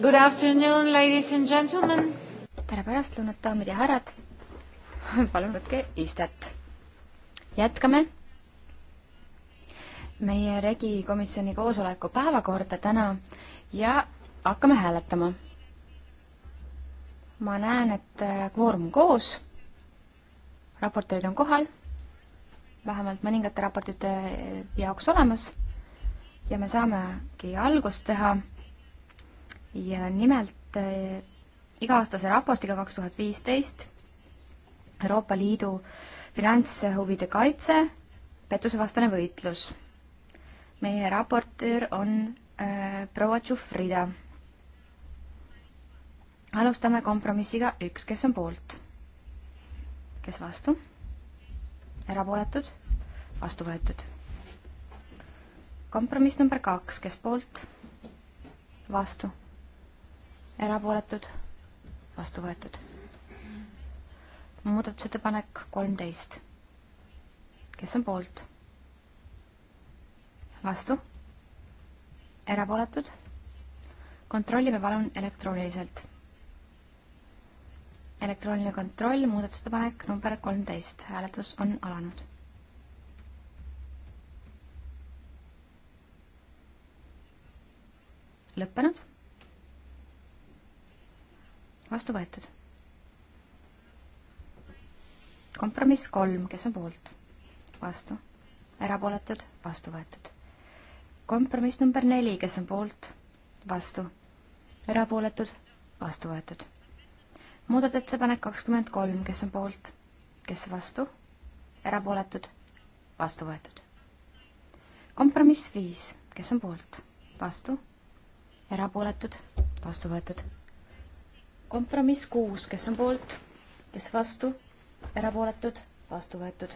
Good afternoon, ladies and gentlemen. tere pärastlõunat, daamid ja härrad. palun võtke istet. jätkame meie regikomisjoni koosoleku päevakorda täna ja hakkame hääletama. ma näen, et äh, kvoorum koos. raportöörid on kohal vähemalt mõningate raportite äh, jaoks olemas ja me saamegi algust teha ja nimelt eh, iga-aastase raportiga kaks tuhat viisteist Euroopa Liidu finantshuvide kaitse, pettusevastane võitlus. meie raportöör on äh, proua Tšufrida. alustame kompromissiga üks, kes on poolt, kes vastu, erapooletud, vastu võetud. kompromiss number kaks, kes poolt, vastu erapooletud, vastu võetud. muudatusettepanek kolmteist. kes on poolt? vastu? erapooletud? kontrollime palun elektrooniliselt. elektrooniline kontroll, muudatusettepanek number kolmteist, hääletus on alanud. lõppenud vastu võetud. kompromiss kolm, kes on poolt? vastu. erapooletud, vastu võetud. kompromiss number neli, kes on poolt? vastu. erapooletud, vastu võetud. muudatusettepanek kakskümmend kolm, kes on poolt? kes vastu? erapooletud, vastu võetud. kompromiss viis, kes on poolt? vastu. erapooletud, vastu võetud kompromiss kuus, kes on poolt, kes vastu, erapooletud, vastu võetud.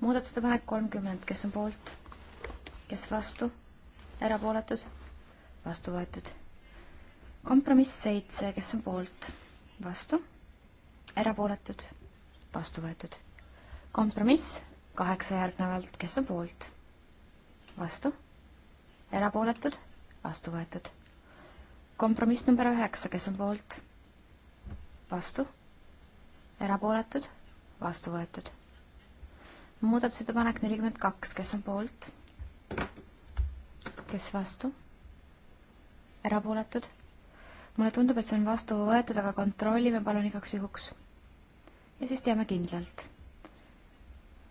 muudatusettepanek kolmkümmend, kes on poolt, kes vastu, erapooletud, vastu võetud. kompromiss seitse, kes on poolt, vastu, erapooletud, vastu võetud. kompromiss kaheksa järgnevalt, kes on poolt, vastu, erapooletud, vastu võetud kompromiss number üheksa, kes on poolt? vastu? erapooletud? vastu võetud. muudatusettepanek nelikümmend kaks, kes on poolt? kes vastu? erapooletud? mulle tundub, et see on vastu võetud, aga kontrollime palun igaks juhuks. ja siis teame kindlalt.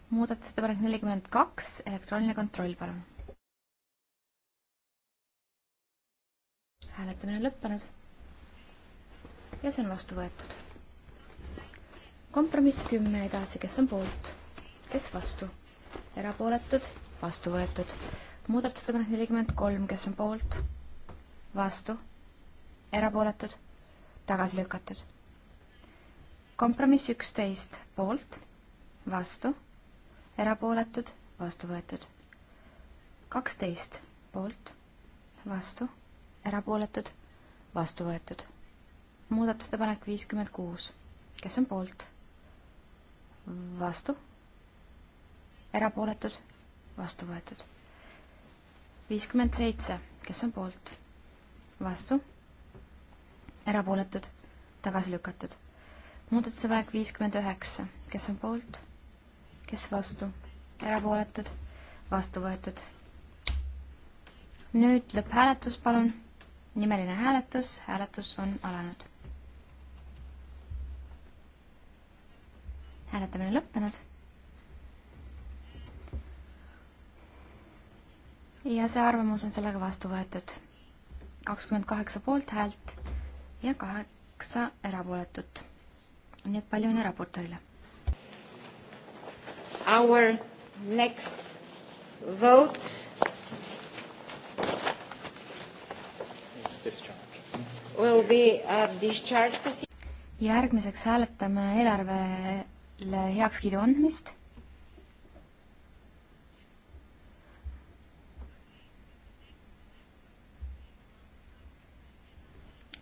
muudatusettepanek nelikümmend kaks, elektrooniline kontroll, palun hääletamine on lõppenud. ja see on vastu võetud. kompromiss kümme edasi, kes on poolt, kes vastu, erapooletud, vastu võetud. muudatusettepanek nelikümmend kolm, kes on poolt, vastu, erapooletud, tagasi lükatud. kompromiss üksteist, poolt, vastu, erapooletud, vastu võetud kaksteist poolt, vastu, erapooletud, vastu võetud. muudatusettepanek viiskümmend kuus, kes on poolt? vastu, erapooletud, vastu võetud. viiskümmend seitse, kes on poolt? vastu, erapooletud, tagasi lükatud. muudatusettepanek viiskümmend üheksa, kes on poolt? kes vastu? erapooletud, vastu võetud. nüüd lõpphääletus, palun nimeline hääletus, hääletus on alanud. hääletamine lõppenud. ja see arvamus on sellega vastu võetud. kakskümmend kaheksa poolthäält ja kaheksa erapooletut. nii et palju õnne raportööle. Our next vote Uh, järgmiseks hääletame eelarvele heakskiidu andmist.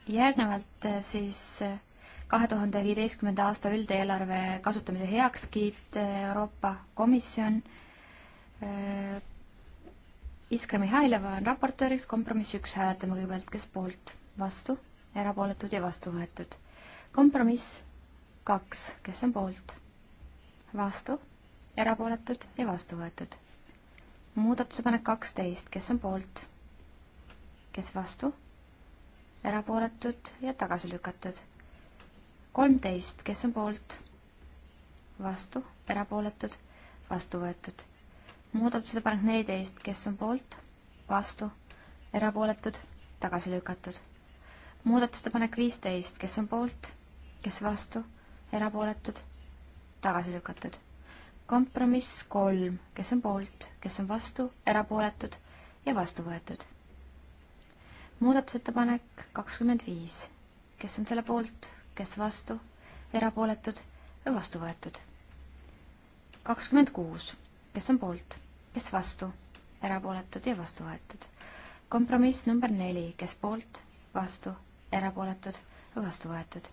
järgnevalt äh, siis äh, kahe tuhande viieteistkümnenda aasta üldeelarve kasutamise heakskiit äh, Euroopa Komisjon. Iskra Mihhailova on raportööriks, kompromiss üks, hääletame kõigepealt, kes poolt vastu, erapooletud ja vastu võetud. kompromiss kaks, kes on poolt, vastu, erapooletud ja vastu võetud. muudatusepanek kaksteist, kes on poolt, kes vastu, erapooletud ja tagasi lükatud. kolmteist, kes on poolt, vastu, erapooletud, vastu võetud. muudatusepanek neliteist, kes on poolt, vastu, erapooletud, tagasi lükatud muudatusettepanek viisteist, kes on poolt, kes vastu, erapooletud, tagasi lükatud. kompromiss kolm, kes on poolt, kes on vastu, erapooletud ja vastu võetud. muudatusettepanek kakskümmend viis, kes on selle poolt, kes vastu, erapooletud ja vastu võetud. kakskümmend kuus, kes on poolt, kes vastu, erapooletud ja vastu võetud. kompromiss number neli, kes poolt, vastu, erapooletud, vastu võetud.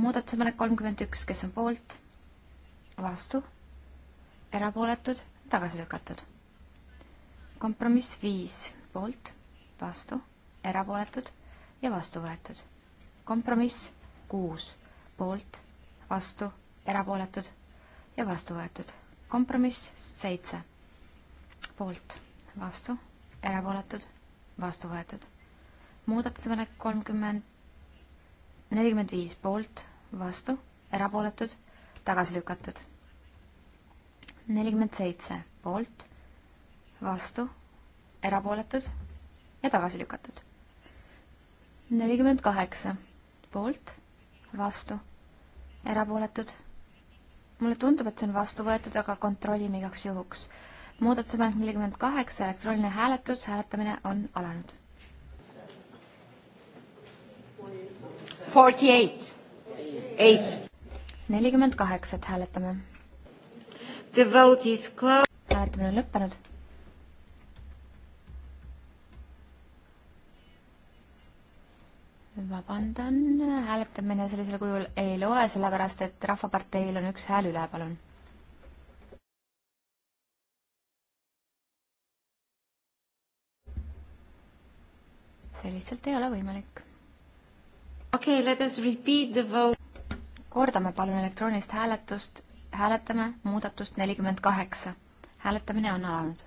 muudatusepanek kolmkümmend üks, kes on poolt, vastu, erapooletud, tagasi lükatud. kompromiss viis, poolt, vastu, erapooletud ja vastu võetud. kompromiss kuus, poolt, vastu, erapooletud ja vastu võetud. kompromiss seitse, poolt, vastu, erapooletud, vastu võetud muudatusepanek kolmkümmend, nelikümmend viis poolt, vastu, erapooletud, tagasi lükatud. nelikümmend seitse poolt, vastu, erapooletud ja tagasi lükatud. nelikümmend kaheksa poolt, vastu, erapooletud. mulle tundub, et see on vastu võetud, aga kontrollime igaks juhuks. muudatusepanek nelikümmend kaheksa, elektrooniline hääletus, hääletamine on alanud 48. Eight. nelikümmend kaheksat hääletame. The vote is closed. hääletamine on lõppenud. vabandan, hääletamine sellisel kujul ei loe, sellepärast et Rahvaparteil on üks hääl üle, palun. see lihtsalt ei ole võimalik okei okay,, let us repeat the vote. kordame palun elektroonilist hääletust, hääletame muudatust nelikümmend kaheksa. hääletamine on alanud.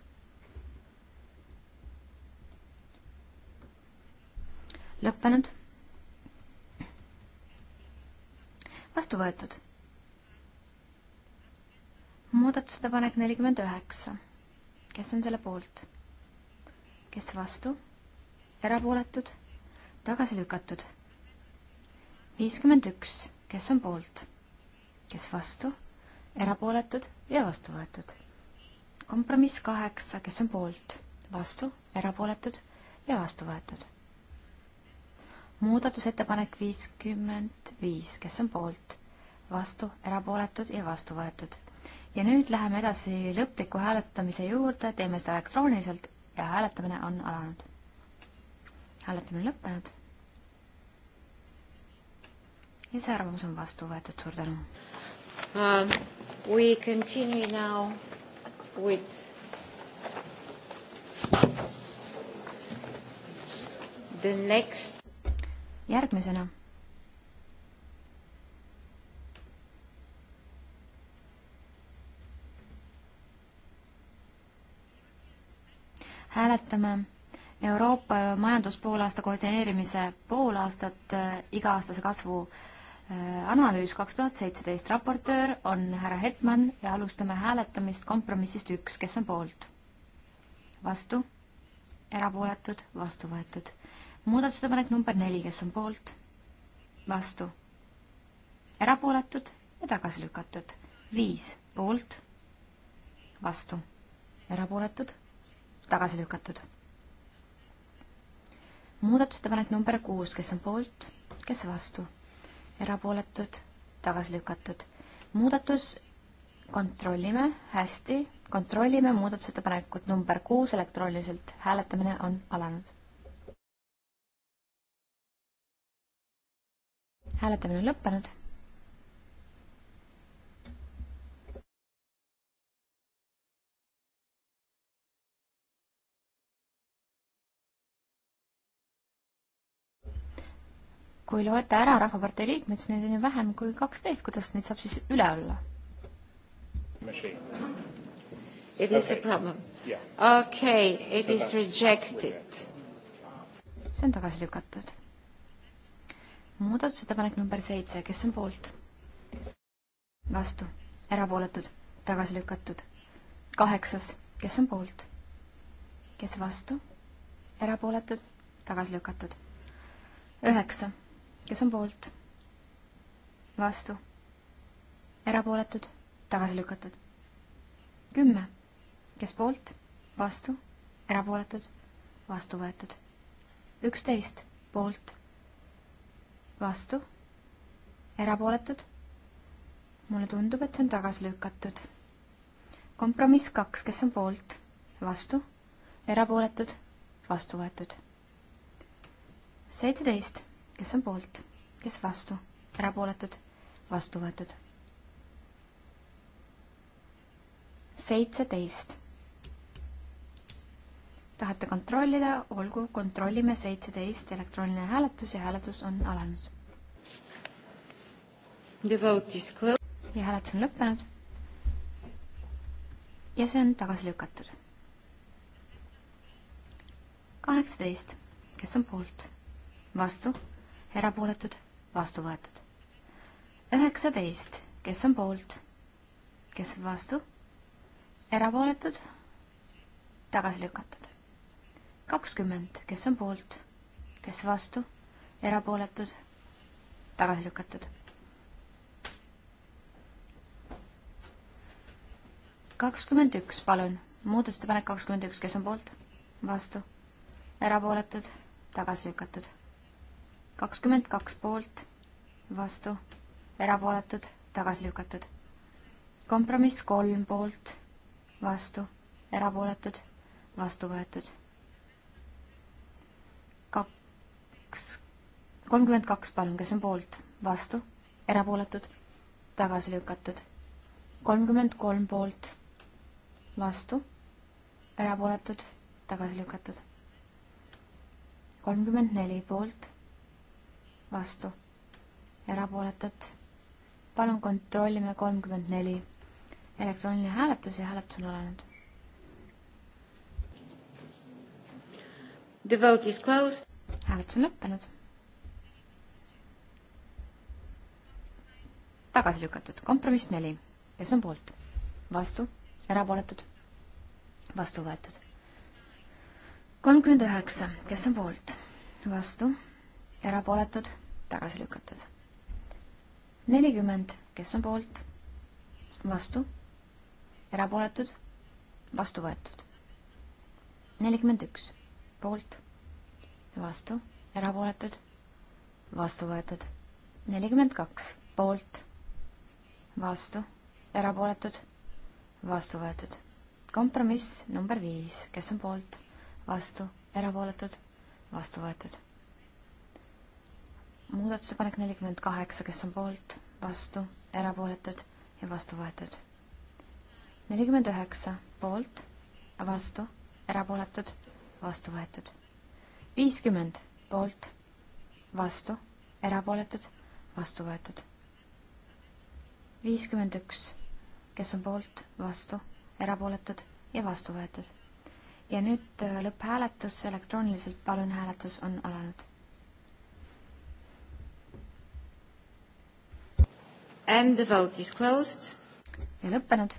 lõppenud. vastu võetud. muudatusettepanek nelikümmend üheksa. kes on selle poolt? kes vastu? erapooletud? tagasi lükatud viiskümmend üks, kes on poolt, kes vastu, erapooletud ja vastu võetud. kompromiss kaheksa, kes on poolt, vastu, erapooletud ja vastu võetud. muudatusettepanek viiskümmend viis, kes on poolt, vastu, erapooletud ja vastu võetud. ja nüüd läheme edasi lõpliku hääletamise juurde, teeme seda elektrooniliselt ja hääletamine on alanud. hääletamine lõppenud ja see arvamus on vastu võetud, suur tänu um,. We continue now with the next. järgmisena hääletame Euroopa majanduspoolaasta koordineerimise poolaastat äh, iga-aastase kasvu Äh, analüüs kaks tuhat seitseteist, raportöör on härra Hetman ja alustame hääletamist kompromissist üks, kes on poolt? vastu? erapooletud? vastu võetud. muudatusettepanek number neli, kes on poolt? vastu? erapooletud ja tagasi lükatud. viis poolt, vastu, erapooletud, tagasi lükatud. muudatusettepanek number kuus, kes on poolt, kes vastu erapooletud, tagasi lükatud. muudatus, kontrollime, hästi, kontrollime muudatusettepanekut number kuus elektrooniliselt, hääletamine on alanud. hääletamine on lõppenud kui loete ära Rahvapartei liikmed, siis neid on ju vähem kui kaksteist, kuidas neid saab siis üle olla? It is okay. a problem yeah.. Okay, it so is rejected. see on tagasi lükatud. muudatusettepanek number seitse, kes on poolt? vastu, erapooletud, tagasi lükatud. kaheksas, kes on poolt? kes vastu? erapooletud, tagasi lükatud. üheksa kes on poolt? vastu. erapooletud, tagasi lükatud. kümme, kes poolt? vastu, erapooletud, vastu võetud. üksteist, poolt, vastu, erapooletud. mulle tundub, et see on tagasi lükatud. kompromiss kaks, kes on poolt? vastu, erapooletud, vastu võetud. seitseteist kes on poolt, kes vastu, erapooletud, vastu võetud. seitseteist. tahate kontrollida, olgu, kontrollime seitseteist, elektrooniline hääletus ja hääletus on alanud. ja hääletus on lõppenud. ja see on tagasi lükatud. kaheksateist, kes on poolt, vastu erapooletud, vastu võetud. üheksateist, kes on poolt, kes on vastu, erapooletud, tagasi lükatud. kakskümmend, kes on poolt, kes vastu, erapooletud, tagasi lükatud. kakskümmend üks, palun, muudatusettepanek kakskümmend üks, kes on poolt, vastu, erapooletud, tagasi lükatud kakskümmend kaks poolt, vastu, erapooletud, tagasi lükatud. kompromiss kolm poolt, vastu, erapooletud, vastu võetud. kaks, kolmkümmend kaks, palun, kes on poolt, vastu, erapooletud, tagasi lükatud. kolmkümmend kolm poolt, vastu, erapooletud, tagasi lükatud. kolmkümmend neli poolt vastu, erapooletud. palun kontrollime kolmkümmend neli. elektrooniline hääletus ja hääletus on alanud. The vote is closed. hääletus on lõppenud. tagasi lükatud, kompromiss neli, kes on poolt, vastu, erapooletud, vastu võetud. kolmkümmend üheksa, kes on poolt, vastu erapooletud, tagasi lükatud. nelikümmend, kes on poolt, vastu, erapooletud, vastu võetud. nelikümmend üks, poolt, vastu, erapooletud, vastu võetud. nelikümmend kaks, poolt, vastu, erapooletud, vastu võetud. kompromiss number viis, kes on poolt, vastu, erapooletud, vastu võetud muudatusepanek nelikümmend kaheksa, kes on poolt, vastu, erapooletud ja vastu võetud. nelikümmend üheksa, poolt, vastu, erapooletud, vastu võetud. viiskümmend, poolt, vastu, erapooletud, vastu võetud. viiskümmend üks, kes on poolt, vastu, erapooletud ja vastu võetud. ja nüüd äh, lõpphääletus elektrooniliselt, palun, hääletus on alanud And the vote is closed. ja lõppenud.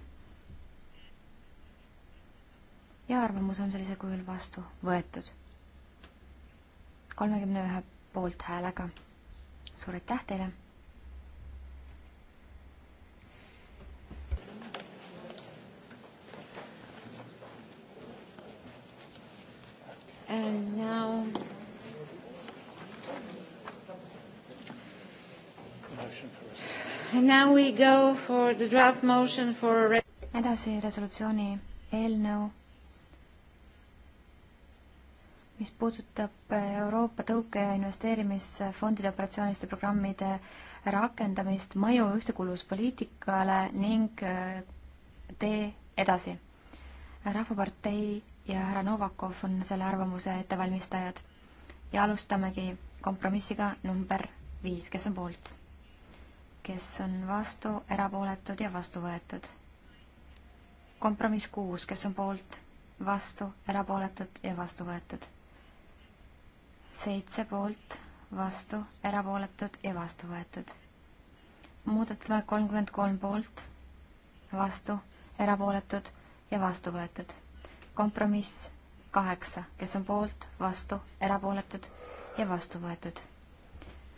ja arvamus on sellisel kujul vastu võetud. kolmekümne ühe poolthäälega. suur aitäh teile. And now Now we go for the draft motion for... edasi resolutsiooni eelnõu, mis puudutab eh, Euroopa tõuke- ja investeerimisfondide operatsiooniliste programmide rakendamist, mõju ühtekuuluvuspoliitikale ning eh, tee edasi. rahvapartei ja härra Novakov on selle arvamuse ettevalmistajad ja alustamegi kompromissiga number viis, kes on poolt kes on vastu, erapooletud ja vastu võetud. kompromiss kuus, kes on poolt, vastu, erapooletud ja vastu võetud. seitse poolt, vastu, erapooletud ja vastu võetud. muudatusettepanek kolmkümmend kolm poolt, vastu, erapooletud ja vastu võetud. kompromiss kaheksa, kes on poolt, vastu, erapooletud ja vastu võetud.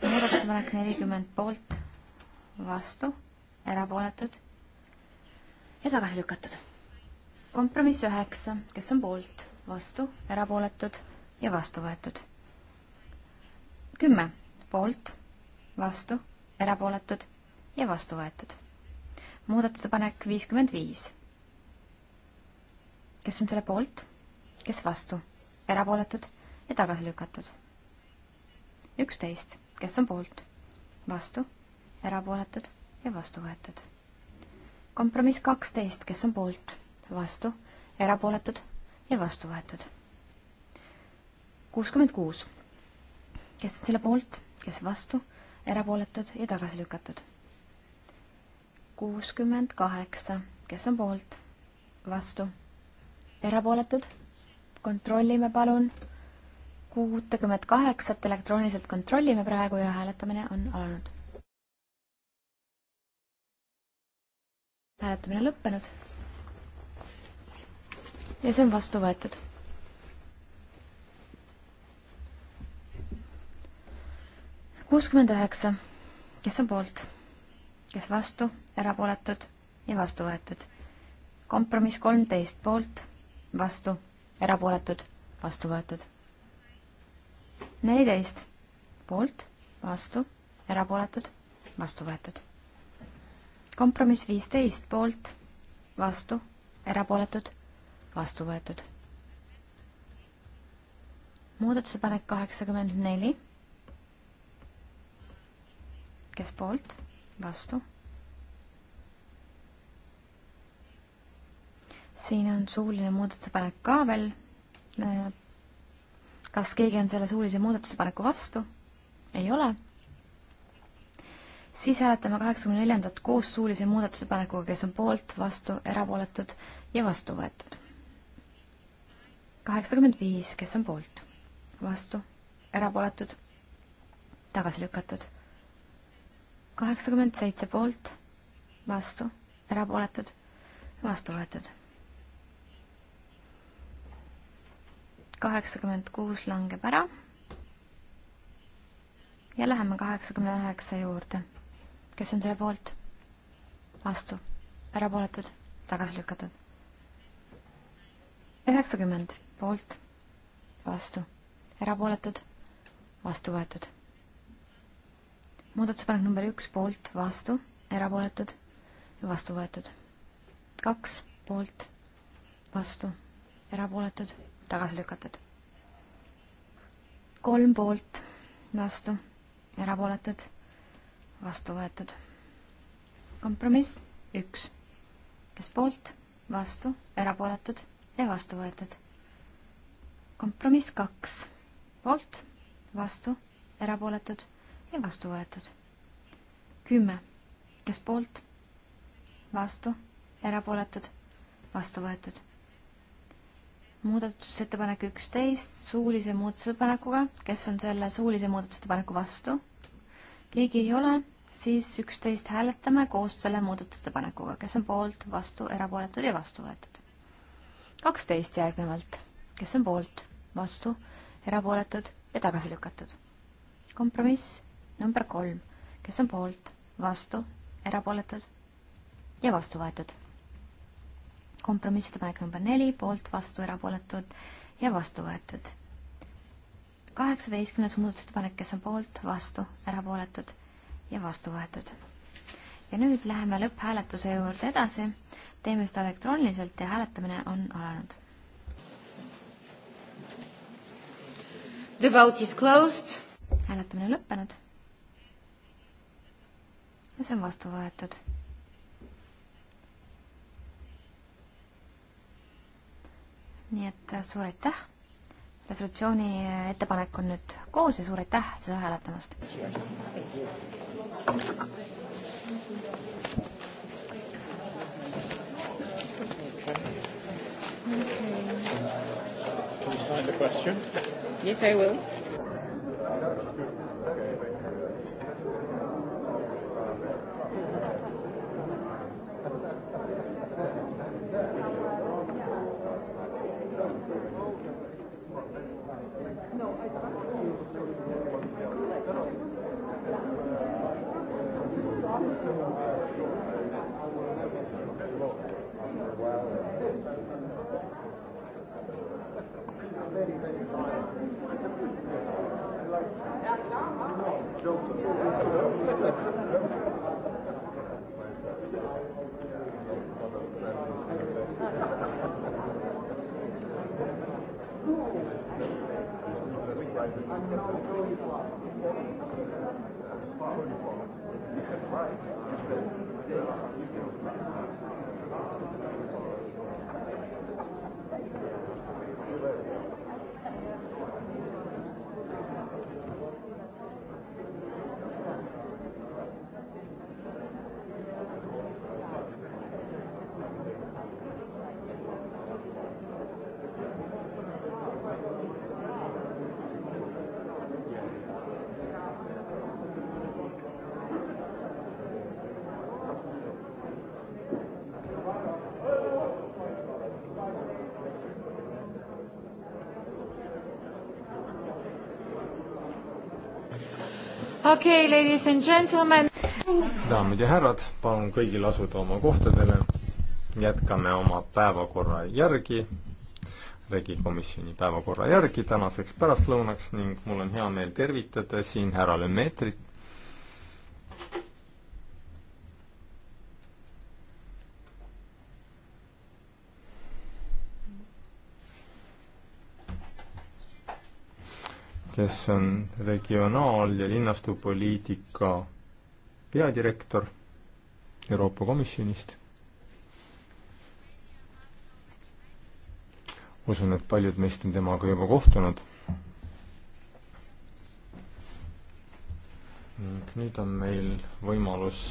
muudatusettepanek nelikümmend poolt vastu, erapooletud ja tagasi lükatud. kompromiss üheksa, kes on poolt, vastu, erapooletud ja vastu võetud. kümme poolt, vastu, erapooletud ja vastu võetud. muudatusettepanek viiskümmend viis. kes on selle poolt, kes vastu, erapooletud ja tagasi lükatud? üksteist, kes on poolt, vastu erapooletud ja vastu võetud. kompromiss kaksteist, kes on poolt, vastu, erapooletud ja vastu võetud. kuuskümmend kuus, kes on selle poolt, kes vastu, erapooletud ja tagasi lükatud. kuuskümmend kaheksa, kes on poolt, vastu, erapooletud, kontrollime palun kuutekümmet kaheksat elektrooniliselt kontrollime praegu ja hääletamine on alanud. hääletamine lõppenud. ja see on vastu võetud. kuuskümmend üheksa, kes on poolt, kes vastu, erapooletud ja vastu võetud. kompromiss kolmteist poolt, vastu, erapooletud, vastu võetud. neliteist poolt, vastu, erapooletud, vastu võetud kompromiss viisteist poolt, vastu, erapooletud, vastu võetud. muudatusepanek kaheksakümmend neli. kes poolt, vastu? siin on suuline muudatusepanek ka veel. kas keegi on selle suulise muudatusepaneku vastu? ei ole siis hääletame kaheksakümne neljandat koos suulise muudatusepanekuga, kes on poolt, vastu, erapooletud ja vastu võetud. kaheksakümmend viis, kes on poolt, vastu, erapooletud, tagasi lükatud. kaheksakümmend seitse poolt, vastu, erapooletud, vastu võetud kaheksakümmend kuus langeb ära. ja läheme kaheksakümne üheksa juurde kes on selle poolt? vastu, erapooletud, tagasi lükatud. üheksakümmend poolt, vastu, erapooletud, vastu võetud. muudatusepanek number üks poolt, vastu, erapooletud, vastu võetud. kaks poolt, vastu, erapooletud, tagasi lükatud. kolm poolt, vastu, erapooletud vastu võetud. kompromiss üks, kes poolt, vastu, erapooletud ja vastu võetud. kompromiss kaks, poolt, vastu, erapooletud ja vastu võetud. kümme, kes poolt, vastu, erapooletud, vastu võetud muudatusettepanek üksteist suulise muudatusettepanekuga, kes on selle suulise muudatusettepaneku vastu, keegi ei ole, siis üksteist hääletame koos selle muudatusettepanekuga, kes on poolt, vastu, erapooletud ja vastu võetud. kaksteist järgnevalt, kes on poolt, vastu, erapooletud ja tagasi lükatud. kompromiss number kolm, kes on poolt, vastu, erapooletud ja vastu võetud. kompromissettepanek number neli, poolt, vastu, erapooletud ja vastu võetud kaheksateistkümnes muudatusettepanek, kes on poolt, vastu, erapooletud ja vastu võetud. ja nüüd läheme lõpphääletuse juurde edasi. teeme seda elektrooniliselt ja hääletamine on alanud. The vote is closed. hääletamine lõppenud. ja see on vastu võetud nii et suur aitäh resolutsiooni ettepanek on nüüd koos ja suur aitäh seda hääletamast! Okay. Can you sign the question? Yes, I will. okei okay,, ladies and gentlemen. daamid ja härrad, palun kõigil asuda oma kohtadele. jätkame oma päevakorra järgi, regikomisjoni päevakorra järgi tänaseks pärastlõunaks ning mul on hea meel tervitada siin härra Lemeetrit, kes on regionaal- ja linnastupoliitika peadirektor Euroopa Komisjonist. usun, et paljud meist on temaga juba kohtunud. ning nüüd on meil võimalus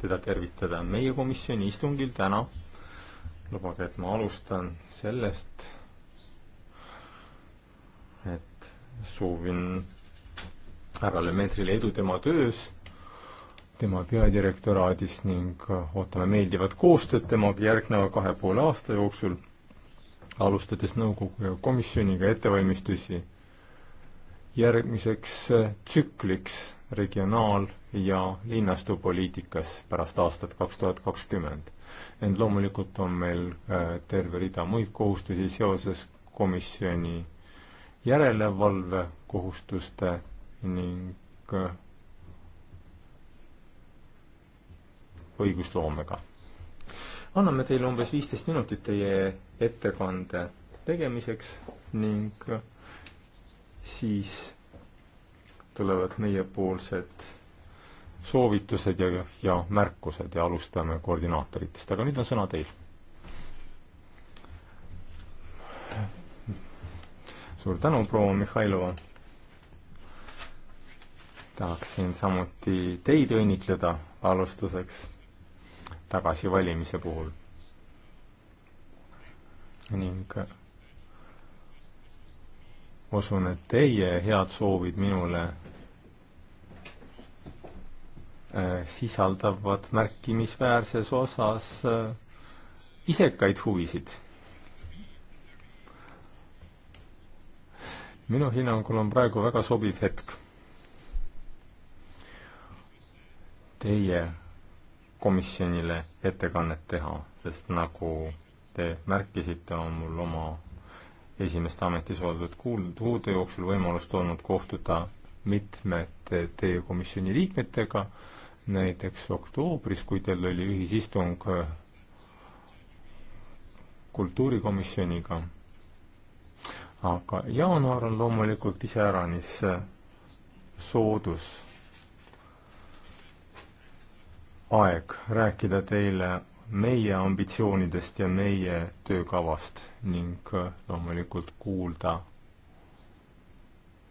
teda tervitada meie komisjoni istungil täna. lubage, et ma alustan sellest, et soovin härrale Meetrile edu tema töös, tema peadirektoraadis ning äh, ootame meeldivat koostööd temaga järgneva kahe poole aasta jooksul, alustades nõukogu ja komisjoniga ettevalmistusi järgmiseks äh, tsükliks regionaal- ja linnastupoliitikas pärast aastat kaks tuhat kakskümmend. ent loomulikult on meil äh, terve rida muid kohustusi seoses komisjoni järelevalvekohustuste ning äh, õigusloomega. anname teile umbes viisteist minutit teie ettekande tegemiseks ning äh, siis tulevad meiepoolsed soovitused ja, ja märkused ja alustame koordinaatoritest, aga nüüd on sõna teil suur tänu, proua Mihhailova! tahaksin samuti teid õnnitleda alustuseks tagasivalimise puhul. ning usun, et teie head soovid minule äh, sisaldavad märkimisväärses osas äh, isekaid huvisid minu hinnangul on praegu väga sobiv hetk teie komisjonile ettekannet teha, sest nagu te märkisite, on mul oma esimest ametis oldud kuude jooksul võimalust olnud kohtuda mitmete teie komisjoni liikmetega, näiteks oktoobris, kui teil oli ühisistung kultuurikomisjoniga aga jaanuar on loomulikult iseäranis äh, soodus aeg rääkida teile meie ambitsioonidest ja meie töökavast ning äh, loomulikult kuulda,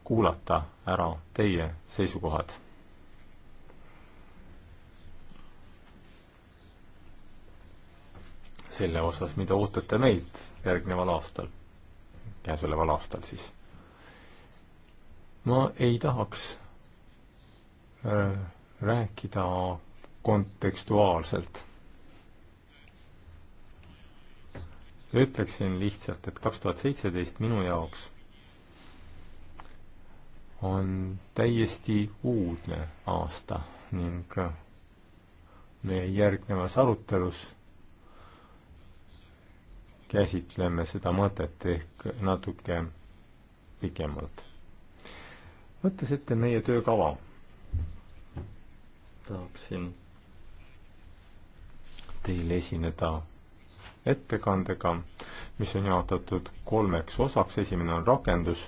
kuulata ära teie seisukohad selle osas, mida ootate meilt järgneval aastal käesoleval aastal siis. ma ei tahaks äh, rääkida kontekstuaalselt. ütleksin lihtsalt, et kaks tuhat seitseteist minu jaoks on täiesti uudne aasta ning meie järgnevas arutelus käsitleme seda mõtet ehk natuke pikemalt. võttes ette meie töökava, tahaksin teile esineda ettekandega, mis on jaotatud kolmeks osaks, esimene on rakendus,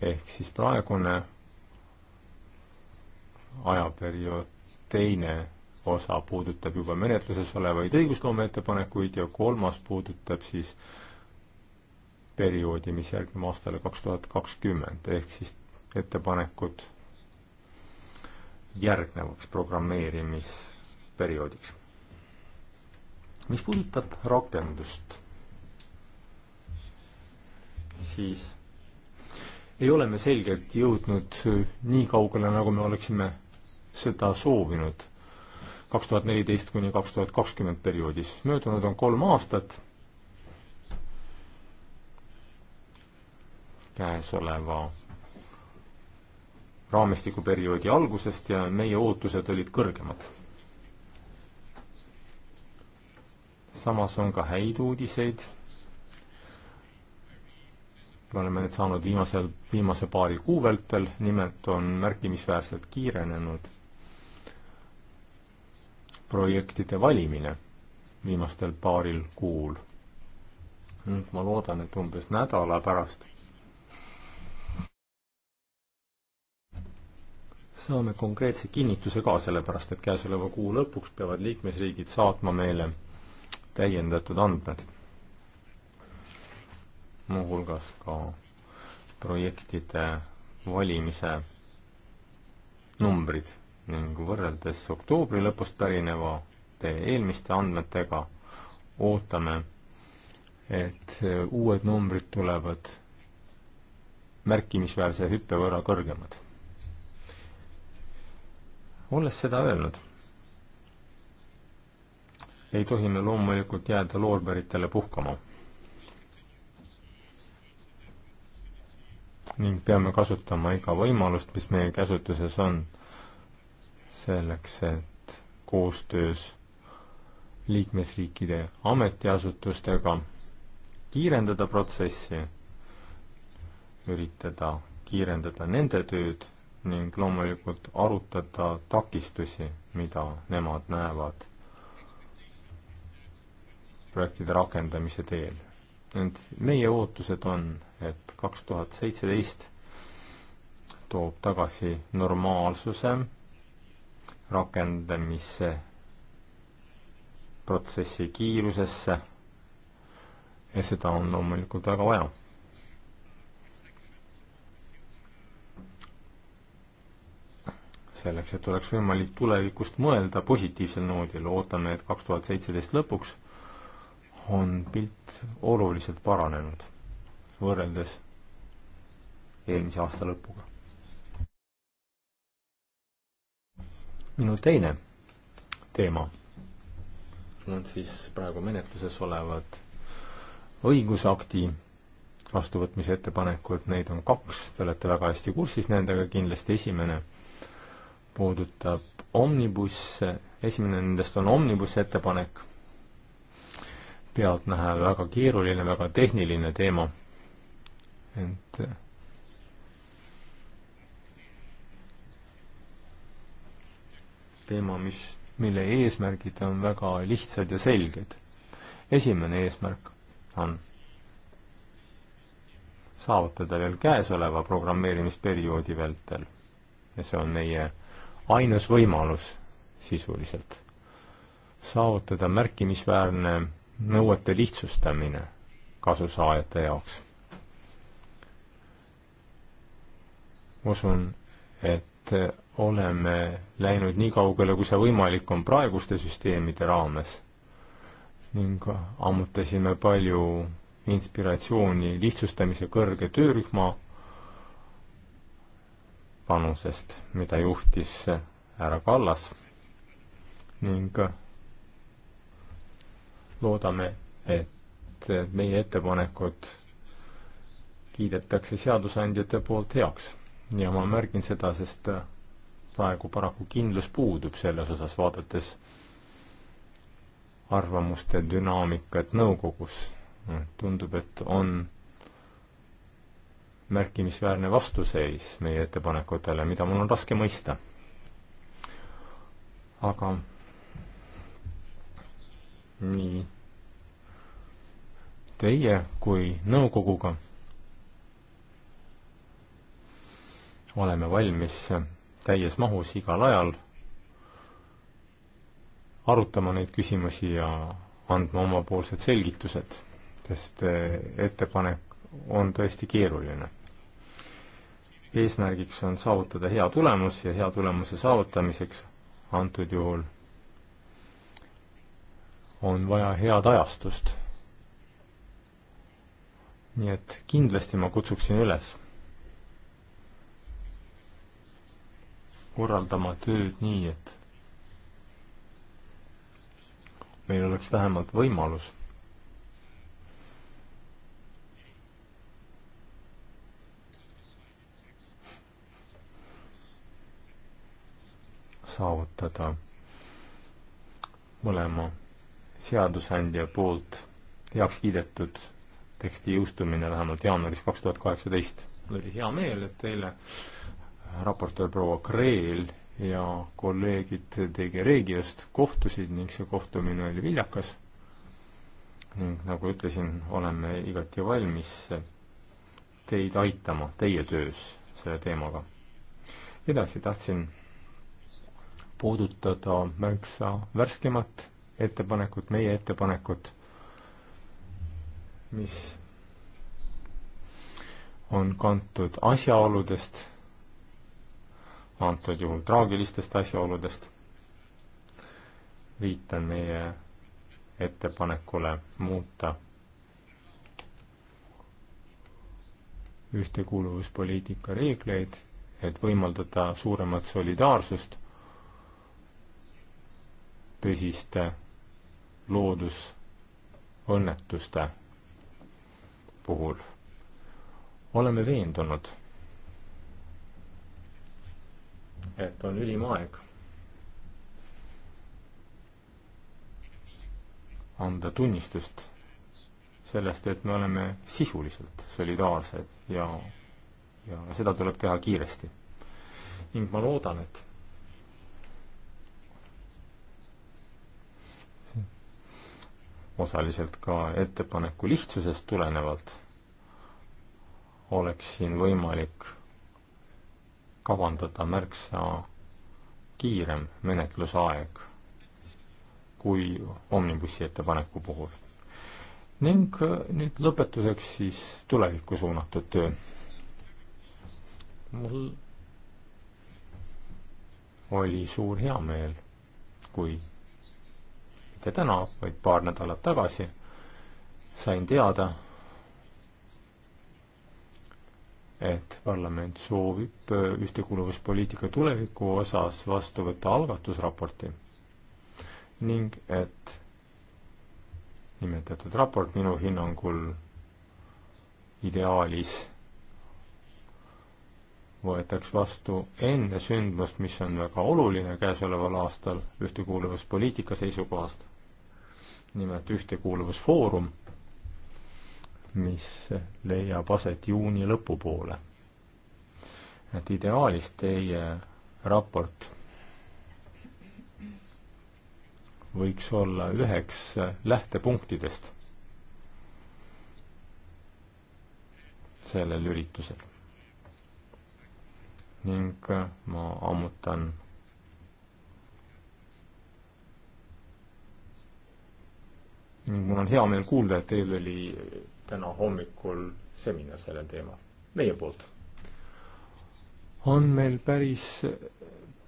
ehk siis praegune ajaperiood, teine osa puudutab juba menetluses olevaid õigusloome ettepanekuid ja kolmas puudutab siis perioodi, mis järgneb aastale kaks tuhat kakskümmend, ehk siis ettepanekud järgnevaks programmeerimisperioodiks. mis puudutab rakendust, siis ei ole me selgelt jõudnud nii kaugele, nagu me oleksime seda soovinud kaks tuhat neliteist kuni kaks tuhat kakskümmend perioodis. möödunud on kolm aastat. käesoleva raamistikuperioodi algusest ja meie ootused olid kõrgemad. samas on ka häid uudiseid. me oleme need saanud viimasel, viimase paari kuu vältel, nimelt on märkimisväärselt kiirenenud projektide valimine viimastel paaril kuul. nüüd ma loodan, et umbes nädala pärast saame konkreetse kinnituse ka, sellepärast et käesoleva kuu lõpuks peavad liikmesriigid saatma meile täiendatud andmed. muuhulgas ka projektide valimise numbrid ning võrreldes oktoobri lõpust pärinevate eelmiste andmetega ootame, et äh, uued numbrid tulevad märkimisväärse hüppe võrra kõrgemad. olles seda öelnud, ei tohi me loomulikult jääda loorberitele puhkama. ning peame kasutama iga võimalust, mis meie käsutuses on selleks, et koostöös liikmesriikide ametiasutustega kiirendada protsessi, üritada kiirendada nende tööd ning loomulikult arutada takistusi, mida nemad näevad projektide rakendamise teel. ent meie ootused on, et kaks tuhat seitseteist toob tagasi normaalsuse rakendamisse, protsessi kiirusesse ja seda on loomulikult väga vaja. selleks, et oleks võimalik tulevikust mõelda positiivsel noodil, ootame, et kaks tuhat seitseteist lõpuks on pilt oluliselt paranenud võrreldes eelmise aasta lõpuga. minu teine teema on siis praegu menetluses olevad õigusakti vastuvõtmise ettepanekud, neid on kaks, te olete väga hästi kursis nendega, kindlasti esimene puudutab omnibus, esimene nendest on omnibus ettepanek, pealtnäha väga keeruline, väga tehniline teema, ent teema, mis, mille eesmärgid on väga lihtsad ja selged. esimene eesmärk on saavutada veel käesoleva programmeerimisperioodi vältel ja see on meie ainus võimalus sisuliselt, saavutada märkimisväärne nõuete lihtsustamine kasusaajate jaoks. usun, et oleme läinud nii kaugele, kui see võimalik on praeguste süsteemide raames ning ammutasime palju inspiratsiooni lihtsustamise kõrge töörühma panusest, mida juhtis härra Kallas ning loodame, et meie ettepanekud kiidetakse seadusandjate poolt heaks ja ma märgin seda, sest praegu paraku kindlus puudub selles osas, vaadates arvamuste dünaamikat nõukogus. tundub, et on märkimisväärne vastuseis meie ettepanekutele, mida mul on raske mõista. aga nii teie kui nõukoguga oleme valmis täies mahus igal ajal, arutama neid küsimusi ja andma omapoolsed selgitused, sest eh, ettepanek on tõesti keeruline. eesmärgiks on saavutada hea tulemus ja hea tulemuse saavutamiseks antud juhul on vaja head ajastust. nii et kindlasti ma kutsuksin üles korraldama tööd nii, et meil oleks vähemalt võimalus saavutada mõlema seadusandja poolt heaks kiidetud teksti jõustumine vähemalt jaanuaris kaks tuhat kaheksateist. oli hea meel, et eile raportöör proua Kreel ja kolleegid DG Regiast kohtusid ning see kohtumine oli viljakas. ning nagu ütlesin, oleme igati valmis teid aitama teie töös selle teemaga. edasi tahtsin puudutada märksa värskemat ettepanekut, meie ettepanekut, mis on kantud asjaoludest antud juhul traagilistest asjaoludest. viitan meie ettepanekule muuta ühtekuuluvuspoliitika reegleid, et võimaldada suuremat solidaarsust tõsiste loodusõnnetuste puhul. oleme veendunud et on ülim aeg anda tunnistust sellest, et me oleme sisuliselt solidaarsed ja, ja seda tuleb teha kiiresti. ning ma loodan, et osaliselt ka ettepaneku lihtsusest tulenevalt oleks siin võimalik kavandada märksa kiirem menetlusaeg kui omnibussi ettepaneku puhul. ning äh, nüüd lõpetuseks siis tulevikku suunatud töö. mul oli suur heameel, kui mitte täna, vaid paar nädalat tagasi sain teada, et parlament soovib äh, ühtekuuluvuspoliitika tuleviku osas vastu võtta algatusraporti ning et nimetatud raport minu hinnangul ideaalis võetaks vastu enne sündmust, mis on väga oluline käesoleval aastal ühtekuuluvuspoliitika seisukohast. nimelt Ühtekuuluvusfoorum mis leiab aset juuni lõpupoole. et ideaalis teie raport võiks olla üheks lähtepunktidest sellel üritusel. ning ma ammutan ning mul on hea meel kuulda, et teil oli täna hommikul seminar sellel teemal, meie poolt. on meil päris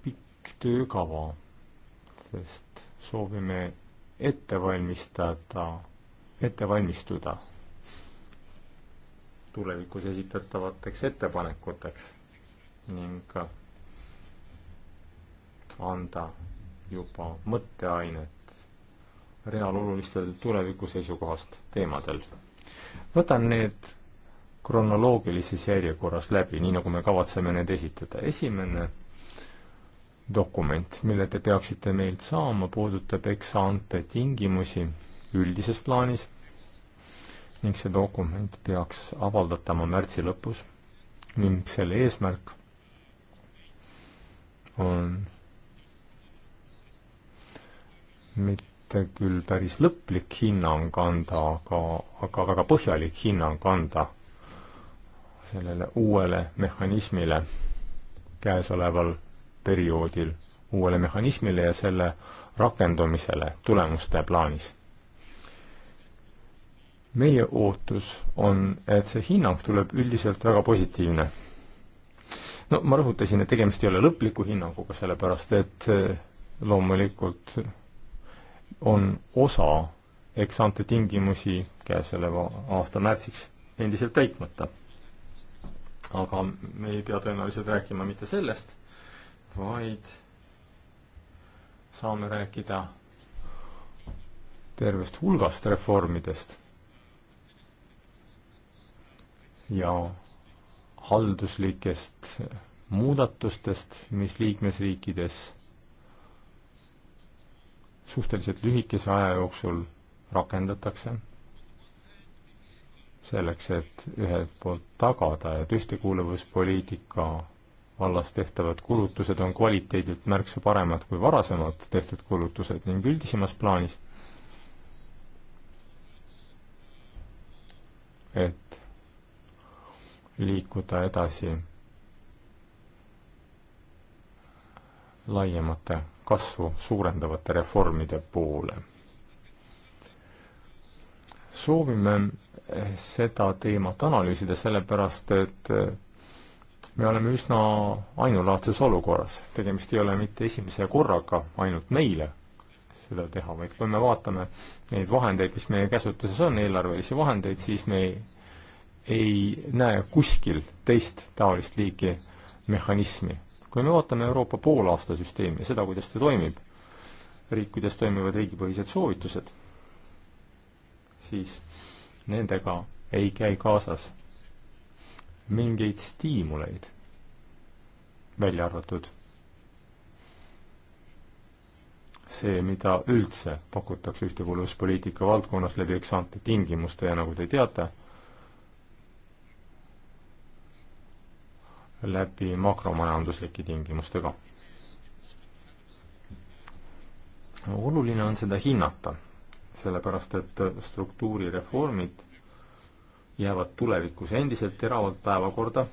pikk töökava, sest soovime ette valmistada, ette valmistuda tulevikus esitatavateks ettepanekuteks ning anda juba mõtteainet reaalolulistel tuleviku seisukohast teemadel võtan need kronoloogilises järjekorras läbi, nii nagu me kavatseme need esitada. esimene dokument, mille te peaksite meilt saama, puudutab eksante tingimusi üldises plaanis ning see dokument peaks avaldatama märtsi lõpus ning selle eesmärk on mitte mitte küll päris lõplik hinnang anda, aga, aga väga põhjalik hinnang anda sellele uuele mehhanismile käesoleval perioodil, uuele mehhanismile ja selle rakendumisele tulemuste plaanis. meie ootus on, et see hinnang tuleb üldiselt väga positiivne. no ma rõhutasin, et tegemist ei ole lõpliku hinnanguga, sellepärast et eh, loomulikult on osa eksante tingimusi käesoleva aasta märtsiks endiselt täitmata. aga me ei pea tõenäoliselt rääkima mitte sellest, vaid saame rääkida tervest hulgast reformidest ja halduslikest muudatustest, mis liikmesriikides suhteliselt lühikese aja jooksul rakendatakse, selleks, et ühelt poolt tagada, et ühtekuuluvuspoliitika vallas tehtavad kulutused on kvaliteedilt märksa paremad kui varasemalt tehtud kulutused ning üldisemas plaanis, et liikuda edasi laiemate kasvu suurendavate reformide poole. soovime eh, seda teemat analüüsida, sellepärast et eh, me oleme üsna ainulaadses olukorras, tegemist ei ole mitte esimese korraga ainult meile seda teha, vaid kui me vaatame neid vahendeid, mis meie käsutuses on, eelarvelisi vahendeid, siis me ei, ei näe kuskil teist taolist liiki mehhanismi kui me vaatame Euroopa poolaasta süsteemi ja seda, kuidas see toimib, riik, kuidas toimivad riigipõhised soovitused, siis nendega ei käi kaasas mingeid stiimuleid, välja arvatud see, mida üldse pakutakse ühtekuuluvuspoliitika valdkonnas läbi eksante tingimuste ja nagu te teate, läbi makromajanduslike tingimustega. oluline on seda hinnata, sellepärast et struktuurireformid jäävad tulevikus endiselt teravalt päevakorda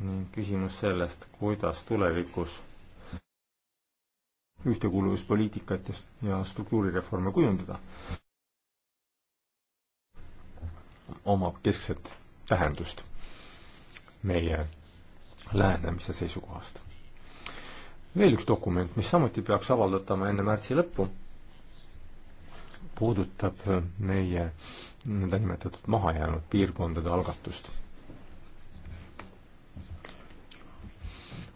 ning küsimus sellest, kuidas tulevikus ühtekuuluvuspoliitikat ja struktuurireforme kujundada, omab keskset tähendust meie lähenemise seisukohast. veel üks dokument, mis samuti peaks avaldatama enne märtsi lõppu, puudutab meie nõndanimetatud mahajäänud piirkondade algatust.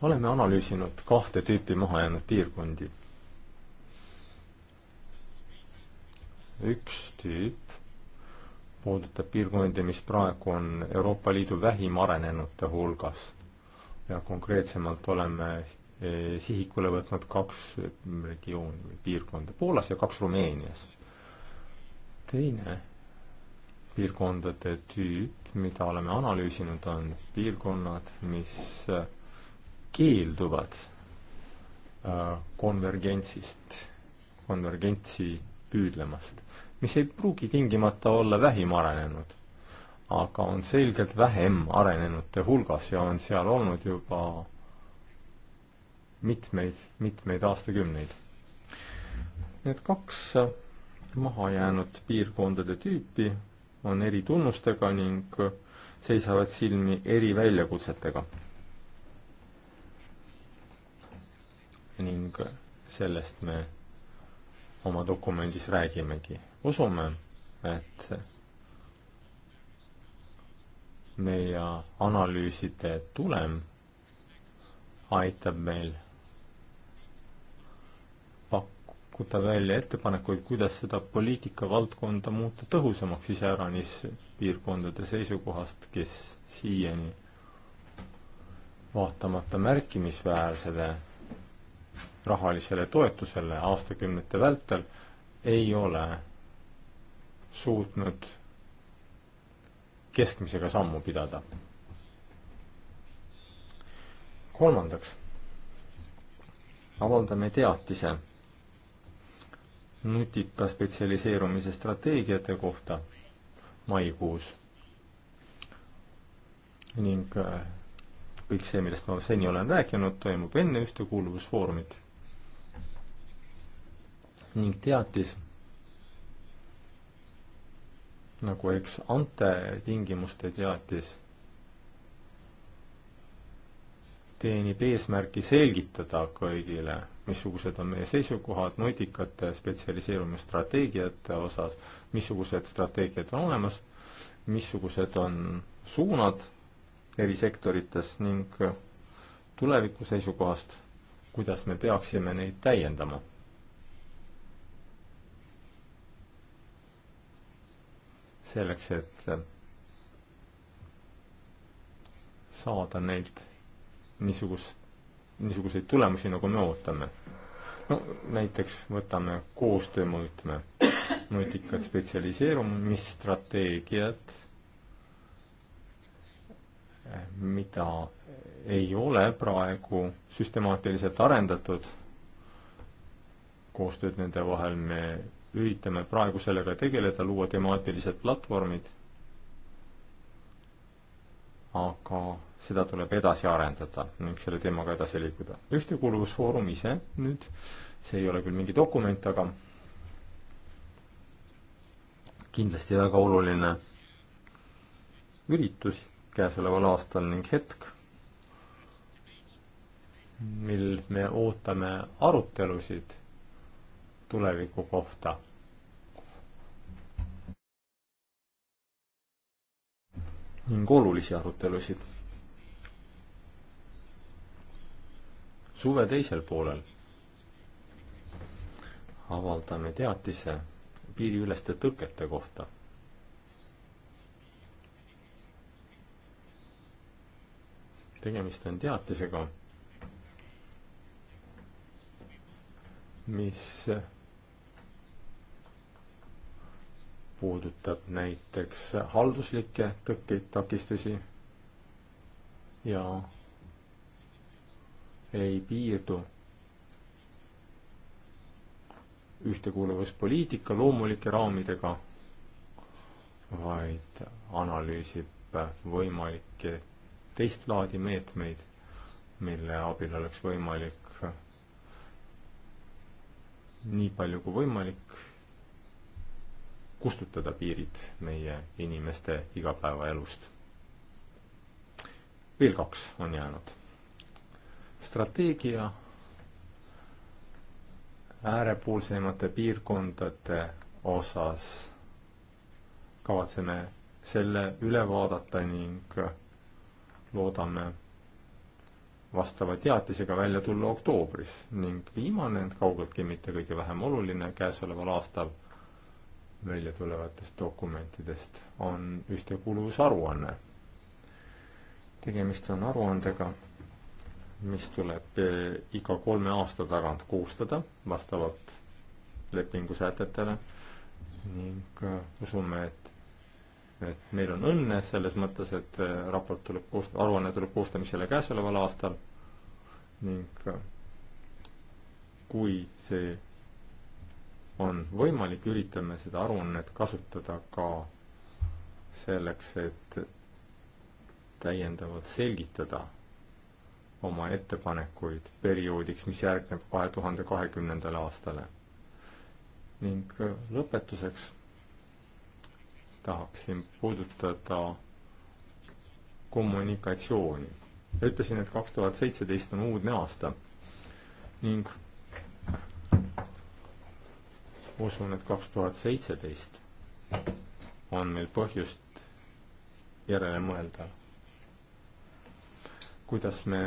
oleme analüüsinud kahte tüüpi mahajäänud piirkondi. üks tüüp puudutab piirkondi, mis praegu on Euroopa Liidu vähim arenenute hulgas. ja konkreetsemalt oleme e, sihikule võtnud kaks regiooni või piirkonda, Poolas ja kaks Rumeenias. teine piirkondade tüüp, mida oleme analüüsinud, on piirkonnad, mis e, keelduvad e, konvergentsist, konvergentsi püüdlemast mis ei pruugi tingimata olla vähim arenenud, aga on selgelt vähem arenenute hulgas ja on seal olnud juba mitmeid-mitmeid aastakümneid. Need kaks mahajäänud piirkondade tüüpi on eri tunnustega ning seisavad silmi eri väljakutsetega. ning sellest me oma dokumendis räägimegi usume, et meie analüüside tulem aitab meil pakkuda välja ettepanekuid, kuidas seda poliitikavaldkonda muuta tõhusamaks iseäranis piirkondade seisukohast, kes siiani vaatamata märkimisväärsele rahalisele toetusele aastakümnete vältel ei ole suutnud keskmisega sammu pidada. kolmandaks avaldame teatise nutika spetsialiseerumise strateegiate kohta maikuus ning äh, kõik see, millest ma seni olen rääkinud, toimub enne Ühtekuuluvusfoorumit ning teatis nagu eks ante tingimuste teatis teenib eesmärki selgitada kõigile, missugused on meie seisukohad nutikate spetsialiseerumisstrateegiate osas, missugused strateegiad on olemas, missugused on suunad eri sektorites ning tuleviku seisukohast, kuidas me peaksime neid täiendama selleks, et saada neilt niisugust, niisuguseid tulemusi, nagu me ootame. no näiteks võtame koostöö mõõtme, nutikat spetsialiseerumisstrateegiat, mida ei ole praegu süstemaatiliselt arendatud, koostööd nende vahel me üritame praegu sellega tegeleda, luua temaatilised platvormid, aga seda tuleb edasi arendada ning selle teemaga edasi liikuda. ühtekuuluvusfoorum ise nüüd, see ei ole küll mingi dokument, aga kindlasti väga oluline üritus käesoleval aastal ning hetk, mil me ootame arutelusid tuleviku kohta ning olulisi arutelusid. suve teisel poolel avaldame teatise piiriüleste tõkete kohta. tegemist on teatisega, mis puudutab näiteks halduslikke tõkkeid, takistusi ja ei piirdu ühtekuuluvuspoliitika loomulike raamidega, vaid analüüsib võimalikke teist laadi meetmeid, mille abil oleks võimalik nii palju kui võimalik kustutada piirid meie inimeste igapäevaelust. veel kaks on jäänud. strateegia äärepoolsemate piirkondade osas kavatseme selle üle vaadata ning loodame vastava teatisega välja tulla oktoobris ning viimane, kaugeltki mitte kõige vähem oluline käesoleval aastal välja tulevatest dokumentidest, on ühtekuuluvusaruanne. tegemist on aruandega, mis tuleb eh, iga kolme aasta tagant koostada vastavalt lepingu sätetele ning eh, usume, et, et meil on õnne selles mõttes, et eh, raport tuleb koost-, aruanne tuleb koostamisele käesoleval aastal ning kui see on võimalik, üritame seda aruannet kasutada ka selleks, et täiendavalt selgitada oma ettepanekuid perioodiks, mis järgneb kahe tuhande kahekümnendale aastale. ning lõpetuseks tahaksin puudutada kommunikatsiooni. ütlesin, et kaks tuhat seitseteist on uudne aasta ning usun, et kaks tuhat seitseteist on meil põhjust järele mõelda, kuidas me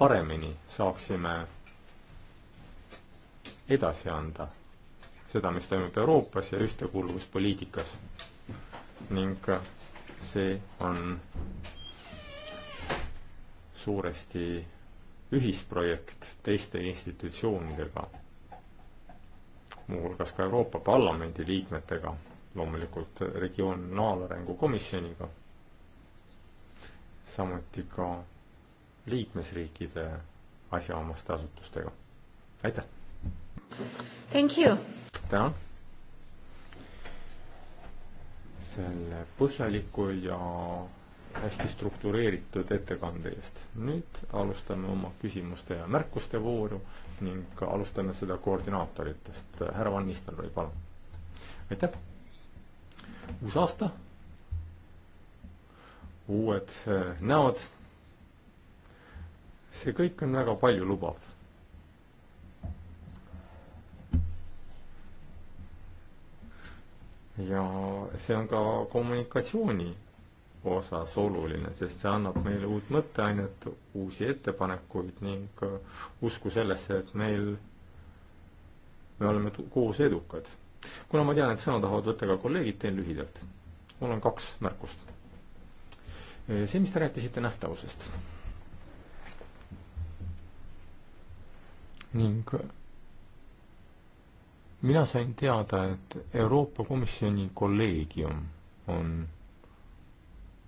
paremini saaksime edasi anda seda, mis toimub Euroopas ja ühtekuuluvuspoliitikas. ning see on suuresti ühisprojekt teiste institutsioonidega muuhulgas ka Euroopa Parlamendi liikmetega, loomulikult Regionaalarengu Komisjoniga, samuti ka liikmesriikide asjaomaste asutustega. aitäh! Thank you! tänan! selle põhjaliku ja hästi struktureeritud ettekande eest. nüüd alustame oma küsimuste ja märkuste vooru ning alustame seda koordinaatoritest. härra Van Nistelrooy, palun. aitäh. uus aasta, uued äh, näod. see kõik on väga palju lubav. ja see on ka kommunikatsiooni osas oluline, sest see annab meile uut mõtteainet, uusi ettepanekuid ning äh, usku sellesse, et meil, me oleme koos edukad. kuna ma tean, et sõna tahavad võtta ka kolleegid, teen lühidalt. mul on kaks märkust. Äh, see, mis te rääkisite nähtavusest. ning äh, mina sain teada, et Euroopa Komisjoni kolleegium on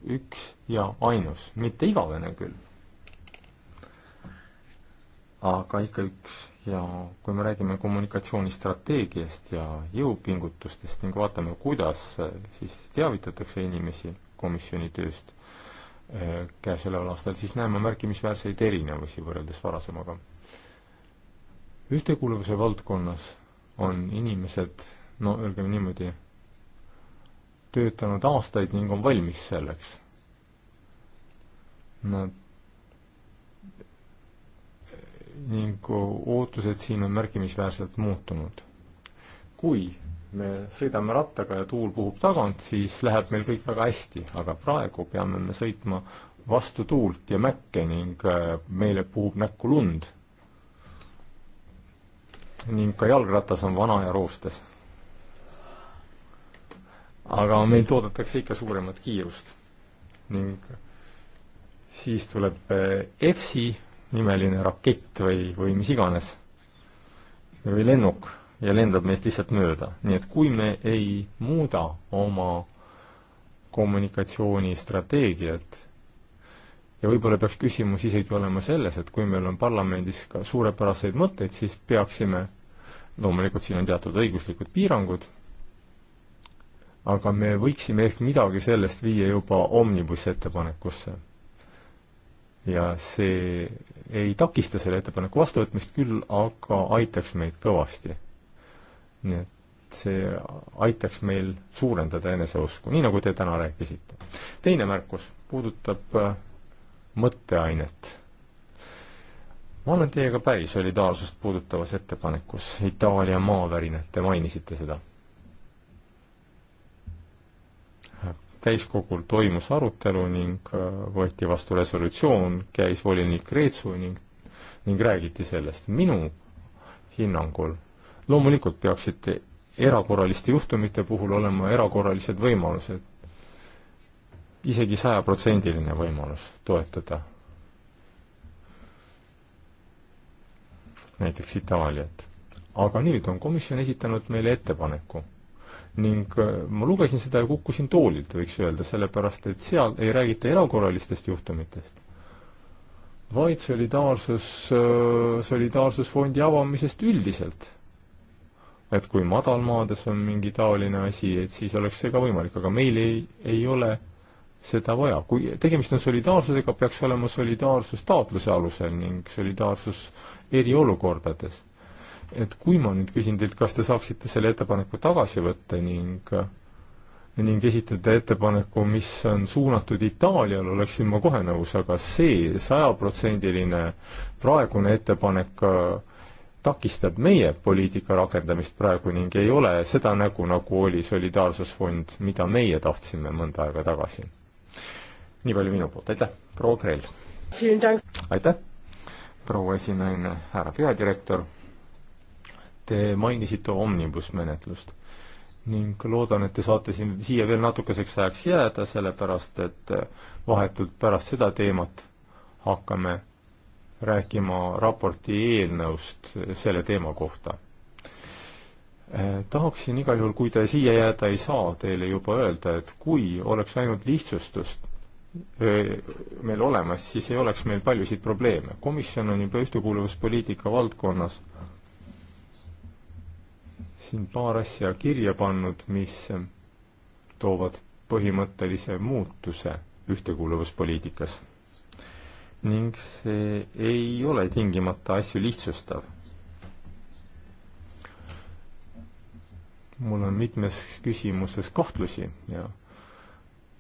üks ja ainus, mitte igavene küll. aga ikka üks ja kui me räägime kommunikatsioonistrateegiast ja jõupingutustest ning vaatame, kuidas äh, siis teavitatakse inimesi komisjoni tööst äh, käesoleval aastal, siis näeme märkimisväärseid erinevusi võrreldes varasemaga. ühtekuuluvuse valdkonnas on inimesed, no öelgem niimoodi, töötanud aastaid ning on valmis selleks. Nad ning ootused siin on märkimisväärselt muutunud. kui me sõidame rattaga ja tuul puhub tagant, siis läheb meil kõik väga hästi, aga praegu peame me sõitma vastu tuult ja mäkke ning äh, meile puhub näkku lund. ning ka jalgratas on vana ja roostes aga meilt oodatakse ikka suuremat kiirust. ning siis tuleb EFSI eh, nimeline rakett või, või mis iganes või lennuk ja lendab meist lihtsalt mööda. nii et kui me ei muuda oma kommunikatsioonistrateegiat ja võib-olla peaks küsimus isegi olema selles, et kui meil on parlamendis ka suurepäraseid mõtteid, siis peaksime, loomulikult siin on teatud õiguslikud piirangud aga me võiksime ehk midagi sellest viia juba omnibus ettepanekusse. ja see ei takista selle ettepaneku vastuvõtmist küll, aga aitaks meid kõvasti. nii et see aitaks meil suurendada eneseusku, nii nagu te täna rääkisite. teine märkus puudutab äh, mõtteainet. ma olen teiega päri solidaarsust puudutavas ettepanekus, Itaalia maavärinat, te mainisite seda täiskogul toimus arutelu ning äh, võeti vastu resolutsioon, käis volinik Reetsu ning, ning räägiti sellest. minu hinnangul loomulikult peaksid erakorraliste juhtumite puhul olema erakorralised võimalused, isegi sajaprotsendiline võimalus toetada näiteks Itaaliat. aga nüüd on komisjon esitanud meile ettepaneku ning äh, ma lugesin seda ja kukkusin toolilt, võiks öelda, sellepärast et seal ei räägita erakorralistest juhtumitest, vaid solidaarsus, äh, solidaarsusfondi avamisest üldiselt. et kui madalmaades on mingi taoline asi, et siis oleks see ka võimalik, aga meil ei, ei ole seda vaja. kui tegemist on solidaarsusega, peaks olema solidaarsus taotluse alusel ning solidaarsus eriolukordades et kui ma nüüd küsin teilt, kas te saaksite selle ettepaneku tagasi võtta ning ning esitada ettepaneku, mis on suunatud Itaaliale, oleksin ma kohe nõus, aga see sajaprotsendiline praegune ettepanek äh, takistab meie poliitika rakendamist praegu ning ei ole seda nägu, nagu oli Solidaarsusfond, mida meie tahtsime mõnda aega tagasi. nii palju minu poolt, aitäh, proua Krell! aitäh, proua esinaine, härra peadirektor! Te mainisite omnibus menetlust ning loodan, et te saate siin, siia veel natukeseks ajaks jääda, sellepärast et äh, vahetult pärast seda teemat hakkame rääkima raporti eelnõust selle teema kohta. Äh, tahaksin igal juhul, kui te siia jääda ei saa, teile juba öelda, et kui oleks ainult lihtsustust äh, meil olemas, siis ei oleks meil paljusid probleeme. komisjon on juba ühtekuuluvuspoliitika valdkonnas siin paar asja kirja pannud, mis toovad põhimõttelise muutuse ühtekuuluvuspoliitikas. ning see ei ole tingimata asju lihtsustav. mul on mitmes küsimuses kahtlusi ja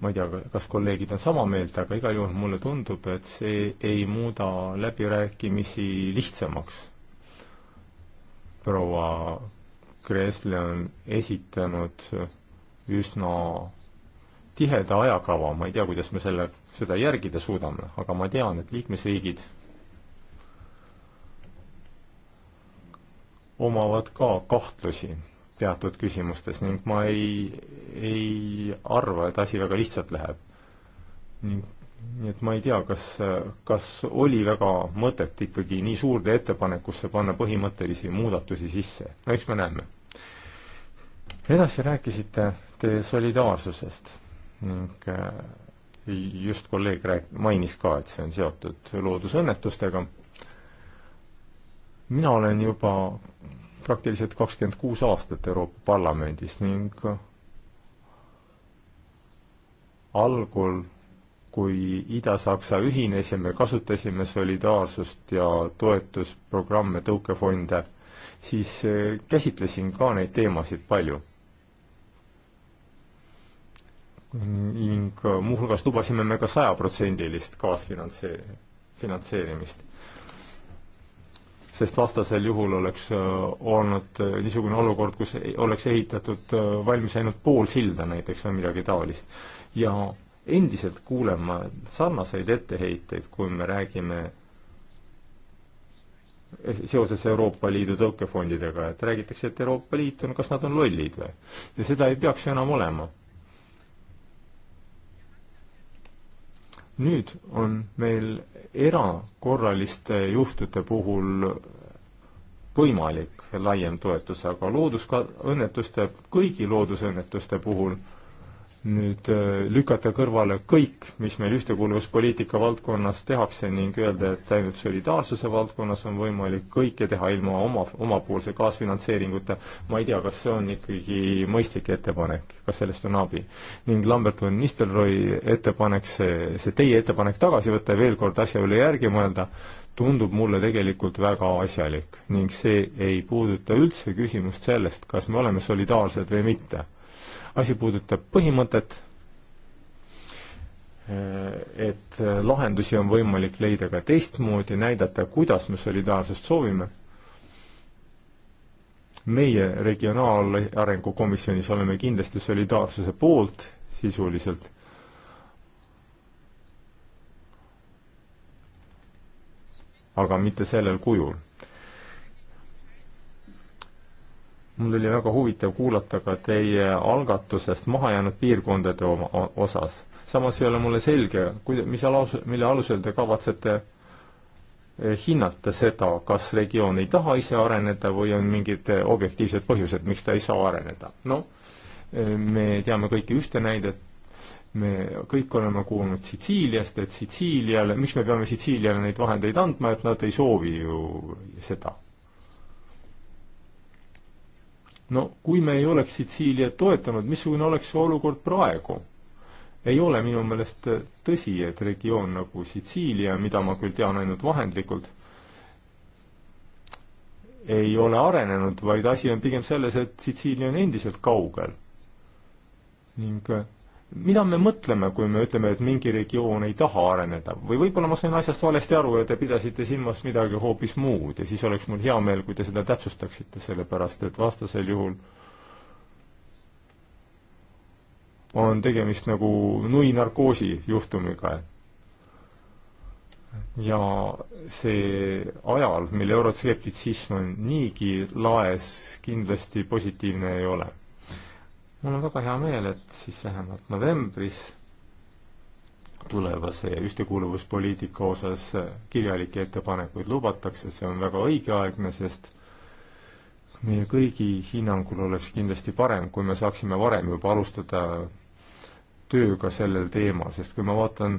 ma ei tea, kas kolleegid on sama meelt, aga igal juhul mulle tundub, et see ei muuda läbirääkimisi lihtsamaks. proua Kresle on esitanud üsna tiheda ajakava, ma ei tea, kuidas me selle, seda järgida suudame, aga ma tean, et liikmesriigid omavad ka kahtlusi teatud küsimustes ning ma ei, ei arva, et asi väga lihtsalt läheb. ning nii et ma ei tea, kas, kas oli väga mõtet ikkagi nii suurde ettepanekusse panna põhimõttelisi muudatusi sisse, no eks me näeme. edasi rääkisite te solidaarsusest ning äh, just kolleeg rääk-, mainis ka, et see on seotud loodusõnnetustega. mina olen juba praktiliselt kakskümmend kuus aastat Euroopa Parlamendis ning äh, algul kui Ida-Saksa ühinesime, kasutasime solidaarsust ja toetusprogramme, tõukefonde, siis eh, käsitlesin ka neid teemasid palju. ning eh, muuhulgas lubasime me ka sajaprotsendilist kaasfinantseeri-, finantseerimist. sest vastasel juhul oleks eh, olnud niisugune olukord, kus oleks ehitatud valmis ainult pool silda näiteks või midagi taolist. ja endiselt kuulema sarnaseid etteheiteid, kui me räägime seoses Euroopa Liidu tõukefondidega, et räägitakse, et Euroopa Liit on, kas nad on lollid või? ja seda ei peaks ju enam olema. nüüd on meil erakorraliste juhtude puhul võimalik laiem toetus, aga loodusõnnetuste, kõigi loodusõnnetuste puhul äh, nüüd äh, lükata kõrvale kõik, mis meil ühtekuuluvuspoliitika valdkonnas tehakse ning öelda, et ainult solidaarsuse valdkonnas on võimalik kõike teha ilma oma, omapoolse kaasfinantseeringuta, ma ei tea, kas see on ikkagi mõistlik ettepanek, kas sellest on abi. ning Lambert von Nistelrooy ettepanek, see, see teie ettepanek tagasi võtta ja veel kord asja üle järgi mõelda, tundub mulle tegelikult väga asjalik ning see ei puuduta üldse küsimust sellest, kas me oleme solidaarsed või mitte asi puudutab põhimõtet, eh, et lahendusi on võimalik leida ka teistmoodi, näidata, kuidas me solidaarsust soovime. meie Regionaalarengu Komisjonis oleme kindlasti solidaarsuse poolt sisuliselt, aga mitte sellel kujul mul oli väga huvitav kuulata ka teie algatusest mahajäänud piirkondade oma, osas. samas ei ole mulle selge, kuida-, mis alus, mille alusel te kavatsete eh, hinnata seda, kas regioon ei taha ise areneda või on mingid eh, objektiivsed põhjused, miks ta ei saa areneda. noh, me teame kõiki ühte näidet, me kõik oleme kuulnud Sitsiiliast, et Sitsiiliale, miks me peame Sitsiiliale neid vahendeid andma, et nad ei soovi ju seda. no kui me ei oleks Sitsiiliat toetanud, missugune oleks see olukord praegu? ei ole minu meelest tõsi, et regioon nagu Sitsiilia, mida ma küll tean ainult vahendlikult, ei ole arenenud, vaid asi on pigem selles, et Sitsiilia on endiselt kaugel. ning mida me mõtleme, kui me ütleme, et mingi regioon ei taha areneda või võib-olla ma sain asjast valesti aru ja te pidasite silmas midagi hoopis muud ja siis oleks mul hea meel, kui te seda täpsustaksite, sellepärast et vastasel juhul on tegemist nagu nui narkoosi juhtumiga. ja see ajal, mil euroskeptitsism on niigi laes, kindlasti positiivne ei ole mul on väga hea meel, et siis vähemalt novembris tulevase ühtekuuluvuspoliitika osas kirjalikke ettepanekuid lubatakse, see on väga õigeaegne, sest meie kõigi hinnangul oleks kindlasti parem, kui me saaksime varem juba alustada tööga sellel teemal, sest kui ma vaatan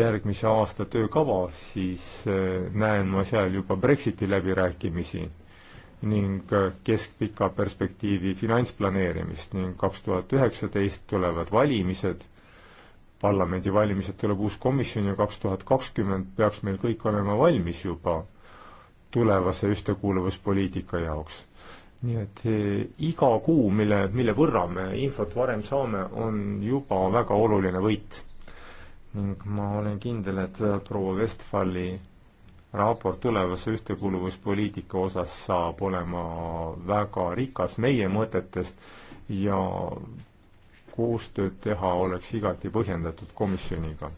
järgmise aasta töökava, siis eh, näen ma seal juba Brexiti läbirääkimisi ning äh, keskpika perspektiivi finantsplaneerimist ning kaks tuhat üheksateist tulevad valimised, parlamendivalimised tuleb uus komisjon ja kaks tuhat kakskümmend peaks meil kõik olema valmis juba tulevase ühtekuuluvuspoliitika jaoks. nii et eh, iga kuu, mille, mille võrra me infot varem saame, on juba väga oluline võit. ning ma olen kindel, et äh, proua Westfali raport tulevase ühtekuuluvuspoliitika osas saab olema väga rikas meie mõtetest ja koostööd teha oleks igati põhjendatud komisjoniga.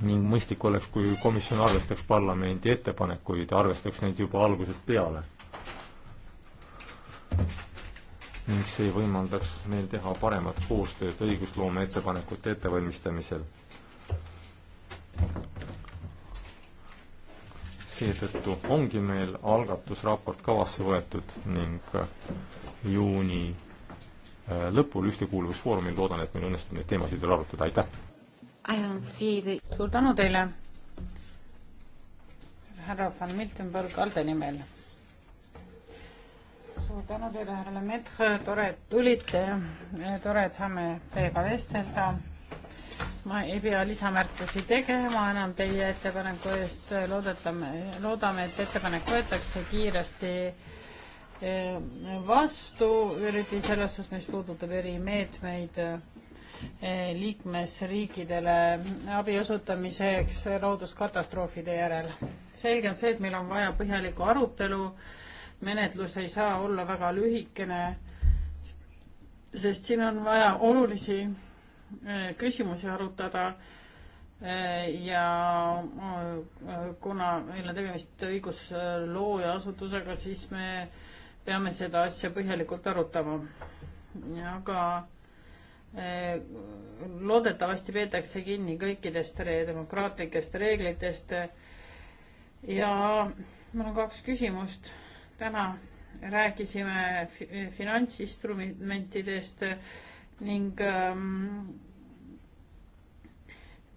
ning mõistlik oleks, kui komisjon arvestaks parlamendi ettepanekuid, arvestaks neid juba algusest peale. ning see võimaldaks meil teha paremat koostööd õigusloome ettepanekute ettevalmistamisel seetõttu ongi meil algatusraport kavasse võetud ning äh, juuni äh, lõpul Ühtekuuluvusfoorumil loodan, et meil õnnestub neid teemasid veel arutada, aitäh! suur tänu teile, härra van Miltenberg ALDE nimel. suur tänu teile, härra Lemetre, tore, et tulite, tore, et saame teiega vestelda ma ei pea lisamärkusi tegema enam teie ettepaneku eest, loodetame, loodame, et ettepanek võetakse kiiresti eh, vastu, eriti selles osas, mis puudutab erimeetmeid eh, liikmesriikidele abi osutamiseks looduskatastroofide järel. selge on see, et meil on vaja põhjalikku arutelu, menetlus ei saa olla väga lühikene, sest siin on vaja olulisi Eh, küsimusi arutada eh, ja eh, kuna meil on tegemist õiguslooja asutusega, siis me peame seda asja põhjalikult arutama. aga loodetavasti peetakse kinni kõikidest demokraatlikest reeglitest. ja mul on kaks küsimust. täna rääkisime finantsinstrumentidest ning ähm,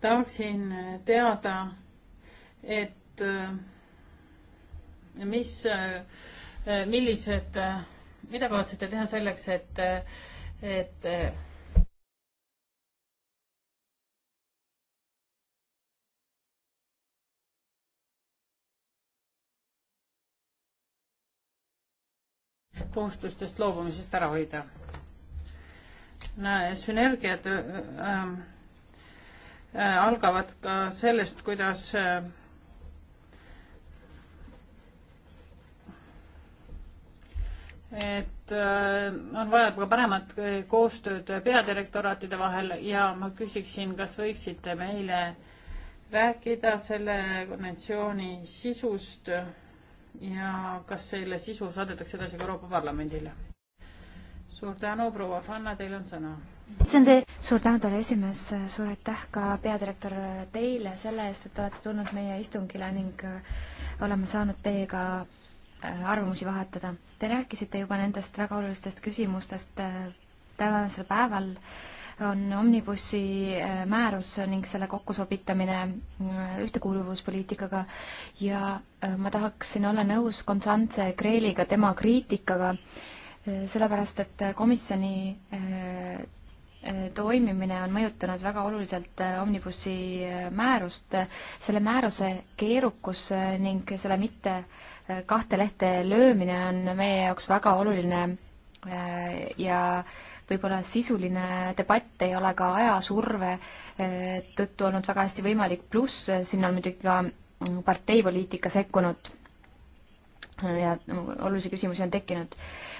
tahaksin teada, et äh, mis äh,, millised äh,, mida kavatsete teha selleks, et, äh, et kohustustest äh, loobumisest ära hoida sünergiad äh, ähm, äh, algavad ka sellest, kuidas äh, et on vaja ka paremat koostööd peadirektoraatide vahel ja ma küsiksin, kas võiksite meile rääkida selle konventsiooni sisust ja kas selle sisu saadetakse edasi ka Euroopa Parlamendile? suur tänu, proua Fanna, teil on sõna. suur tänu teile, esimees, suur aitäh ka peadirektor teile selle eest, et olete tulnud meie istungile ning äh, oleme saanud teiega äh, arvamusi vahetada. Te rääkisite juba nendest väga olulistest küsimustest äh, tänasel päeval, on omnibussi määrus ning selle kokkusobitamine ühtekuuluvuspoliitikaga ja ma tahaksin olla nõus Konstantse Kreeliga, tema kriitikaga äh, sellepärast et komisjoni äh, äh, toimimine on mõjutanud väga oluliselt äh, Omnibussi määrust, selle määruse keerukus ning selle mitte kahte lehte löömine on meie jaoks väga oluline ja võib-olla sisuline debatt ei ole ka ajasurve tõttu olnud väga hästi võimalik, pluss sinna on muidugi ka parteipoliitika sekkunud ja olulisi küsimusi on tekkinud.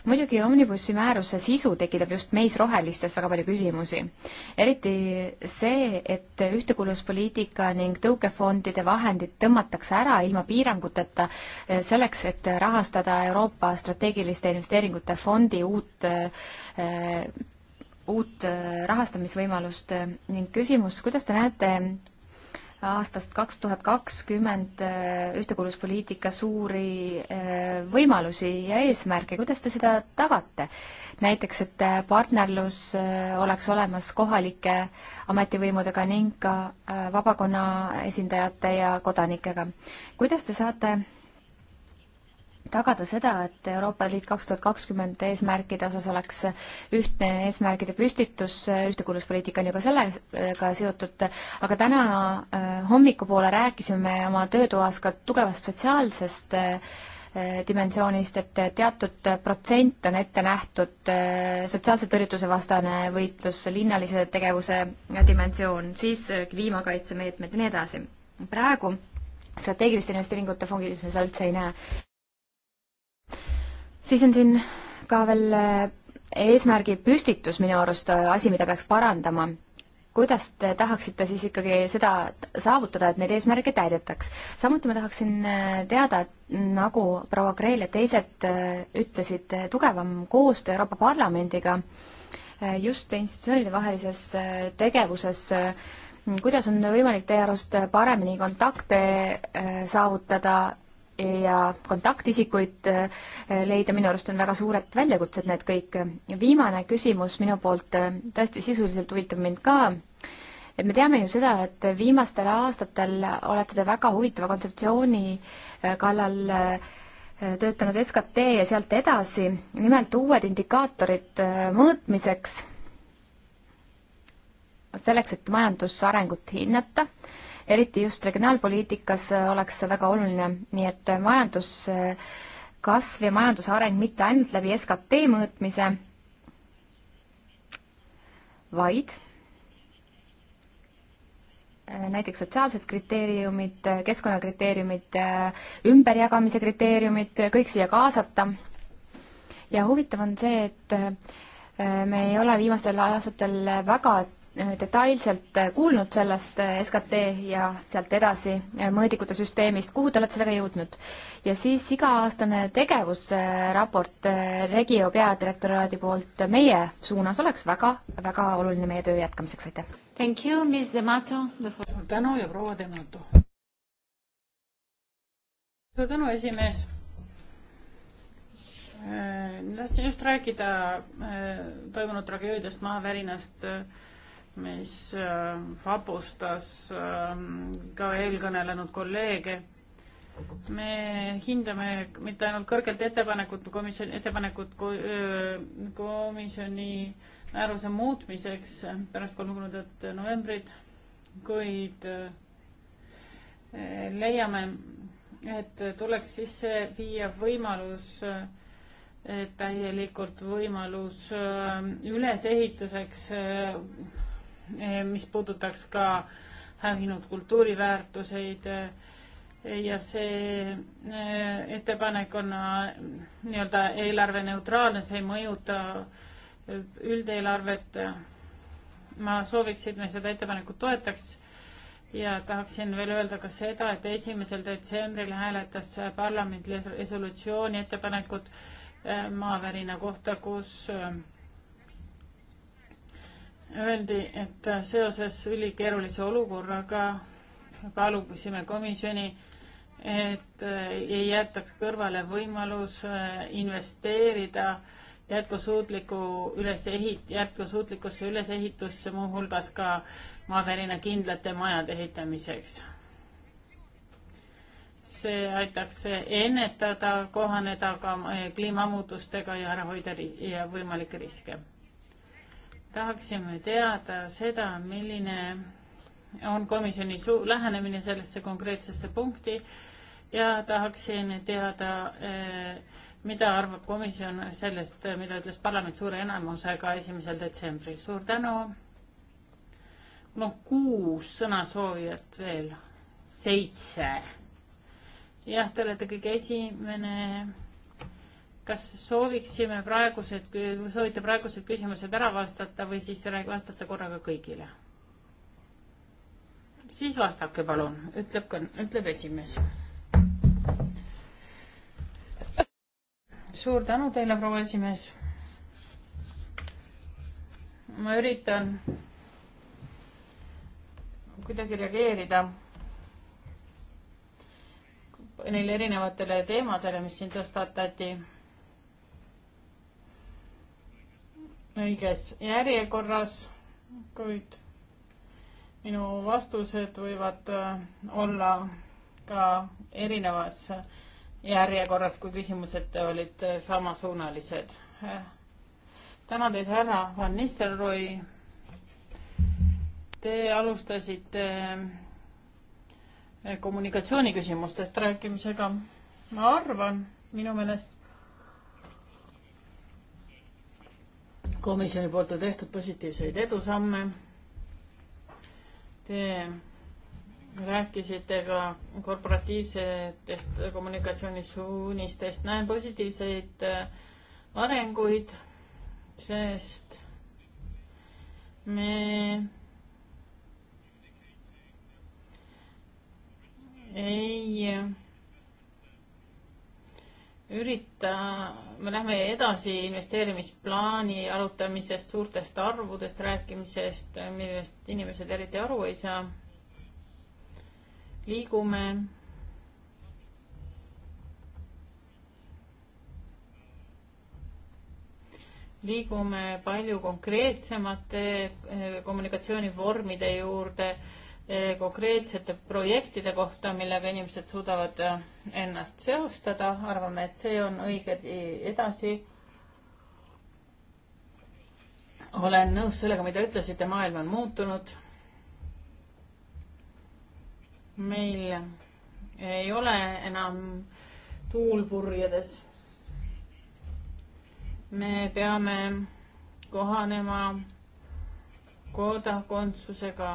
muidugi Omnibussi määruse sisu tekitab just meis rohelistes väga palju küsimusi. eriti see, et ühtekuuluvuspoliitika ning tõukefondide vahendid tõmmatakse ära ilma piiranguteta eh, selleks, et rahastada Euroopa strateegiliste investeeringute fondi uut eh, uut eh, rahastamisvõimalust ning küsimus, kuidas te näete aastast kaks tuhat kakskümmend äh, ühtekuuluvuspoliitika suuri äh, võimalusi ja eesmärke, kuidas te seda tagate? näiteks, et äh, partnerlus oleks olemas kohalike ametivõimudega ning ka vabakonna esindajate ja kodanikega. kuidas te saate tagada seda, et Euroopa Liit kaks tuhat kakskümmend eesmärkide osas oleks ühtne eesmärgide püstitus, ühtekuuluvuspoliitika on ju ka sellega seotud, aga täna äh, hommikupoole rääkisime oma töötoas ka tugevast sotsiaalsest äh, dimensioonist, et teatud protsent on ette nähtud äh, sotsiaalse tõrjutuse vastane võitlus, linnalise tegevuse dimensioon, siis kliimakaitsemeetmed ja nii edasi. praegu strateegiliste investeeringute fondis me seda üldse ei näe siis on siin ka veel äh, eesmärgi püstitus minu arust äh, asi, mida peaks parandama. kuidas te tahaksite siis ikkagi seda saavutada, et neid eesmärke täidetaks? samuti ma tahaksin äh, teada, nagu proua Kreel ja teised ütlesid, tugevam koostöö Euroopa Parlamendiga just institutsioonide vahelises tegevuses kuidas on võimalik teie arust paremini kontakte saavutada ja kontaktisikuid eh, leida, minu arust on väga suured väljakutsed need kõik. viimane küsimus minu poolt eh, tõesti sisuliselt huvitab mind ka. et me teame ju seda, et viimastel aastatel olete te väga huvitava kontseptsiooni eh, kallal töötanud SKT ja sealt edasi, nimelt uued indikaatorid mõõtmiseks, selleks, et majandusarengut hinnata eriti just regionaalpoliitikas äh, oleks see väga oluline, nii et äh, majanduskasv ja majanduse areng mitte ainult läbi SKT mõõtmise, vaid äh, näiteks sotsiaalsed kriteeriumid, keskkonnakriteeriumid, ümberjagamise kriteeriumid, kõik siia kaasata. ja huvitav on see, et me ei ole viimastel aastatel väga detailselt kuulnud sellest SKT ja sealt edasi mõõdikute süsteemist, kuhu te olete sellega jõudnud? ja siis iga-aastane tegevusraport Regio peadirektoraadi poolt meie suunas oleks väga, väga oluline meie töö jätkamiseks, aitäh! Thank you, Miss Demato. suur tänu ja proua Demato. suur tänu, esimees äh,. tahtsin just rääkida äh, toimunud tragöödiast maavärinast äh, mis äh, vabustas äh, ka eelkõnelenud kolleege. me hindame mitte ainult kõrgelt ettepanekut, komisjoni ettepanekut komisjoni määruse muutmiseks pärast kolmekümnendat novembrit, kuid äh, leiame, et tuleks sisse viia võimalus täielikult võimalus ülesehituseks Eh, mis puudutaks ka hävinud kultuuriväärtuseid eh, ja see eh, ettepanek on nii-öelda eelarveneutraalne, see ei mõjuta üldeelarvet. ma sooviks, et me seda ettepanekut toetaks ja tahaksin veel öelda ka seda, et esimesel detsembril hääletas parlament resolutsiooni ettepanekut maavärina kohta, kus öeldi, et seoses ülikeerulise olukorraga kaaluksime komisjoni, et ei jäetaks kõrvale võimalus äh, investeerida jätkusuutliku ülesehit-, jätkusuutlikusse ülesehitusse, muuhulgas ka maavärina kindlate majade ehitamiseks. see aitaks ennetada, kohaneda ka äh, kliimamuutustega ja ära hoida ri-, ja võimalikke riske tahaksime teada seda, milline on komisjoni lähenemine sellesse konkreetsesse punkti ja tahaksin teada, eh, mida arvab komisjon sellest, mida ütles parlament suure enamusega esimesel detsembril. suur tänu. mul on kuus sõnasoovijat veel, seitse. jah, te olete kõige esimene kas sooviksime praegused, soovite praegused küsimused ära vastata või siis vastata korraga kõigile? siis vastake palun, ütleb, ütleb esimees. suur tänu teile, proua esimees. ma üritan kuidagi reageerida neile erinevatele teemadele, mis siin tõstatati õiges järjekorras, kuid minu vastused võivad äh, olla ka erinevas järjekorras, kui küsimused olid äh, samasuunalised. tänan teid, härra Van Nistelrooy. Te alustasite äh, kommunikatsiooniküsimustest rääkimisega. ma arvan, minu meelest komisjoni poolt on tehtud positiivseid edusamme. Te rääkisite ka korporatiivsetest kommunikatsioonisuunistest, näen positiivseid äh, arenguid, sest me ei ürita, me lähme edasi investeerimisplaani arutamisest, suurtest arvudest rääkimisest, millest inimesed eriti aru ei saa. liigume. liigume palju konkreetsemate eh, kommunikatsioonivormide juurde E, konkreetsete projektide kohta, millega inimesed suudavad e, ennast seostada, arvame, et see on õige edasi. olen nõus sellega, mida ütlesite, maailm on muutunud. meil ei ole enam tuul purjedes. me peame kohanema kodakondsusega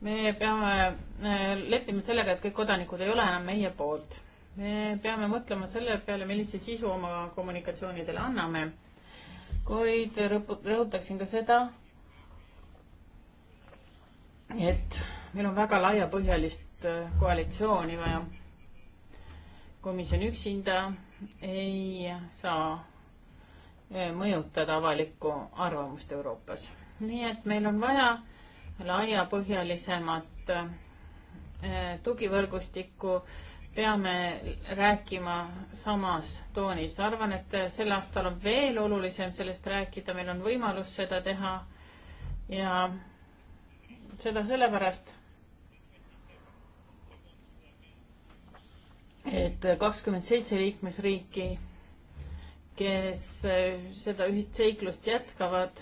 me peame äh, leppima sellega, et kõik kodanikud ei ole enam meie poolt. me peame mõtlema selle peale, millise sisu oma kommunikatsioonidele anname. kuid rõhutaksin ka seda, et meil on väga laiapõhjalist äh, koalitsiooni vaja. komisjon üksinda ei saa mõjutada avalikku arvamust Euroopas. nii et meil on vaja laiapõhjalisemat eh, tugivõrgustikku, peame rääkima samas toonis. arvan, et sel aastal on veel olulisem sellest rääkida, meil on võimalus seda teha ja seda sellepärast, et kakskümmend seitse liikmesriiki kes eh, seda ühist seiklust jätkavad,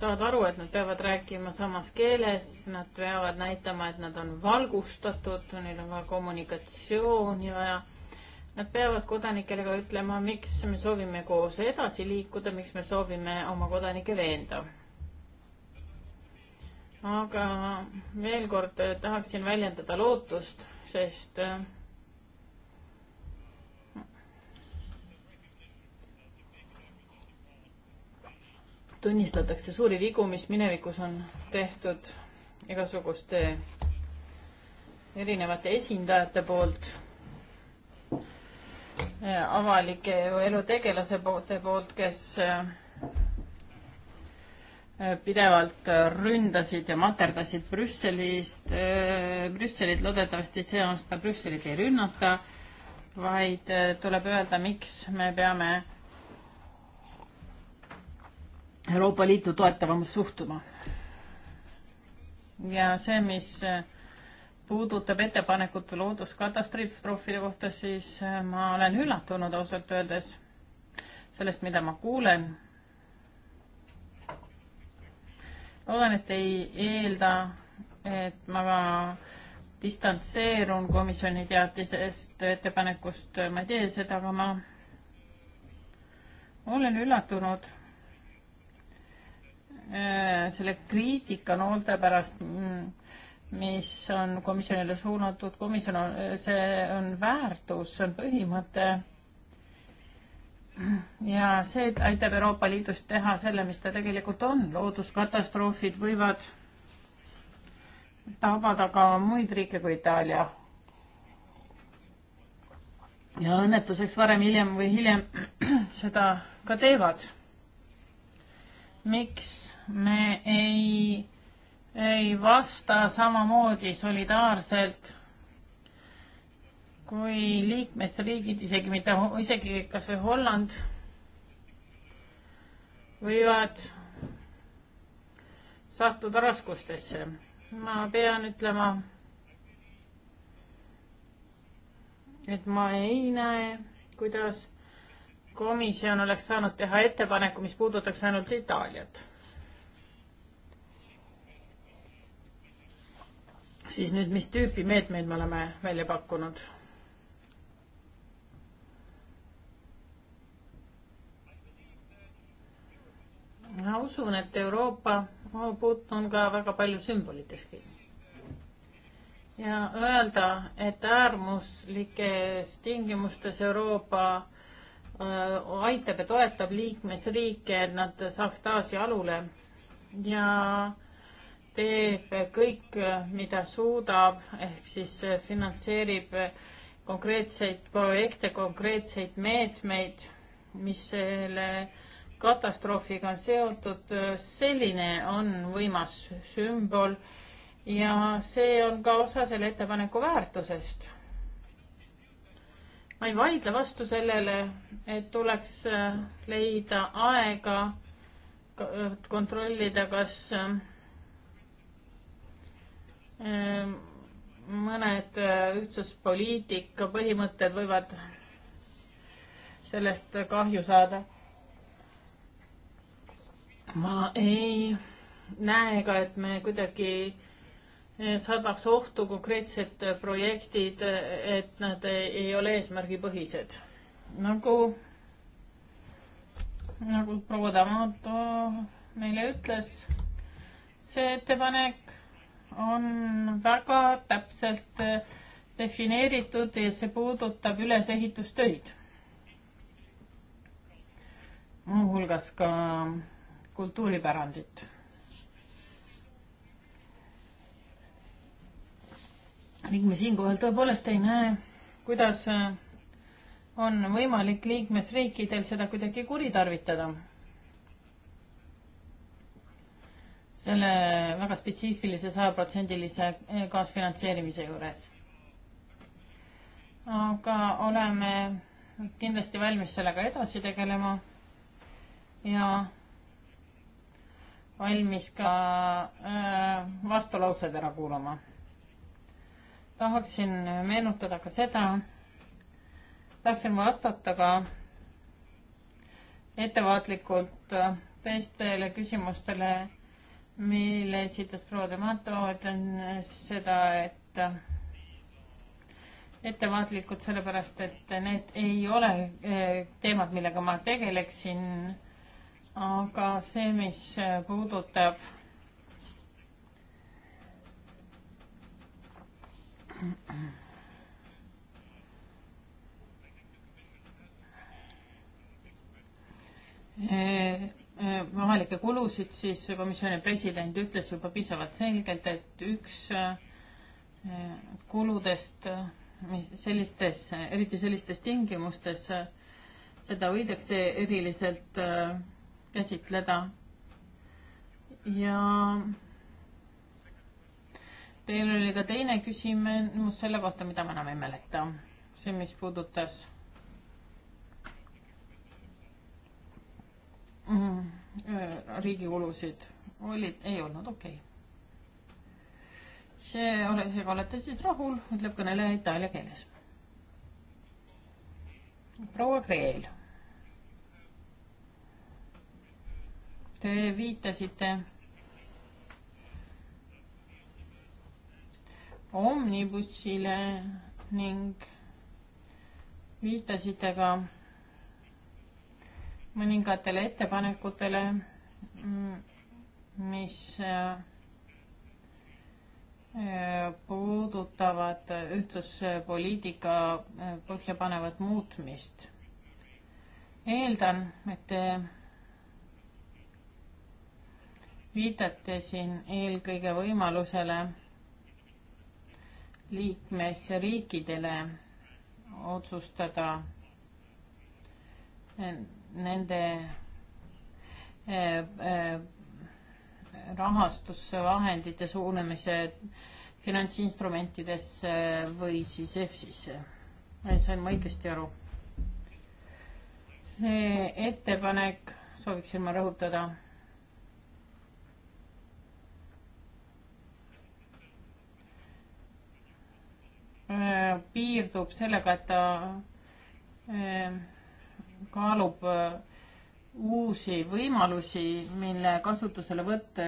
saavad aru, et nad peavad rääkima samas keeles, nad peavad näitama, et nad on valgustatud, neil on vaja kommunikatsiooni vaja. Nad peavad kodanikele ka ütlema, miks me soovime koos edasi liikuda, miks me soovime oma kodanikke veenda. aga veel kord eh, tahaksin väljendada lootust, sest eh, tunnistatakse suuri vigu, mis minevikus on tehtud igasuguste erinevate esindajate poolt, äh, avalike elu tegelase poolte poolt, kes äh, äh, pidevalt ründasid ja materdasid Brüsselist, Brüsselit loodetavasti see aasta Brüsselit ei rünnata, vaid tuleb öelda, miks me peame Euroopa Liitu toetavamalt suhtuma. ja see, mis äh, puudutab ettepanekut looduskatastroofide kohta, siis äh, ma olen üllatunud ausalt öeldes sellest, mida ma kuulen. loodan, et ei eelda, et ma ka distantseerun komisjoni teatisest ettepanekust, ma ei tee seda, aga ma olen üllatunud Äh, selle kriitika noorte pärast, mm, mis on komisjonile suunatud, komisjon on, äh, see on väärtus, see on põhimõte. ja see aitab Euroopa Liidust teha selle, mis ta tegelikult on, looduskatastroofid võivad tabada ka muid riike kui Itaalia. ja õnnetuseks varem, hiljem või hiljem seda ka teevad miks me ei, ei vasta samamoodi solidaarselt kui liikmesriigid, isegi mitte, isegi kas või Holland, võivad sattuda raskustesse. ma pean ütlema, et ma ei näe, kuidas komisjon oleks saanud teha ettepaneku, mis puudutaks ainult Itaaliat. siis nüüd, mis tüüpi meetmeid me oleme välja pakkunud? ma usun, et Euroopa puut- on ka väga palju sümbolites kinni. ja öelda, et äärmuslikes tingimustes Euroopa äh, Äh, aitab ja toetab liikmesriike, et nad saaks taas jalule ja teeb kõik, mida suudab, ehk siis finantseerib konkreetseid projekte, konkreetseid meetmeid, mis selle katastroofiga on seotud. selline on võimas sümbol ja see on ka osa selle ettepaneku väärtusest ma ei vaidle vastu sellele, et tuleks äh, leida aega kontrollida, kas äh, äh, mõned ühtsuspoliitika põhimõtted võivad sellest kahju saada. ma ei näe ka, et me kuidagi äh, Eh, sadaks ohtu konkreetsed projektid, eh, et nad eh, ei ole eesmärgipõhised. nagu, nagu proua Tamato meile ütles, see ettepanek on väga täpselt defineeritud ja see puudutab ülesehitustöid. muuhulgas ka kultuuripärandit ning me siinkohal tõepoolest ei näe, kuidas äh, on võimalik liikmesriikidel seda kuidagi kuritarvitada. selle väga spetsiifilise sajaprotsendilise äh, kaasfinantseerimise juures. aga oleme kindlasti valmis sellega edasi tegelema ja valmis ka äh, vastulaused ära kuulama tahaksin meenutada ka seda, tahaksin vastata ka ettevaatlikult teistele küsimustele, mille esitas proua Demato, ütlen seda, et ettevaatlikult sellepärast, et need ei ole eh, teemad, millega ma tegeleksin, aga see, mis puudutab vahelikke kulusid, siis komisjoni president ütles juba piisavalt selgelt, et üks eh, kuludest sellistes, eriti sellistes tingimustes, seda võidakse eriliselt eh, käsitleda. ja Teil oli ka teine küsimus selle kohta, mida ma enam ei mäleta. see, mis puudutas mm, riigi kulusid, olid, ei olnud okei okay.. see, seega olete siis rahul, ütleb kõneleja itaalia keeles. proua Kreel. Te viitasite omnibussile ning viitasite ka mõningatele ettepanekutele, mis äh, puudutavad ühtsuspoliitika äh, põhjapanevat muutmist. eeldan, et te viitate siin eelkõige võimalusele liikmesriikidele otsustada eh, nende eh, eh, rahastusvahendite suunamise finantsinstrumentidesse või siis EFSisse. sain ma õigesti aru? see ettepanek, sooviksin ma rõhutada Äh, piirdub sellega, et ta äh, kaalub äh, uusi võimalusi, mille kasutuselevõtt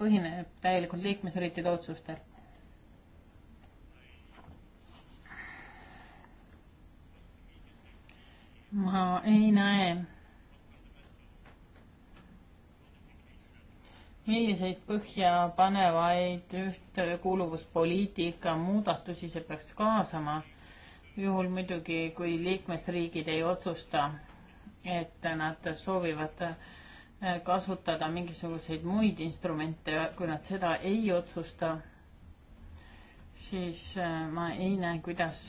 põhineb täielikult liikmesriikide otsustel. ma ei näe milliseid põhjapanevaid ühtekuuluvuspoliitika muudatusi see peaks kaasama, juhul muidugi, kui liikmesriigid ei otsusta, et nad soovivad äh, kasutada mingisuguseid muid instrumente, kui nad seda ei otsusta, siis äh, ma ei näe, kuidas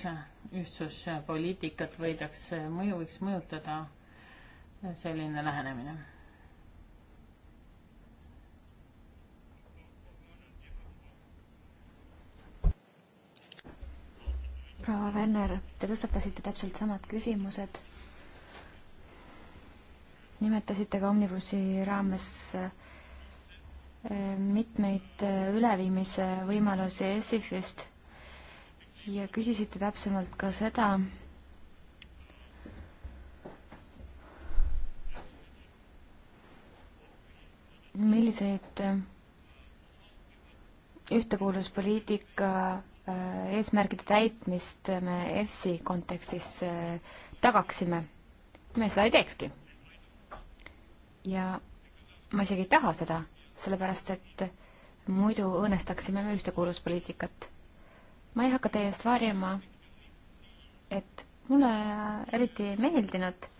ühtsuspoliitikat võidakse äh, mõju, võiks mõjutada selline lähenemine proua Werner, te tõstatasite täpselt samad küsimused. nimetasite ka Omnibussi raames äh, mitmeid äh, üleviimise võimalusi ESIF-ist ja küsisite täpsemalt ka seda, milliseid äh, ühtekuuluvuspoliitika Äh, eesmärgide täitmist me EFSI kontekstis äh, tagaksime, me seda ei teekski. ja ma isegi ei taha seda, sellepärast et muidu õõnestaksime me ühtekuuluvuspoliitikat. ma ei hakka teie eest varjama, et mulle eriti ei meeldinud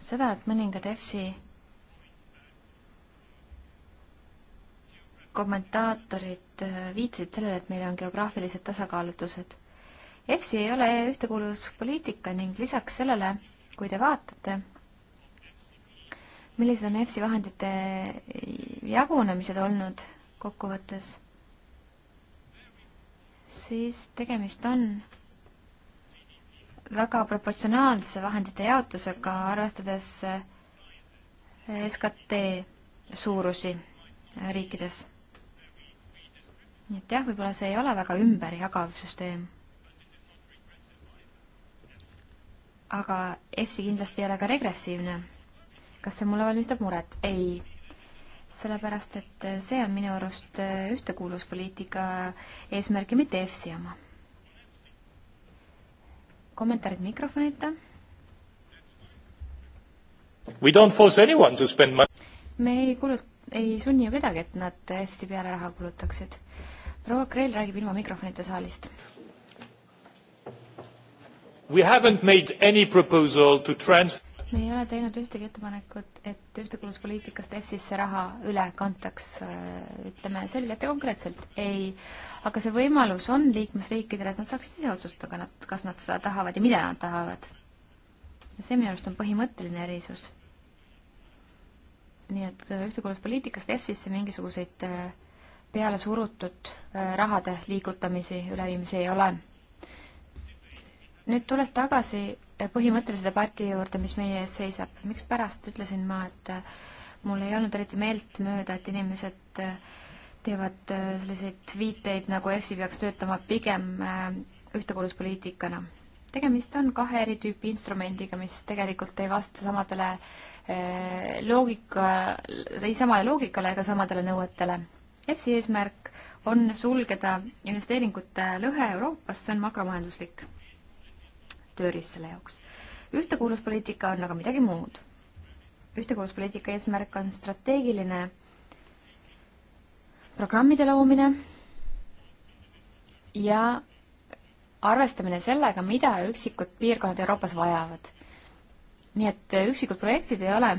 seda, et mõningad EFSI kommentaatorid äh, viitasid sellele, et meil on geograafilised tasakaalutused. EFSI ei ole ühtekuuluvuspoliitika ning lisaks sellele, kui te vaatate, millised on EFSI vahendite jagunemised olnud kokkuvõttes, siis tegemist on väga proportsionaalse vahendite jaotusega, arvestades äh, SKT suurusi riikides nii et jah, võib-olla see ei ole väga ümberjagav süsteem. aga EFSI kindlasti ei ole ka regressiivne. kas see mulle valmistab muret? ei. sellepärast, et see on minu arust ühtekuuluvuspoliitika eesmärk ja mitte EFSI oma. kommentaarid mikrofonita We don't force anyone to spend money. me ei kulut-, ei sunni ju kedagi, et nad EFSi peale raha kulutaksid proua Kreel räägib ilma mikrofonita saalist. We haven't made any proposal to trans-. me ei ole teinud ühtegi ettepanekut, et ühtekuuluvuspoliitikast EFSisse raha üle kantaks, äh, ütleme selgelt ja konkreetselt, ei. aga see võimalus on liikmesriikidel, et nad saaksid ise otsustada, kas nad seda tahavad ja mida nad tahavad. see minu arust on põhimõtteline erisus nii et äh, ühtekuuluvuspoliitikast EFSisse mingisuguseid äh, peale surutud äh, rahade liigutamisi, üleviimisi ei ole. nüüd tulles tagasi äh, põhimõttelise debati juurde, mis meie ees seisab, mikspärast ütlesin ma, et äh, mul ei olnud eriti meeltmööda, et inimesed teevad selliseid viiteid, nagu EFSI peaks töötama pigem ühtekuuluvuspoliitikana. tegemist on kahe eri tüüpi instrumendiga, mis tegelikult ei vasta samadele loogika, ei samale loogikale ega samadele nõuetele EFSI eesmärk on sulgeda investeeringute lõhe Euroopas, see on makromajanduslik tööriist selle jaoks. ühtekuuluvuspoliitika on aga midagi muud. ühtekuuluvuspoliitika eesmärk on strateegiline programmide loomine ja arvestamine sellega, mida üksikud piirkonnad Euroopas vajavad. nii et üksikud projektid ei ole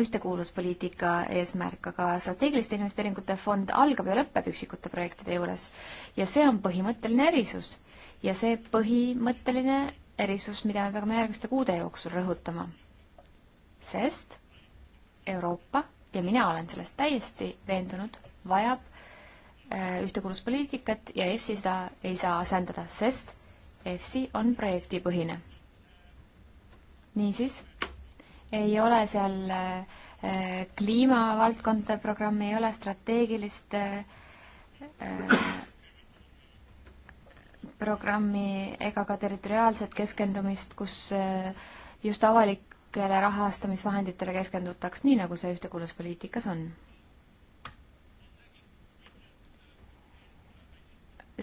ühtekuuluvuspoliitika eesmärk, aga strateegiliste investeeringute fond algab ja lõpeb üksikute projektide juures. ja see on põhimõtteline erisus. ja see põhimõtteline erisus, mida me peame järgmiste kuude jooksul rõhutama. sest Euroopa, ja mina olen selles täiesti veendunud, vajab äh, ühtekuuluvuspoliitikat ja EFSI seda ei saa asendada, sest EFSI on projektipõhine. niisiis ei ole seal äh, kliimavaldkondade programmi, ei ole strateegilist äh, äh, programmi ega ka territoriaalset keskendumist, kus just avalikele rahastamisvahenditele keskendutaks, nii nagu see ühtekuuluvuspoliitikas on.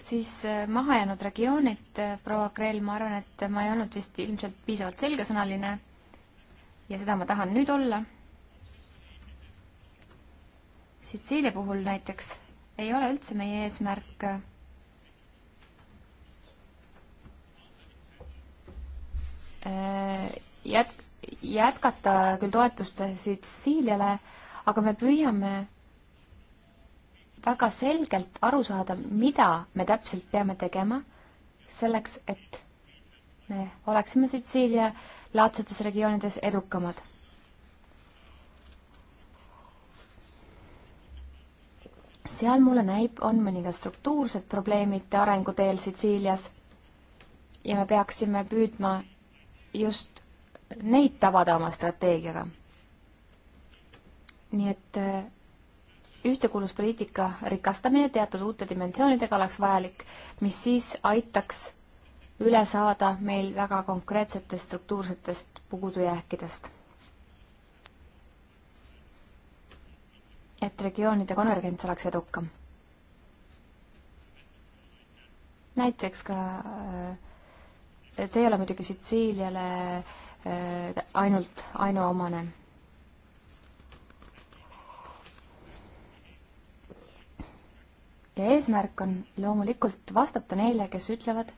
siis mahajäänud regioonid, proua Kreel, ma arvan, et ma ei olnud vist ilmselt piisavalt selgesõnaline ja seda ma tahan nüüd olla. Sitsiilia puhul näiteks ei ole üldse meie eesmärk äh, jät-, jätkata küll toetust Sitsiiliale, aga me püüame väga selgelt aru saada, mida me täpselt peame tegema selleks, et me oleksime Sitsiilia äh, laadsetes regioonides edukamad. seal mulle näib, on mõningad struktuursed probleemid arenguteel Sitsiilias ja me peaksime püüdma just neid tabada oma strateegiaga. nii et äh, ühtekuuluvuspoliitika rikastamine teatud uute dimensioonidega oleks vajalik, mis siis aitaks üle saada meil väga konkreetsetest struktuursetest puudujääkidest. et regioonide konvergents oleks edukam. näiteks ka, et see ei ole muidugi Sitsiiliale äh, ainult ainuomane ja eesmärk on loomulikult vastata neile, kes ütlevad,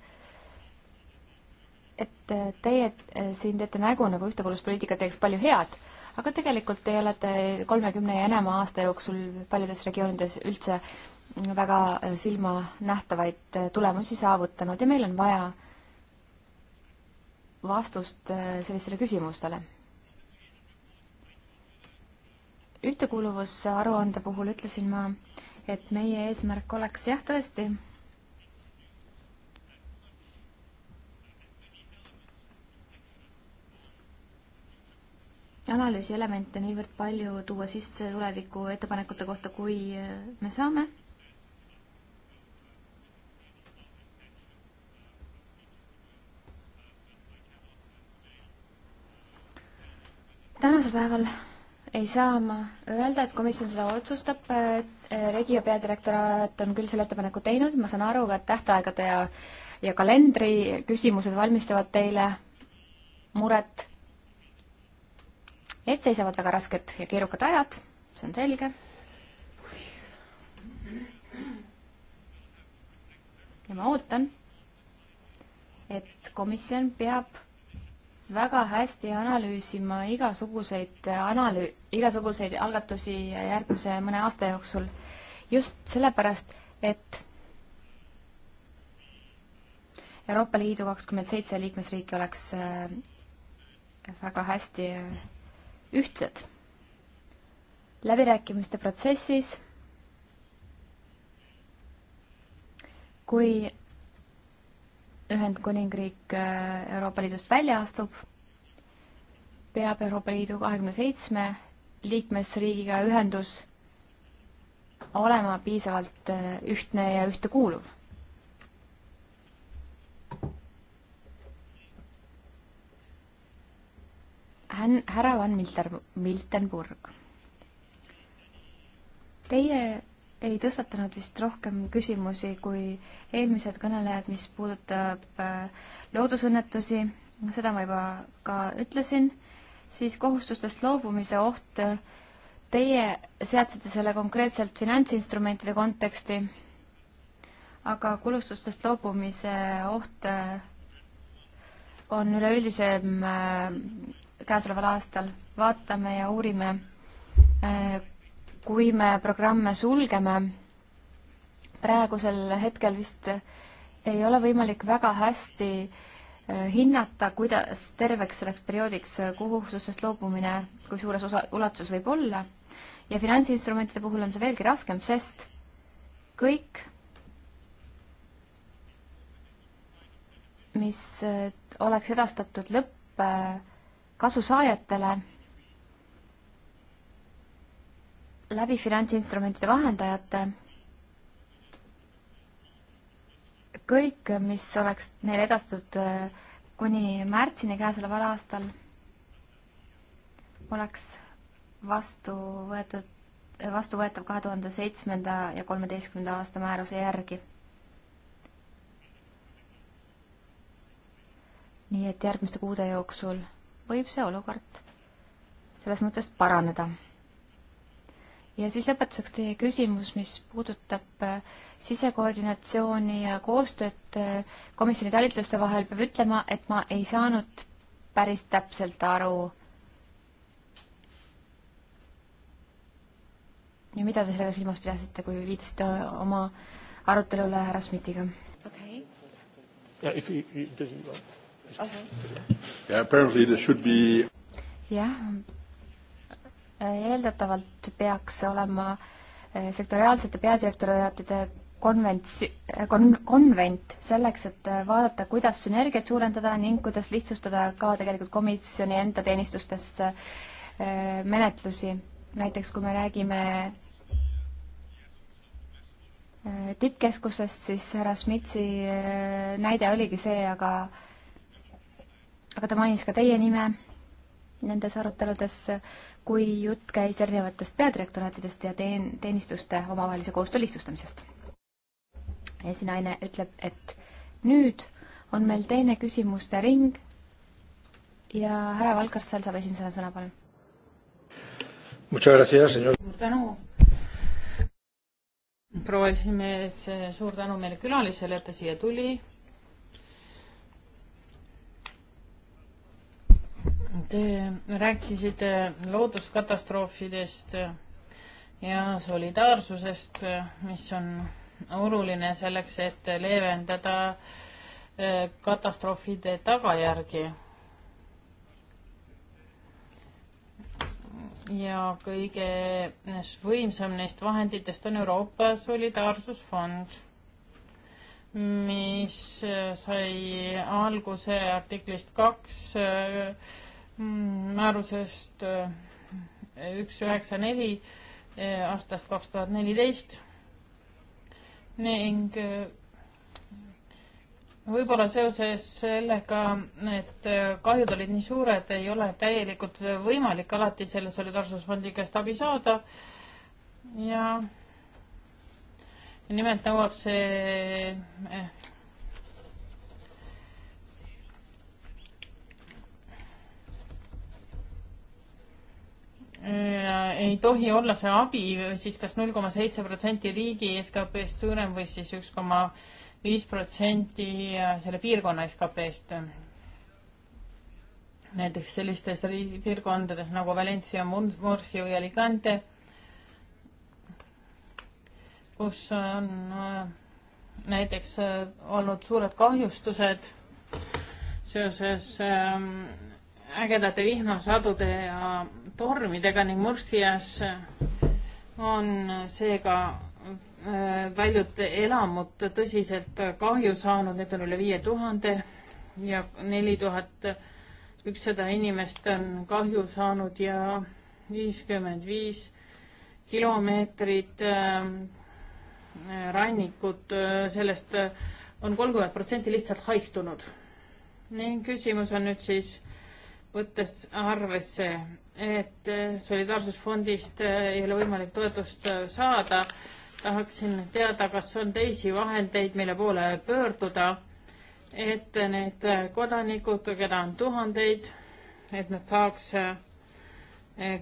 et äh, teie äh, siin teete nägu, nagu ühtekuuluvuspoliitika teeks palju head, aga tegelikult te olete kolmekümne ja enama aasta jooksul paljudes regioonides üldse väga äh, silmanähtavaid tulemusi saavutanud ja meil on vaja vastust sellistele küsimustele. ühtekuuluvusaruande puhul ütlesin ma, et meie eesmärk oleks jah, tõesti analüüsielemente niivõrd palju tuua sisse tuleviku ettepanekute kohta, kui äh, me saame. tänasel päeval ei saa ma öelda, et komisjon seda otsustab. Äh, Regio peadirektoraat on küll selle ettepaneku teinud, ma saan aru ka, et tähtaegade ja, ja kalendri küsimused valmistavad teile muret ees seisavad väga rasked ja keerukad ajad, see on selge. ja ma ootan, et komisjon peab väga hästi analüüsima igasuguseid analüü-, igasuguseid algatusi järgmise mõne aasta jooksul just sellepärast, et Euroopa Liidu kakskümmend seitse liikmesriiki oleks äh, väga hästi ühtsed. läbirääkimiste protsessis, kui Ühendkuningriik äh, Euroopa Liidust välja astub, peab Euroopa Liidu kahekümne seitsme liikmesriigiga ühendus olema piisavalt äh, ühtne ja ühtekuuluv hän-, härra Van Milter-, Miltenburg. Teie ei tõstatanud vist rohkem küsimusi kui eelmised kõnelejad, mis puudutab äh, loodusõnnetusi, seda ma juba ka ütlesin, siis kohustustest loobumise oht, teie seadsite selle konkreetselt finantsinstrumentide konteksti, aga kulustustest loobumise oht äh, on üleüldisem äh, käesoleval aastal vaatame ja uurime, eh, kui me programme sulgeme, praegusel hetkel vist ei ole võimalik väga hästi eh, hinnata, kuidas terveks selleks perioodiks eh, kohustustest loobumine, kui suures osa, ulatuses võib olla. ja finantsinstrumentide puhul on see veelgi raskem, sest kõik, mis oleks edastatud lõpp kasusaajatele läbi finantsinstrumentide vahendajate kõik, mis oleks neile edastatud äh, kuni märtsini käesoleval aastal, oleks vastu võetud, äh, vastuvõetav kahe tuhande seitsmenda ja kolmeteistkümnenda aasta määruse järgi. nii et järgmiste kuude jooksul võib see olukord selles mõttes paraneda. ja siis lõpetuseks teie küsimus, mis puudutab äh, sisekoordinatsiooni ja koostööd äh, komisjoni talitluste vahel, peab ütlema, et ma ei saanud päris täpselt aru, ja mida te sellega silmas pidasite, kui viitasite oma arutelule härra Schmidtiga? okei okay jah, äh, eeldatavalt peaks olema äh, sektoriaalsete peadirektoraatide konvents-, äh, kon-, konvent selleks, et vaadata, kuidas sünergiat suurendada ning kuidas lihtsustada ka tegelikult komisjoni enda teenistustes menetlusi. näiteks kui me räägime tippkeskusest, siis härra Schmitzi näide oligi see, aga aga ta mainis ka teie nime nendes aruteludes, kui jutt käis erinevatest peadirektoraatidest ja teen-, teenistuste omavahelise koostöö lihtsustamisest. esinaine ütleb, et nüüd on meil teine küsimuste ring ja härra Valkarsel saab esimesena sõna, palun. suur tänu, proua esimees, suur tänu meile külalisele, et ta siia tuli Te rääkisite looduskatastroofidest ja solidaarsusest, mis on oluline selleks, et leevendada äh, katastroofide tagajärgi. ja kõige võimsam neist vahenditest on Euroopa Solidaarsusfond, mis äh, sai alguse artiklist kaks äh, Mm, määrusest äh, üks üheksa neli äh, aastast kaks tuhat neliteist ning äh, võib-olla seoses sellega, et kahjud olid nii suured, ei ole täielikult võimalik alati selle solidaarsusfondi käest abi saada ja nimelt nõuab see Äh, ei tohi olla see abi siis kas null koma seitse protsenti riigi SKP-st suurem või siis üks koma viis protsenti äh, selle piirkonna SKP-st. näiteks sellistes piirkondades nagu Valencia, Murcia või Alicante, kus on äh, näiteks olnud suured kahjustused seoses ähm, ägedate vihmasadude ja tormidega ning Murcias on seega paljud äh, elamud tõsiselt kahju saanud, need on üle viie tuhande ja neli tuhat ükssada inimest on kahju saanud ja viiskümmend viis kilomeetrit äh, rannikud, äh, sellest on kolmkümmend protsenti lihtsalt haihtunud. ning küsimus on nüüd siis võttes arvesse, et äh, Solidaarsusfondist äh, ei ole võimalik toetust äh, saada, tahaksin teada, kas on teisi vahendeid, mille poole pöörduda, et need kodanikud, keda on tuhandeid, et nad saaks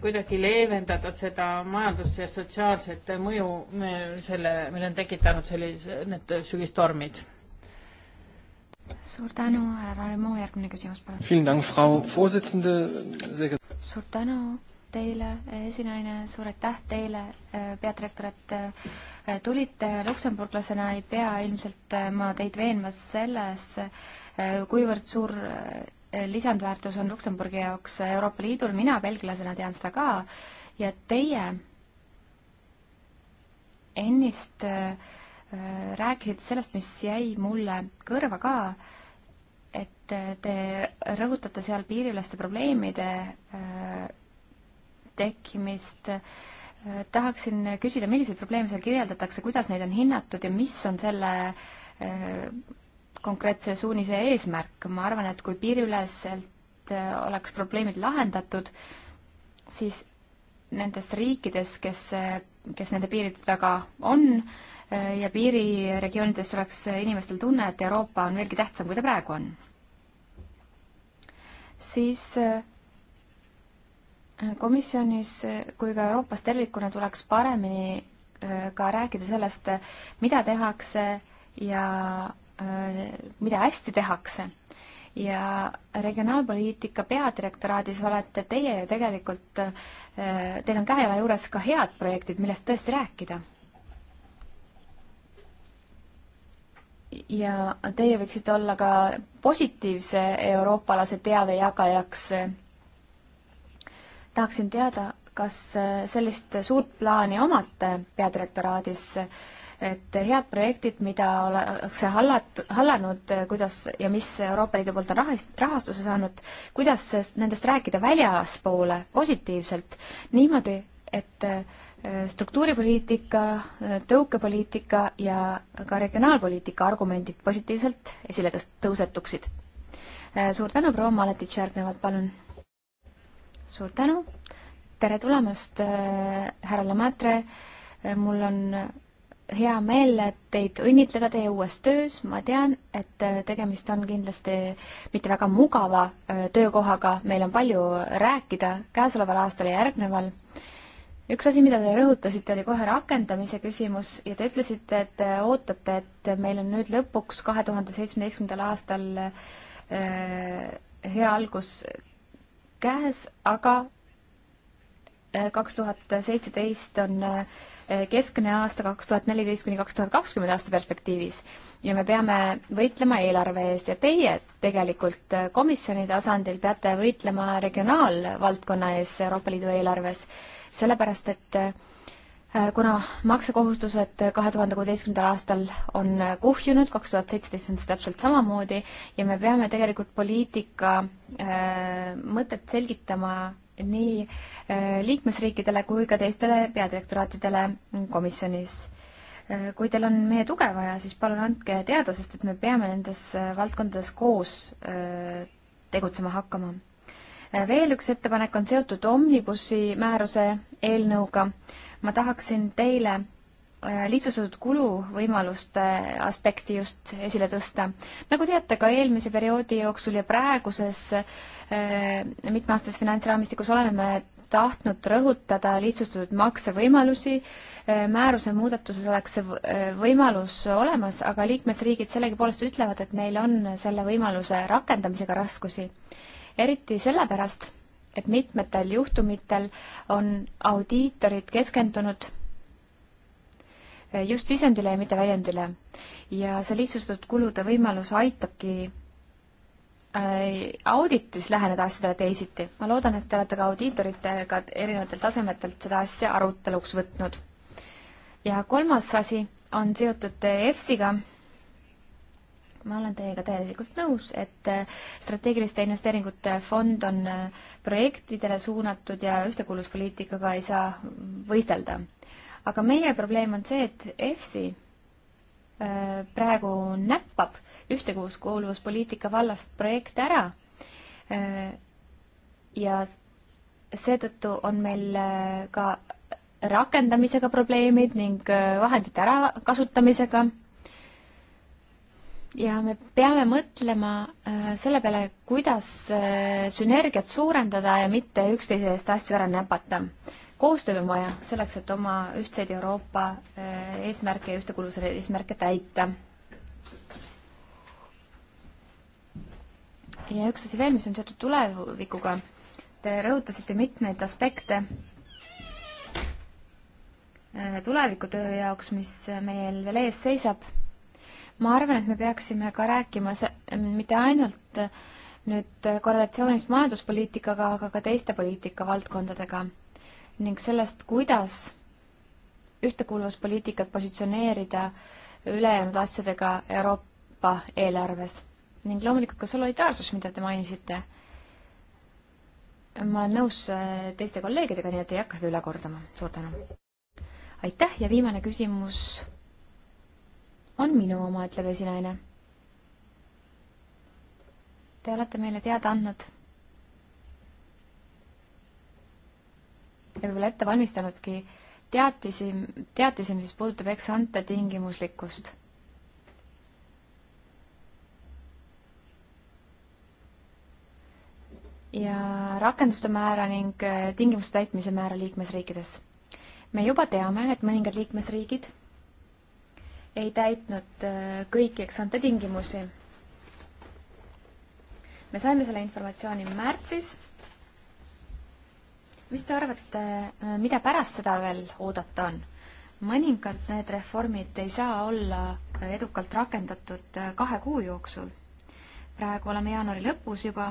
kuidagi leevendada seda majandust ja sotsiaalset mõju selle, mille on tekitanud sellised, need sügistormid suur tänu, härra Raimo, järgmine küsimus, palun. suur tänu teile, esinaine, suur aitäh teile, äh, peadirektor, et äh, tulite. luksemburglasena ei pea ilmselt äh, ma teid veenma selles, kuivõrd suur lisandväärtus on Luksemburgi jaoks Euroopa Liidul, mina belglasena tean seda ka ja teie ennist äh, rääkisite sellest, mis jäi mulle kõrva ka, et te rõhutate seal piiriüleste probleemide äh, tekkimist. tahaksin küsida, milliseid probleeme seal kirjeldatakse, kuidas neid on hinnatud ja mis on selle äh, konkreetse suunise eesmärk, ma arvan, et kui piiriüleselt äh, oleks probleemid lahendatud, siis nendes riikides, kes, kes nende piiride taga on, Äh, ja piiriregioonides oleks inimestel tunne, et Euroopa on veelgi tähtsam, kui ta praegu on. siis äh, komisjonis kui ka Euroopas tervikuna tuleks paremini äh, ka rääkida sellest, mida tehakse ja mida hästi tehakse ja regionaalpoliitika peadirektoraadis olete teie ju tegelikult, teil on käe jala juures ka head projektid, millest tõesti rääkida. ja teie võiksite olla ka positiivse euroopalase teade jagajaks. tahaksin teada, kas sellist suurt plaani omate peadirektoraadis, et head projektid, mida ollakse hallat-, hallanud, kuidas ja mis Euroopa Liidu poolt on rahast-, rahastuse saanud, kuidas nendest rääkida väljaspoole positiivselt, niimoodi, et äh, struktuuripoliitika, tõukepoliitika ja ka regionaalpoliitika argumendid positiivselt esile tõusetuksid. suur tänu, proua Maletitš, järgnevalt palun. suur tänu, tere tulemast, äh, härra Lamatre, mul on hea meel teid õnnitleda teie uues töös, ma tean, et äh, tegemist on kindlasti mitte väga mugava äh, töökohaga, meil on palju rääkida käesoleval aastal ja järgneval üks asi, mida te rõhutasite, oli kohe rakendamise küsimus ja te ütlesite, et te ootate, et meil on nüüd lõpuks kahe tuhande seitsmeteistkümnendal aastal äh, hea algus käes, aga äh, kaks tuhat seitseteist on äh, keskne aasta kaks tuhat neliteist kuni kaks tuhat kakskümmend aasta perspektiivis ja me peame võitlema eelarve ees ja teie tegelikult komisjoni tasandil peate võitlema regionaalvaldkonna ees Euroopa Liidu eelarves sellepärast et äh, kuna maksekohustused kahe tuhande kuueteistkümnendal aastal on äh, kuhjunud, kaks tuhat seitseteist on see täpselt samamoodi ja me peame tegelikult poliitika äh, mõtet selgitama nii liikmesriikidele kui ka teistele peadirektoraatidele komisjonis. kui teil on meie tuge vaja, siis palun andke teada, sest et me peame nendes valdkondades koos tegutsema hakkama veel üks ettepanek on seotud Omnibussi määruse eelnõuga. ma tahaksin teile äh, lihtsustatud kuluvõimaluste aspekti just esile tõsta. nagu teate, ka eelmise perioodi jooksul ja praeguses äh, mitmeaastases finantsraamistikus oleme me tahtnud rõhutada lihtsustatud maksevõimalusi. Äh, määruse muudatuses oleks see võimalus olemas, aga liikmesriigid sellegipoolest ütlevad, et neil on selle võimaluse rakendamisega raskusi eriti sellepärast, et mitmetel juhtumitel on audiitorid keskendunud just sisendile ja mitte väljendile. ja see lihtsustatud kulude võimalus aitabki äh, auditis läheneda asjadele teisiti. ma loodan, et te olete ka audiitoritega erinevatelt tasemetelt seda asja aruteluks võtnud. ja kolmas asi on seotud EFSiga ma olen teiega täielikult nõus, et äh, strateegiliste investeeringute fond on äh, projektidele suunatud ja ühtekuuluvuspoliitikaga ei saa võistelda. aga meie probleem on see, et EFSI äh, praegu näppab ühtekuuluvuspoliitika vallast projekte ära ja seetõttu on meil ka rakendamisega probleemid ning vahendite ärakasutamisega ja me peame mõtlema äh, selle peale, kuidas äh, sünergiat suurendada ja mitte üksteise eest asju ära näpata. koostööd on vaja selleks, et oma ühtseid Euroopa äh, eesmärke ja ühtekuuluvuse eesmärke täita. ja üks asi veel, mis on seotud tulevikuga. Te rõhutasite mitmeid aspekte tulevikutöö jaoks, mis meil veel ees seisab ma arvan, et me peaksime ka rääkima mitte ainult äh, nüüd äh, korrelatsioonist majanduspoliitikaga, aga ka teiste poliitikavaldkondadega ning sellest, kuidas ühtekuuluvuspoliitikat positsioneerida ülejäänud asjadega Euroopa eelarves ning loomulikult ka solidaarsus, mida te mainisite. ma olen nõus äh, teiste kolleegidega, nii et ei hakka seda üle kordama. suur tänu. aitäh ja viimane küsimus on minu oma, ütleb esinaine. Te olete meile teada andnud ja võib-olla ette valmistanudki teatisi, teatisi, mis puudutab eksante tingimuslikkust ja rakenduste määra ning tingimuste täitmise määra liikmesriikides. me juba teame, et mõningad liikmesriigid ei täitnud äh, kõiki eksante tingimusi. me saime selle informatsiooni märtsis. mis te arvate, äh, mida pärast seda veel oodata on? mõningad need reformid ei saa olla äh, edukalt rakendatud kahe kuu jooksul. praegu oleme jaanuari lõpus juba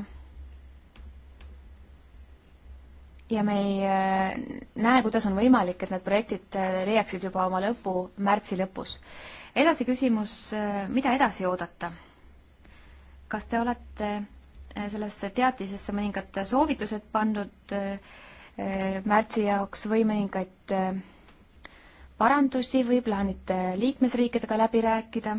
ja me ei äh, näe, kuidas on võimalik, et need projektid äh, leiaksid juba oma lõpu märtsi lõpus. edasi küsimus, äh, mida edasi oodata? kas te olete sellesse teatisesse mõningad soovitused pandud märtsi jaoks või mõningaid parandusi või plaanite liikmesriikidega läbi rääkida?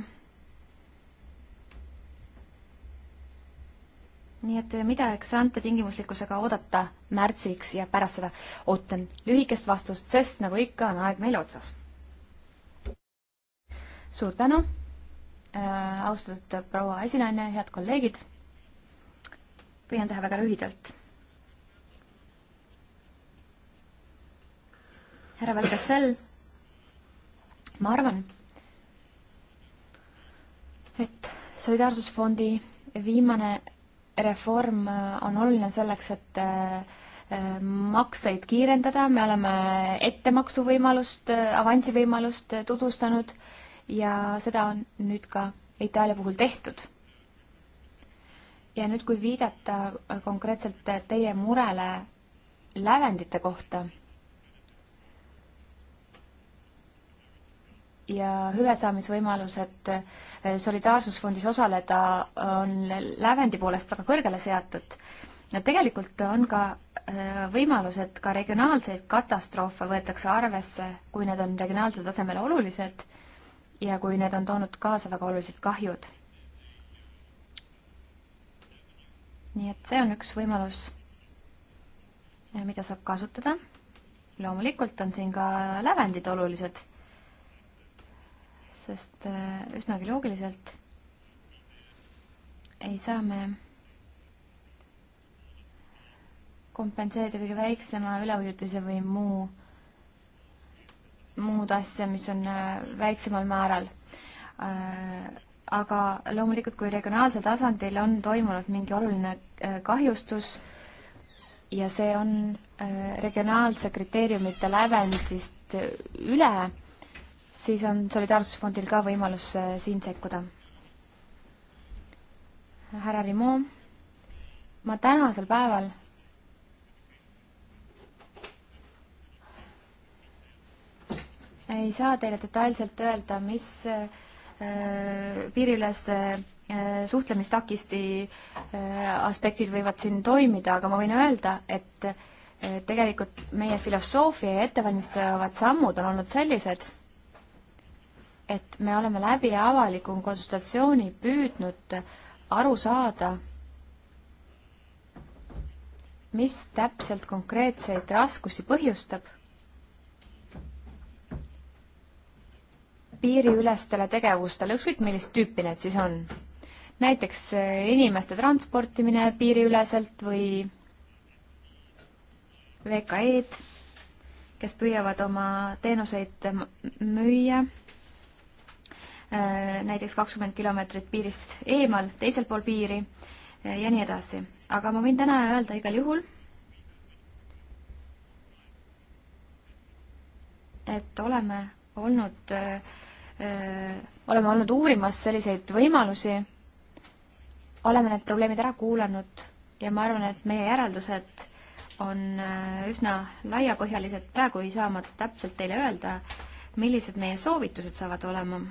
nii et eh, mida eks ante tingimuslikkusega oodata märtsiks ja pärast seda ootan lühikest vastust, sest nagu ikka, on aeg meil otsas. suur tänu äh,, austatud proua esinaine, head kolleegid. püüan teha väga lühidalt. härra Valgasel, ma arvan, et solidaarsusfondi viimane reform äh, on oluline selleks, et äh, äh, makseid kiirendada, me oleme ettemaksuvõimalust, avansivõimalust tutvustanud ja seda on nüüd ka Itaalia puhul tehtud. ja nüüd, kui viidata konkreetselt teie murele lävendite kohta ja hüvesaamisvõimalused eh, Solidaarsusfondis osaleda on lävendi poolest väga kõrgele seatud. tegelikult on ka eh, võimalus, et ka regionaalseid katastroofe võetakse arvesse, kui need on regionaalsel tasemel olulised ja kui need on toonud kaasa väga olulised kahjud. nii et see on üks võimalus, eh, mida saab kasutada. loomulikult on siin ka lävendid olulised sest äh, üsnagi loogiliselt ei saa me kompenseerida kõige väiksema üleujutuse või muu, muud asja, mis on äh, väiksemal määral. Äh, aga loomulikult, kui regionaalsel tasandil on toimunud mingi oluline kahjustus ja see on regionaalse kriteeriumite lävendist üle, siis on Solidaarsusfondil ka võimalus äh, siin sekkuda. härra Rimo, ma tänasel päeval ei saa teile detailselt öelda, mis äh, piiriülese äh, suhtlemistakisti aspektid võivad siin toimida, aga ma võin öelda, et tegelikult meie filosoofia ja ettevalmistavad sammud on olnud sellised, et me oleme läbi avaliku konsultatsiooni püüdnud aru saada, mis täpselt konkreetseid raskusi põhjustab piiriülestele tegevustele, ükskõik millist tüüpi need siis on. näiteks eh, inimeste transportimine piiriüleselt või VKE-d, kes püüavad oma teenuseid müüa Äh, näiteks kakskümmend kilomeetrit piirist eemal, teisel pool piiri äh, ja nii edasi. aga ma võin täna öelda igal juhul, et oleme olnud, äh, oleme olnud uurimas selliseid võimalusi, oleme need probleemid ära kuulanud ja ma arvan, et meie järeldused on üsna laiapõhjalised, praegu ei saa ma täpselt teile öelda, millised meie soovitused saavad olema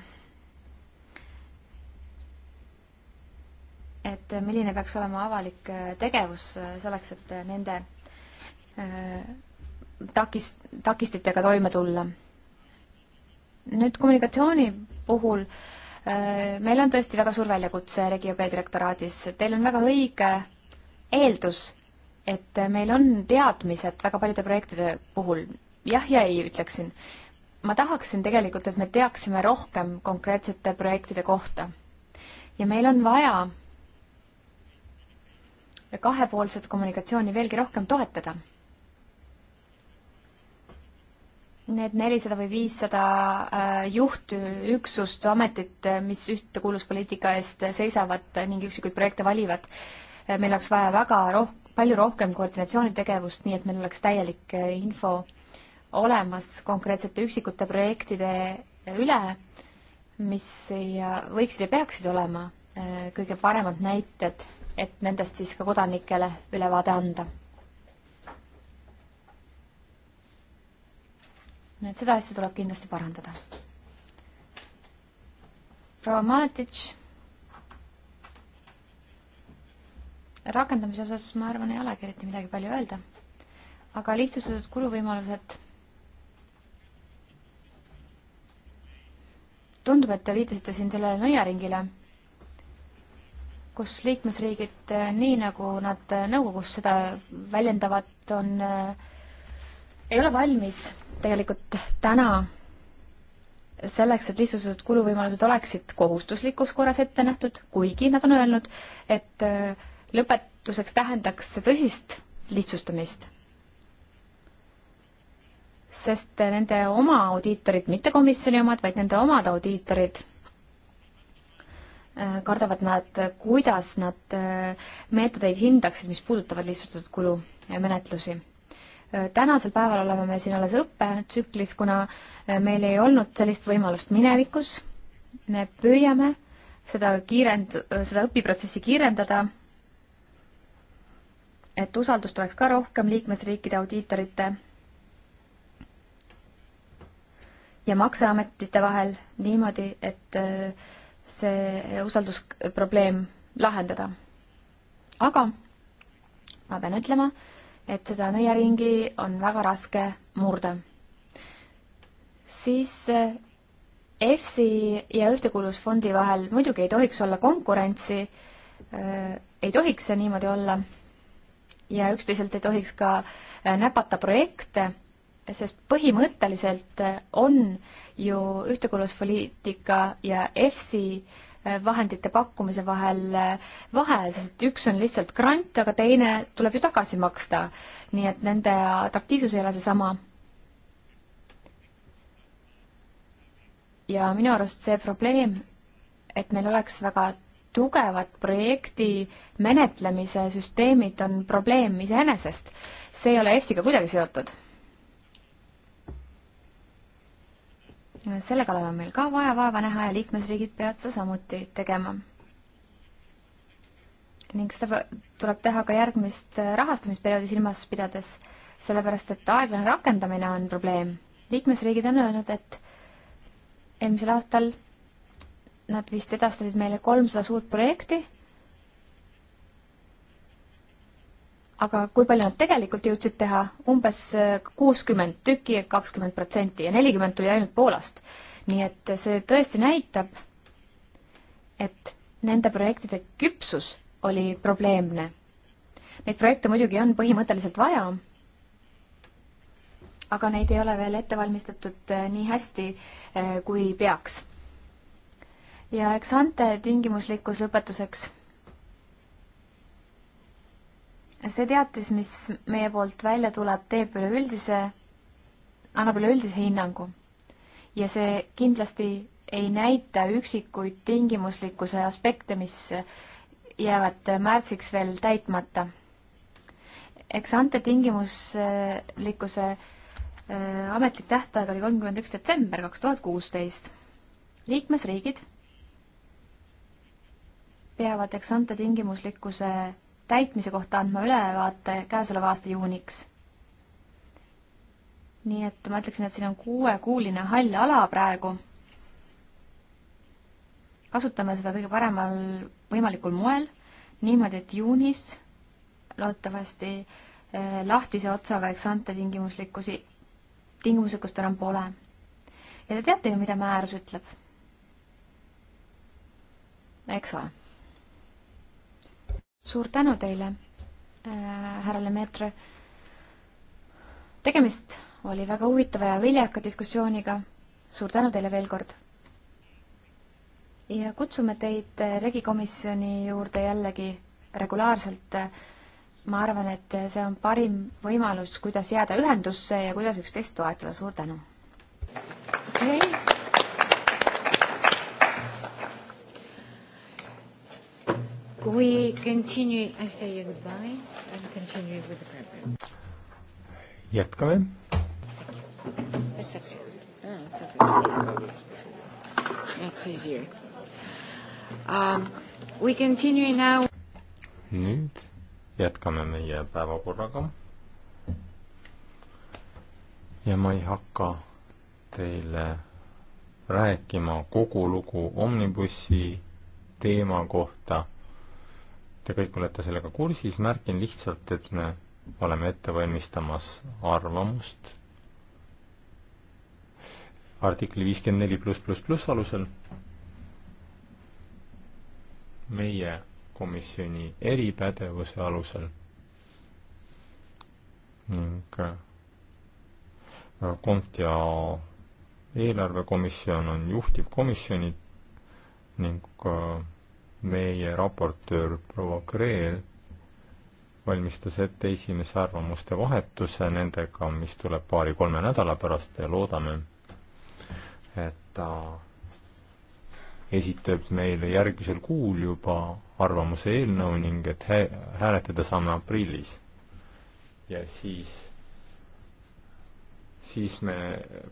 et milline peaks olema avalik äh, tegevus äh, selleks, et äh, nende takis, takistitega toime tulla. nüüd kommunikatsiooni puhul meil on tõesti väga suur väljakutse Regio peadirektoraadis, teil on väga õige eeldus, et meil on teadmised väga paljude projektide puhul, jah ja ei, ütleksin. ma tahaksin tegelikult, et me teaksime rohkem konkreetsete projektide kohta. ja meil on vaja kahepoolset kommunikatsiooni veelgi rohkem toetada. Need nelisada või viissada äh, juhtüksust, ametit, äh, mis ühtekuuluvuspoliitika eest seisavad ning üksikuid projekte valivad, äh, meil oleks vaja väga roh-, palju rohkem koordinatsioonitegevust, nii et meil oleks täielik info olemas konkreetsete üksikute projektide üle, mis võiksid ja peaksid olema kõige paremad näited et nendest siis ka kodanikele ülevaade anda. nii et seda asja tuleb kindlasti parandada. proua Maletitš. rakendamise osas ma arvan, ei olegi eriti midagi palju öelda, aga lihtsustatud kuluvõimalused tundub, et te viitasite siin sellele nõiaringile kus liikmesriigid, eh, nii nagu nad eh, nõukogus seda väljendavad, on, eh, ei ole valmis tegelikult täna selleks, et lihtsustatud kuluvõimalused oleksid kohustuslikus korras ette nähtud, kuigi nad on öelnud, et lõpetuseks tähendaks see tõsist lihtsustamist. sest nende oma audiitorid, mitte komisjoni omad, vaid nende omad audiitorid Äh, kardavad nad, kuidas nad äh, meetodeid hindaksid, mis puudutavad lihtsustatud kulu menetlusi. Äh, tänasel päeval oleme me siin alles õppetsüklis, kuna meil ei olnud sellist võimalust minevikus. me püüame seda kiirend-, seda õpiprotsessi kiirendada, et usaldust oleks ka rohkem liikmesriikide audiitorite ja makseametite vahel niimoodi, et äh, see usaldusprobleem lahendada. aga ma pean ütlema, et seda nõiaringi on väga raske murda. siis eh, EFSI ja Ühtekuuluvusfondi vahel muidugi ei tohiks olla konkurentsi, eh, ei tohiks see niimoodi olla ja üksteiselt ei tohiks ka eh, näpata projekte sest põhimõtteliselt äh, on ju ühtekuuluvuspoliitika ja EFSI äh, vahendite pakkumise vahel äh, vahe, sest üks on lihtsalt grant, aga teine tuleb ju tagasi maksta. nii et nende atraktiivsus ei ole seesama. ja minu arust see probleem, et meil oleks väga tugevad projekti menetlemise süsteemid, on probleem iseenesest. see ei ole EFSiga kuidagi seotud selle kallal on meil ka vaja vaeva näha ja liikmesriigid peavad seda samuti tegema. ning seda tuleb teha ka järgmist äh, rahastamisperioodi silmas pidades, sellepärast et aeglane rakendamine on probleem. liikmesriigid on öelnud, et eelmisel aastal nad vist edastasid meile kolmsada suurt projekti aga kui palju nad tegelikult jõudsid teha, umbes äh, kuuskümmend tükki ehk kakskümmend protsenti ja nelikümmend tuli ainult Poolast. nii et see tõesti näitab, et nende projektide küpsus oli probleemne. Neid projekte muidugi on põhimõtteliselt vaja, aga neid ei ole veel ette valmistatud äh, nii hästi, äh, kui peaks. ja eks ante tingimuslikkus lõpetuseks see teatis, mis meie poolt välja tuleb, teeb üleüldise, annab üleüldise hinnangu. ja see kindlasti ei näita üksikuid tingimuslikkuse aspekte, mis jäävad märtsiks veel täitmata. eks ante tingimuslikkuse äh, ametlik tähtaeg oli kolmkümmend üks detsember kaks tuhat kuusteist. liikmesriigid peavad eks ante tingimuslikkuse täitmise kohta andma ülevaate käesoleva aasta juuniks. nii et ma ütleksin, et siin on kuuekuuline hall ala praegu. kasutame seda kõige paremal võimalikul moel, niimoodi, et juunis loodetavasti eh, lahtise otsaga eks ante tingimuslikkusi, tingimuslikkust enam pole. ja te teate ju, mida määrus ütleb? eks ole suur tänu teile, äh, härra Lemetre. tegemist oli väga huvitava ja viljaka diskussiooniga. suur tänu teile veel kord. ja kutsume teid äh, regikomisjoni juurde jällegi regulaarselt. ma arvan, et see on parim võimalus, kuidas jääda ühendusse ja kuidas üksteist toetada. suur tänu. okei okay.. We continue, I say you goodbye and continue with the program. jätkame. Oh, That's easier. Um, we continue now. nüüd jätkame meie päevakorraga. ja ma ei hakka teile rääkima kogu lugu Omnibussi teema kohta Te kõik olete sellega kursis, märgin lihtsalt, et me oleme ette valmistamas arvamust artikli viiskümmend neli pluss pluss pluss alusel. meie komisjoni eripädevuse alusel ning äh, kont ja eelarvekomisjon on juhtivkomisjonid ning äh, meie raportöör proua Kreel valmistas ette esimese arvamuste vahetuse nendega, mis tuleb paari-kolme nädala pärast ja loodame, et ta esitab meile järgmisel kuul juba arvamuse eelnõu ning et hä hääletada saame aprillis. ja siis, siis me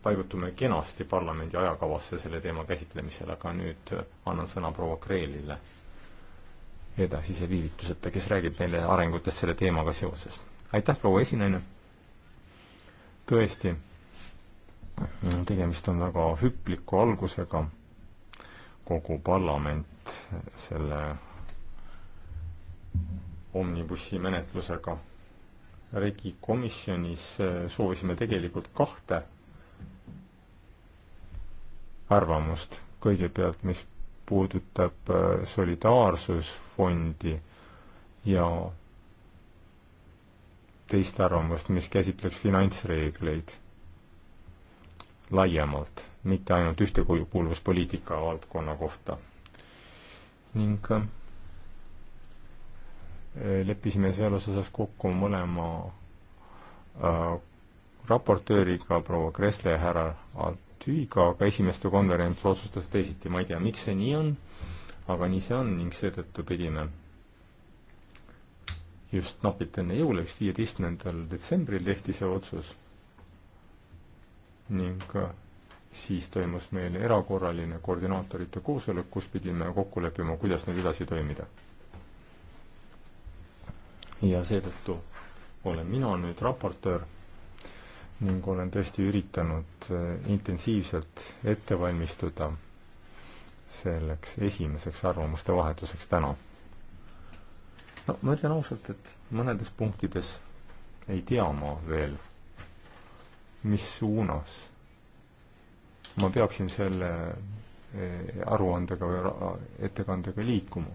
paigutume kenasti parlamendi ajakavasse selle teema käsitlemisel, aga nüüd annan sõna proua Kreelile edasise viivituseta, kes räägib meile arengutest selle teemaga seoses. aitäh, proua esinaine! tõesti, tegemist on väga hüpliku algusega, kogu parlament selle omnibussi menetlusega. regi komisjonis soovisime tegelikult kahte arvamust, kõigepealt mis puudutab äh, solidaarsusfondi ja teist arvamust, mis käsitleks finantsreegleid laiemalt, mitte ainult ühtekuuluvuspoliitika valdkonna kohta. ning äh, leppisime seal osas kokku mõlema äh, raportööriga, proua Kressle ja härra tühiga, aga esimeste konverents otsustas teisiti, ma ei tea, miks see nii on, aga nii see on ning seetõttu pidime just napilt enne jõule, vist viieteistkümnendal detsembril tehti see otsus ning äh, siis toimus meil erakorraline koordinaatorite koosolek, kus pidime kokku leppima, kuidas nüüd edasi toimida. ja seetõttu olen mina nüüd raportöör ning olen tõesti üritanud äh, intensiivselt ette valmistuda selleks esimeseks arvamuste vahetuseks täna. no ma ütlen ausalt, et mõnedes punktides ei tea ma veel, mis suunas ma peaksin selle äh, aruandega või ettekandega liikuma.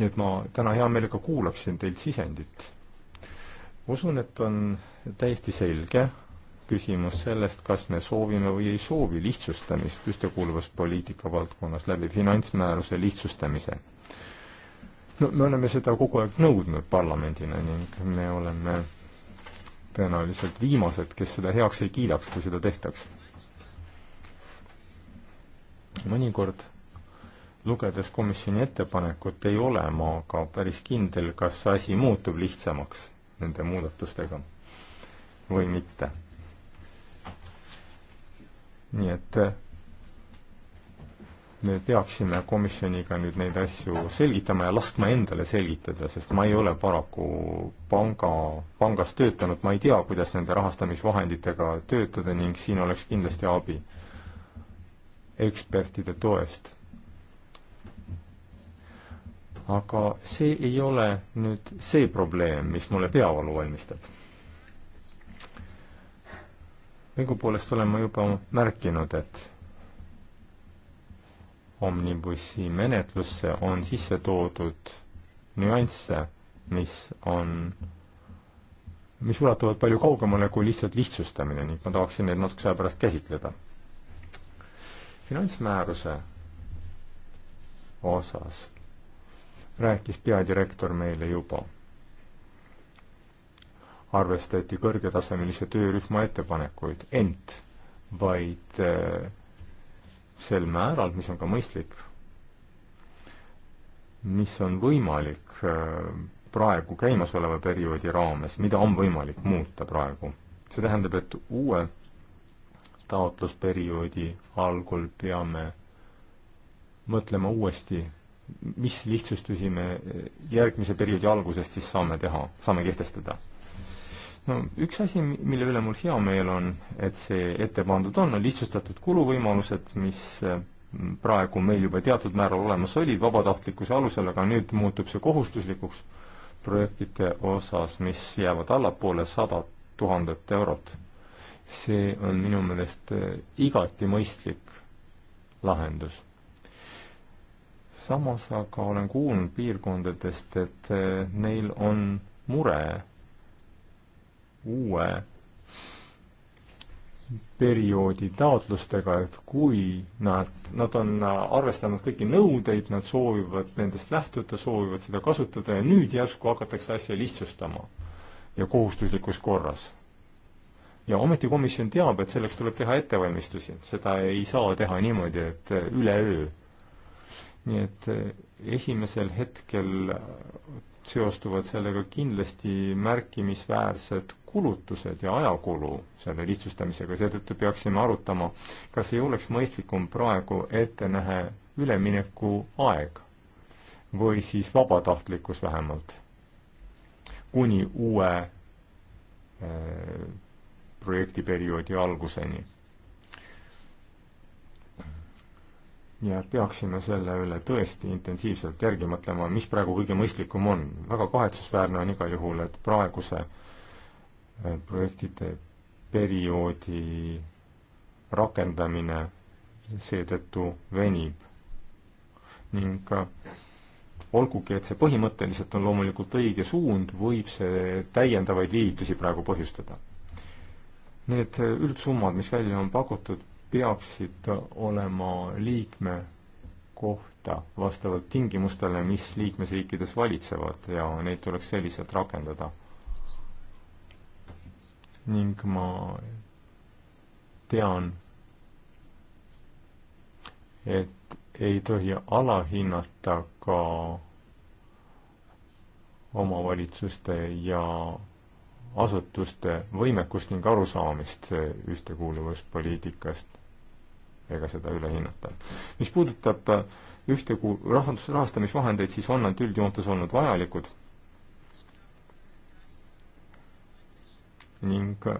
nii et ma täna hea meelega kuulaksin teilt sisendit. usun, et on täiesti selge küsimus sellest, kas me soovime või ei soovi lihtsustamist ühtekuuluvuspoliitika valdkonnas läbi finantsmääruse lihtsustamise. no me oleme seda kogu aeg nõudnud parlamendina ning me oleme tõenäoliselt viimased, kes seda heaks ei kiidaks, kui seda tehtaks. mõnikord lugedes komisjoni ettepanekut ei ole ma ka päris kindel, kas asi muutub lihtsamaks nende muudatustega või mitte nii et äh, me peaksime komisjoniga nüüd neid asju selgitama ja laskma endale selgitada, sest ma ei ole paraku panga, pangas töötanud, ma ei tea, kuidas nende rahastamisvahenditega töötada ning siin oleks kindlasti abi ekspertide toest. aga see ei ole nüüd see probleem, mis mulle peavalu valmistab õigupoolest olen ma juba märkinud, et omnibussi menetlusse on sisse toodud nüansse, mis on, mis ulatuvad palju kaugemale kui lihtsalt lihtsustamine ning ma tahaksin neid natukese aja pärast käsitleda. finantsmääruse osas rääkis peadirektor meile juba arvestati kõrgetasemelise töörühma ettepanekuid, ent vaid äh, sel määral, mis on ka mõistlik, mis on võimalik äh, praegu käimasoleva perioodi raames, mida on võimalik muuta praegu. see tähendab, et uue taotlusperioodi algul peame mõtlema uuesti, mis lihtsustusi me järgmise perioodi algusest siis saame teha, saame kehtestada no üks asi, mille üle mul hea meel on, et see ette pandud on, on lihtsustatud kuluvõimalused, mis äh, praegu meil juba teatud määral olemas olid vabatahtlikkuse alusel, aga nüüd muutub see kohustuslikuks projektide osas, mis jäävad allapoole sada tuhandet eurot. see on minu meelest äh, igati mõistlik lahendus. samas aga olen kuulnud piirkondadest, et äh, neil on mure uue perioodi taotlustega, et kui nad, nad on arvestanud kõiki nõudeid, nad soovivad nendest lähtuda, soovivad seda kasutada ja nüüd järsku hakatakse asja lihtsustama ja kohustuslikus korras. ja ometi komisjon teab, et selleks tuleb teha ettevalmistusi, seda ei saa teha niimoodi, et üleöö. nii et eh, esimesel hetkel seostuvad sellega kindlasti märkimisväärsed kulutused ja ajakulu selle lihtsustamisega, seetõttu peaksime arutama, kas ei oleks mõistlikum praegu ette näha üleminekuaeg või siis vabatahtlikkus vähemalt, kuni uue äh, projektiperioodi alguseni ja peaksime selle üle tõesti intensiivselt järgi mõtlema, mis praegu kõige mõistlikum on. väga kahetsusväärne on igal juhul, et praeguse äh, projektide perioodi rakendamine seetõttu venib. ning olgugi, et see põhimõtteliselt on loomulikult õige suund, võib see täiendavaid viivitusi praegu põhjustada. Need äh, üldsummad, mis välja on pakutud, peaksid olema liikme kohta vastavalt tingimustele, mis liikmesriikides valitsevad ja neid tuleks selliselt rakendada. ning ma tean, et ei tohi alahinnata ka omavalitsuste ja asutuste võimekust ning arusaamist ühtekuuluvuspoliitikast ega seda üle hinnata. mis puudutab äh, ühtegu rahandus, rahastamisvahendeid, siis on nad üldjoontes olnud vajalikud ning äh,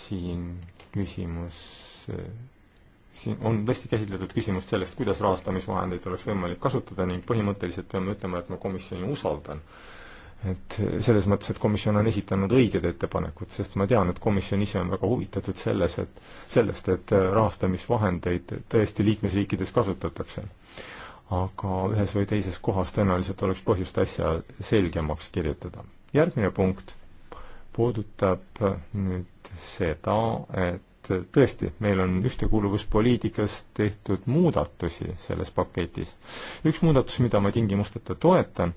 siin küsimus, äh, siin on tõesti käsitletud küsimust sellest, kuidas rahastamisvahendeid oleks võimalik kasutada ning põhimõtteliselt peame ütlema, et ma komisjoni usaldan et selles mõttes, et komisjon on esitanud õiged ettepanekud, sest ma tean, et komisjon ise on väga huvitatud selles, et sellest, et äh, rahastamisvahendeid tõesti liikmesriikides kasutatakse. aga ühes või teises kohas tõenäoliselt oleks põhjust asja selgemaks kirjutada. järgmine punkt puudutab äh, nüüd seda, et äh, tõesti, meil on ühtekuuluvuspoliitikas tehtud muudatusi selles paketis. üks muudatus, mida ma tingimusteta toetan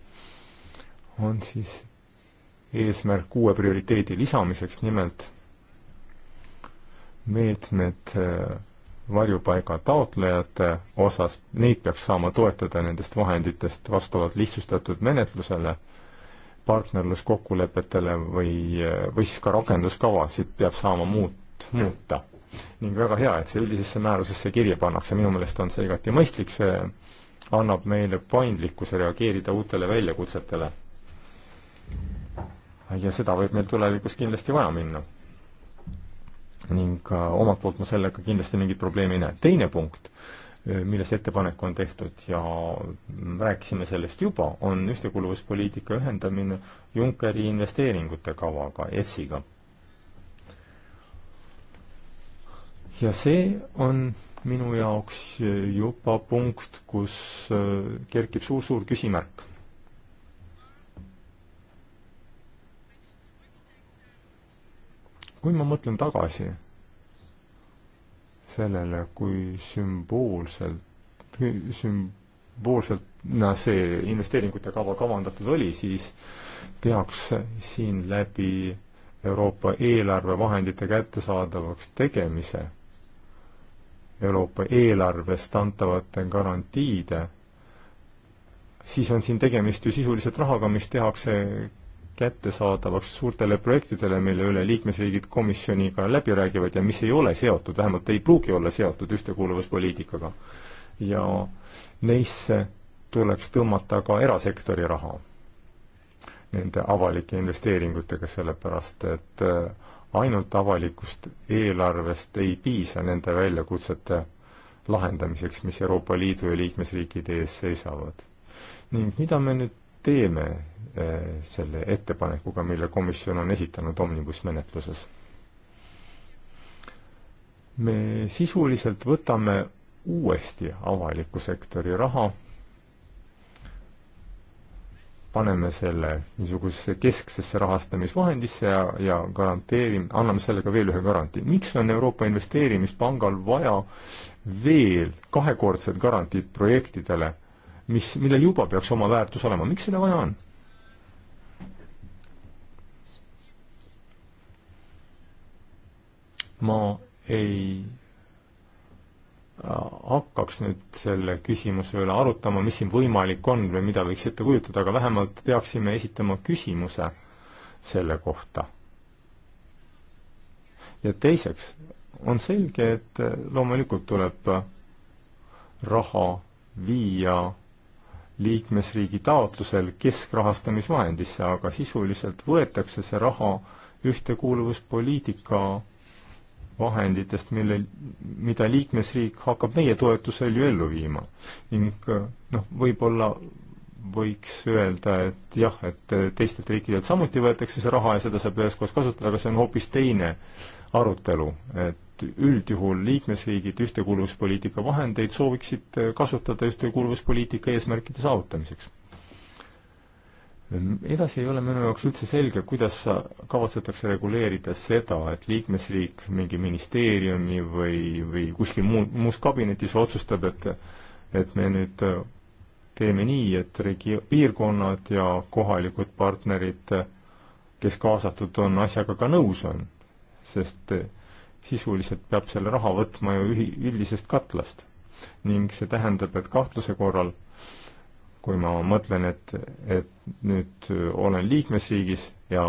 on siis eesmärk uue prioriteedi lisamiseks, nimelt meetmed äh, varjupaiga taotlejate osas, neid peaks saama toetada nendest vahenditest vastavalt lihtsustatud menetlusele, partnerluskokkulepetele või, äh, või siis ka rakenduskavasid peab saama muut, muuta. ning väga hea, et see üldisesse määrusesse kirja pannakse, minu meelest on see igati mõistlik, see annab meile paindlikkuse reageerida uutele väljakutsetele ja seda võib meil tulevikus kindlasti vaja minna. ning omalt poolt ma sellega kindlasti mingit probleemi ei näe. teine punkt, milles ettepanek on tehtud ja rääkisime sellest juba, on ühtekuuluvuspoliitika ühendamine Junckeri investeeringute kavaga, EFSiga. ja see on minu jaoks juba punkt, kus kerkib suur-suur küsimärk kui ma mõtlen tagasi sellele, kui sümboolselt, sümboolselt no see investeeringute kava kavandatud oli, siis peaks siin läbi Euroopa eelarvevahendite kättesaadavaks tegemise, Euroopa eelarvest antavate garantiide, siis on siin tegemist ju sisuliselt rahaga, mis tehakse kättesaadavaks suurtele projektidele, mille üle liikmesriigid komisjoniga läbi räägivad ja mis ei ole seotud, vähemalt ei pruugi olla seotud ühtekuuluvuspoliitikaga. ja neisse tuleks tõmmata ka erasektori raha nende avalike investeeringutega, sellepärast et äh, ainult avalikust eelarvest ei piisa nende väljakutsete lahendamiseks, mis Euroopa Liidu ja liikmesriikide ees seisavad. ning mida me nüüd teeme äh, selle ettepanekuga, mille komisjon on esitanud Omnibus menetluses. me sisuliselt võtame uuesti avaliku sektori raha, paneme selle niisugusesse kesksesse rahastamisvahendisse ja, ja garanteerime, anname sellega veel ühe garantii. miks on Euroopa Investeerimispangal vaja veel kahekordset garantiid projektidele mis, millel juba peaks oma väärtus olema, miks seda vaja on? ma ei äh, hakkaks nüüd selle küsimuse üle arutama, mis siin võimalik on või mida võiks ette kujutada, aga vähemalt peaksime esitama küsimuse selle kohta. ja teiseks, on selge, et loomulikult tuleb raha viia liikmesriigi taotlusel keskrahastamisvahendisse, aga sisuliselt võetakse see raha ühtekuuluvuspoliitika vahenditest, mille, mida liikmesriik hakkab meie toetusel ju ellu viima. ning noh, võib-olla võiks öelda, et jah, et teistelt riikidelt samuti võetakse see raha ja seda saab üheskoos kasutada, aga see on hoopis teine arutelu, et üldjuhul liikmesriigid ühtekuuluvuspoliitika vahendeid sooviksid kasutada ühtekuuluvuspoliitika eesmärkide saavutamiseks. edasi ei ole minu jaoks üldse selge, kuidas kavatsetakse reguleerida seda, et liikmesriik mingi ministeeriumi või, või kuskil muu, muus kabinetis otsustab, et et me nüüd teeme nii, et regi-, piirkonnad ja kohalikud partnerid, kes kaasatud on, asjaga ka nõus on, sest sisuliselt peab selle raha võtma ju ühi-, üldisest katlast. ning see tähendab, et kahtluse korral, kui ma mõtlen, et, et nüüd olen liikmesriigis ja,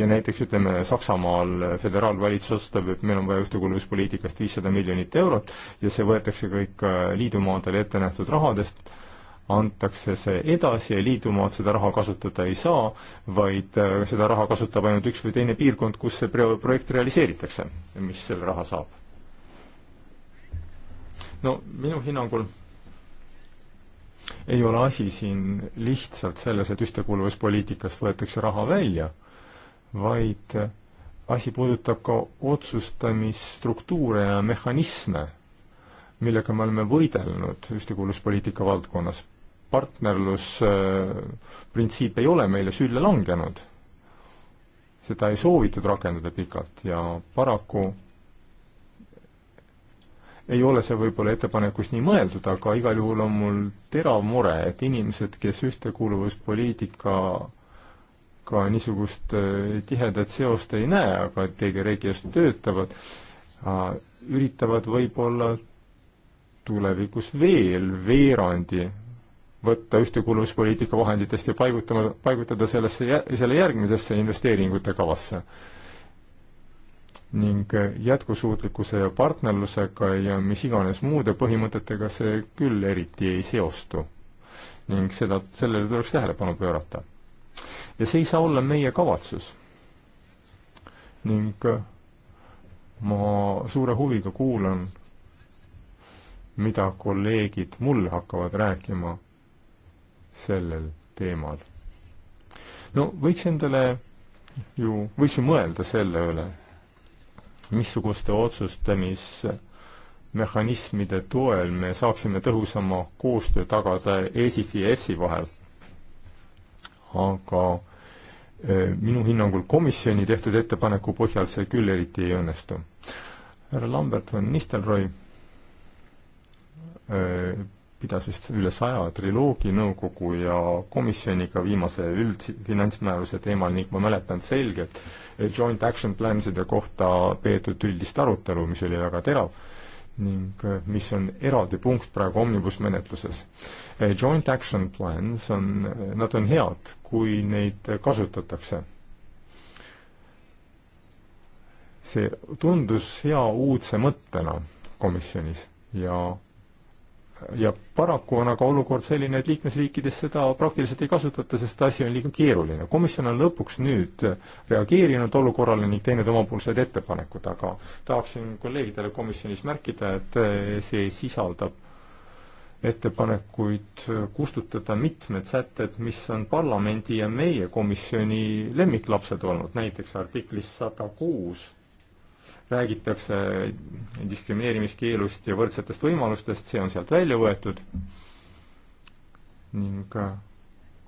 ja näiteks ütleme, Saksamaal föderaalvalitsus otsustab, et meil on vaja ühtekuuluvuspoliitikast viissada miljonit eurot ja see võetakse kõik äh, liidumaadele ette nähtud rahadest, antakse see edasi ja liidumaad seda raha kasutada ei saa, vaid äh, seda raha kasutab ainult üks või teine piirkond, kus see projekt realiseeritakse, mis selle raha saab. no minu hinnangul ei ole asi siin lihtsalt selles, et ühtekuuluvuspoliitikast võetakse raha välja, vaid äh, asi puudutab ka otsustamisstruktuure ja mehhanisme, millega me oleme võidelnud ühtekuuluvuspoliitika valdkonnas partnerlusprintsiip äh, ei ole meile sülle langenud. seda ei soovitud rakendada pikalt ja paraku ei ole see võib-olla ettepanekus nii mõeldud, aga igal juhul on mul terav mure, et inimesed, kes ühtekuuluvuspoliitika ka niisugust äh, tihedat seost ei näe, aga teie regias töötavad, äh, üritavad võib-olla tulevikus veel veerandi võtta ühtekuuluvuspoliitika vahenditest ja paigutama, paigutada sellesse, selle järgmisesse investeeringute kavasse. ning äh, jätkusuutlikkuse ja partnerlusega ja mis iganes muude põhimõtetega see küll eriti ei seostu. ning seda, sellele tuleks tähelepanu pöörata. ja see ei saa olla meie kavatsus. ning äh, ma suure huviga kuulan, mida kolleegid mulle hakkavad rääkima sellel teemal. no võiks endale ju, võiks ju mõelda selle üle, missuguste otsustamismehhanismide toel me saaksime tõhusama koostöö tagada ESIF-i ja EFSI vahel. aga eh, minu hinnangul komisjoni tehtud ettepaneku põhjal see küll eriti ei õnnestu. härra Lambert von Nistelrooy eh, pidas vist üle saja triloogi nõukogu ja komisjoniga viimase üldfinantsmääruse teemal ning ma mäletan selgelt joint action planside kohta peetud üldist arutelu, mis oli väga terav ning äh, mis on eraldi punkt praegu Omnibus menetluses. Äh, joint action plans on, äh, nad on head, kui neid kasutatakse. see tundus hea uudse mõttena komisjonis ja ja paraku on aga olukord selline, et liikmesriikides seda praktiliselt ei kasutata, sest asi on liiga keeruline. komisjon on lõpuks nüüd reageerinud olukorrale ning teinud omapoolsed ettepanekud, aga tahaksin kolleegidele komisjonis märkida, et see sisaldab ettepanekuid kustutada mitmed sätted, mis on parlamendi ja meie komisjoni lemmiklapsed olnud, näiteks artiklis sada kuus räägitakse diskrimineerimiskeelust ja võrdsetest võimalustest, see on sealt välja võetud ning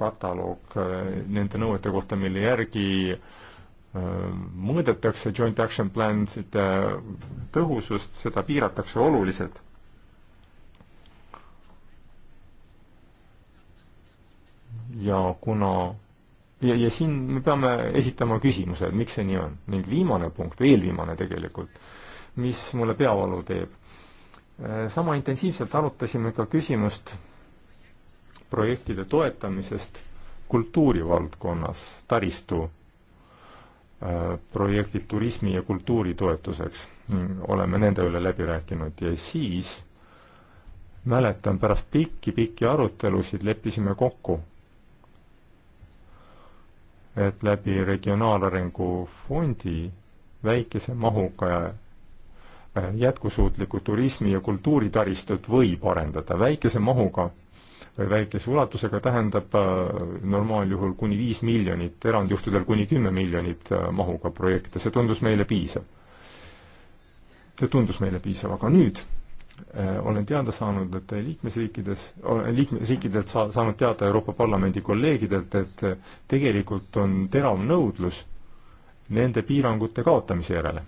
kataloog äh, nende nõuete kohta, mille järgi äh, mõõdetakse joint action plan'ide tõhusust, seda piiratakse oluliselt. ja kuna ja, ja siin me peame esitama küsimuse, et miks see nii on. ning viimane punkt, eelviimane tegelikult, mis mulle peavalu teeb. Äh, sama intensiivselt arutasime ka küsimust projektide toetamisest kultuurivaldkonnas, taristu äh, projektid turismi ja kultuuri toetuseks. oleme nende üle läbi rääkinud ja siis mäletan, pärast pikki-pikki arutelusid leppisime kokku, et läbi Regionaalarengu Fondi väikese mahuga äh, jätkusuutliku turismi- ja kultuuritaristut võib arendada. väikese mahuga või väikese ulatusega tähendab äh, normaaljuhul kuni viis miljonit, erandjuhtudel kuni kümme miljonit äh, mahuga projekte, see tundus meile piisav. see tundus meile piisav, aga nüüd Äh, olen teada saanud, et liikmesriikides, olen liikmesriikidelt saa-, saanud teada Euroopa Parlamendi kolleegidelt, et äh, tegelikult on terav nõudlus nende piirangute kaotamise järele.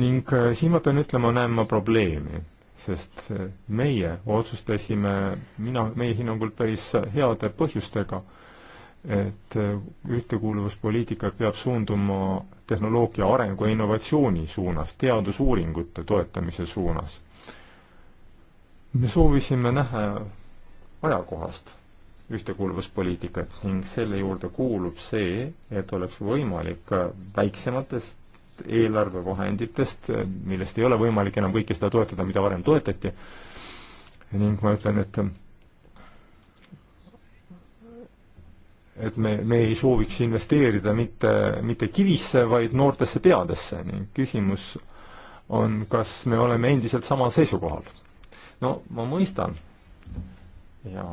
ning äh, siin ma pean ütlema, näen ma probleemi, sest meie otsustasime, mina, meie hinnangul päris heade põhjustega äh, et äh, ühtekuuluvuspoliitika peab suunduma tehnoloogia arengu ja innovatsiooni suunas, teadusuuringute toetamise suunas. me soovisime näha ajakohast ühtekuuluvuspoliitikat ning selle juurde kuulub see, et oleks võimalik väiksematest eelarvevahenditest, millest ei ole võimalik enam kõike seda toetada, mida varem toetati, ning ma ütlen, et et me, me ei sooviks investeerida mitte, mitte kivisse, vaid noortesse peadesse, nii. küsimus on, kas me oleme endiselt samal seisukohal. no ma mõistan ja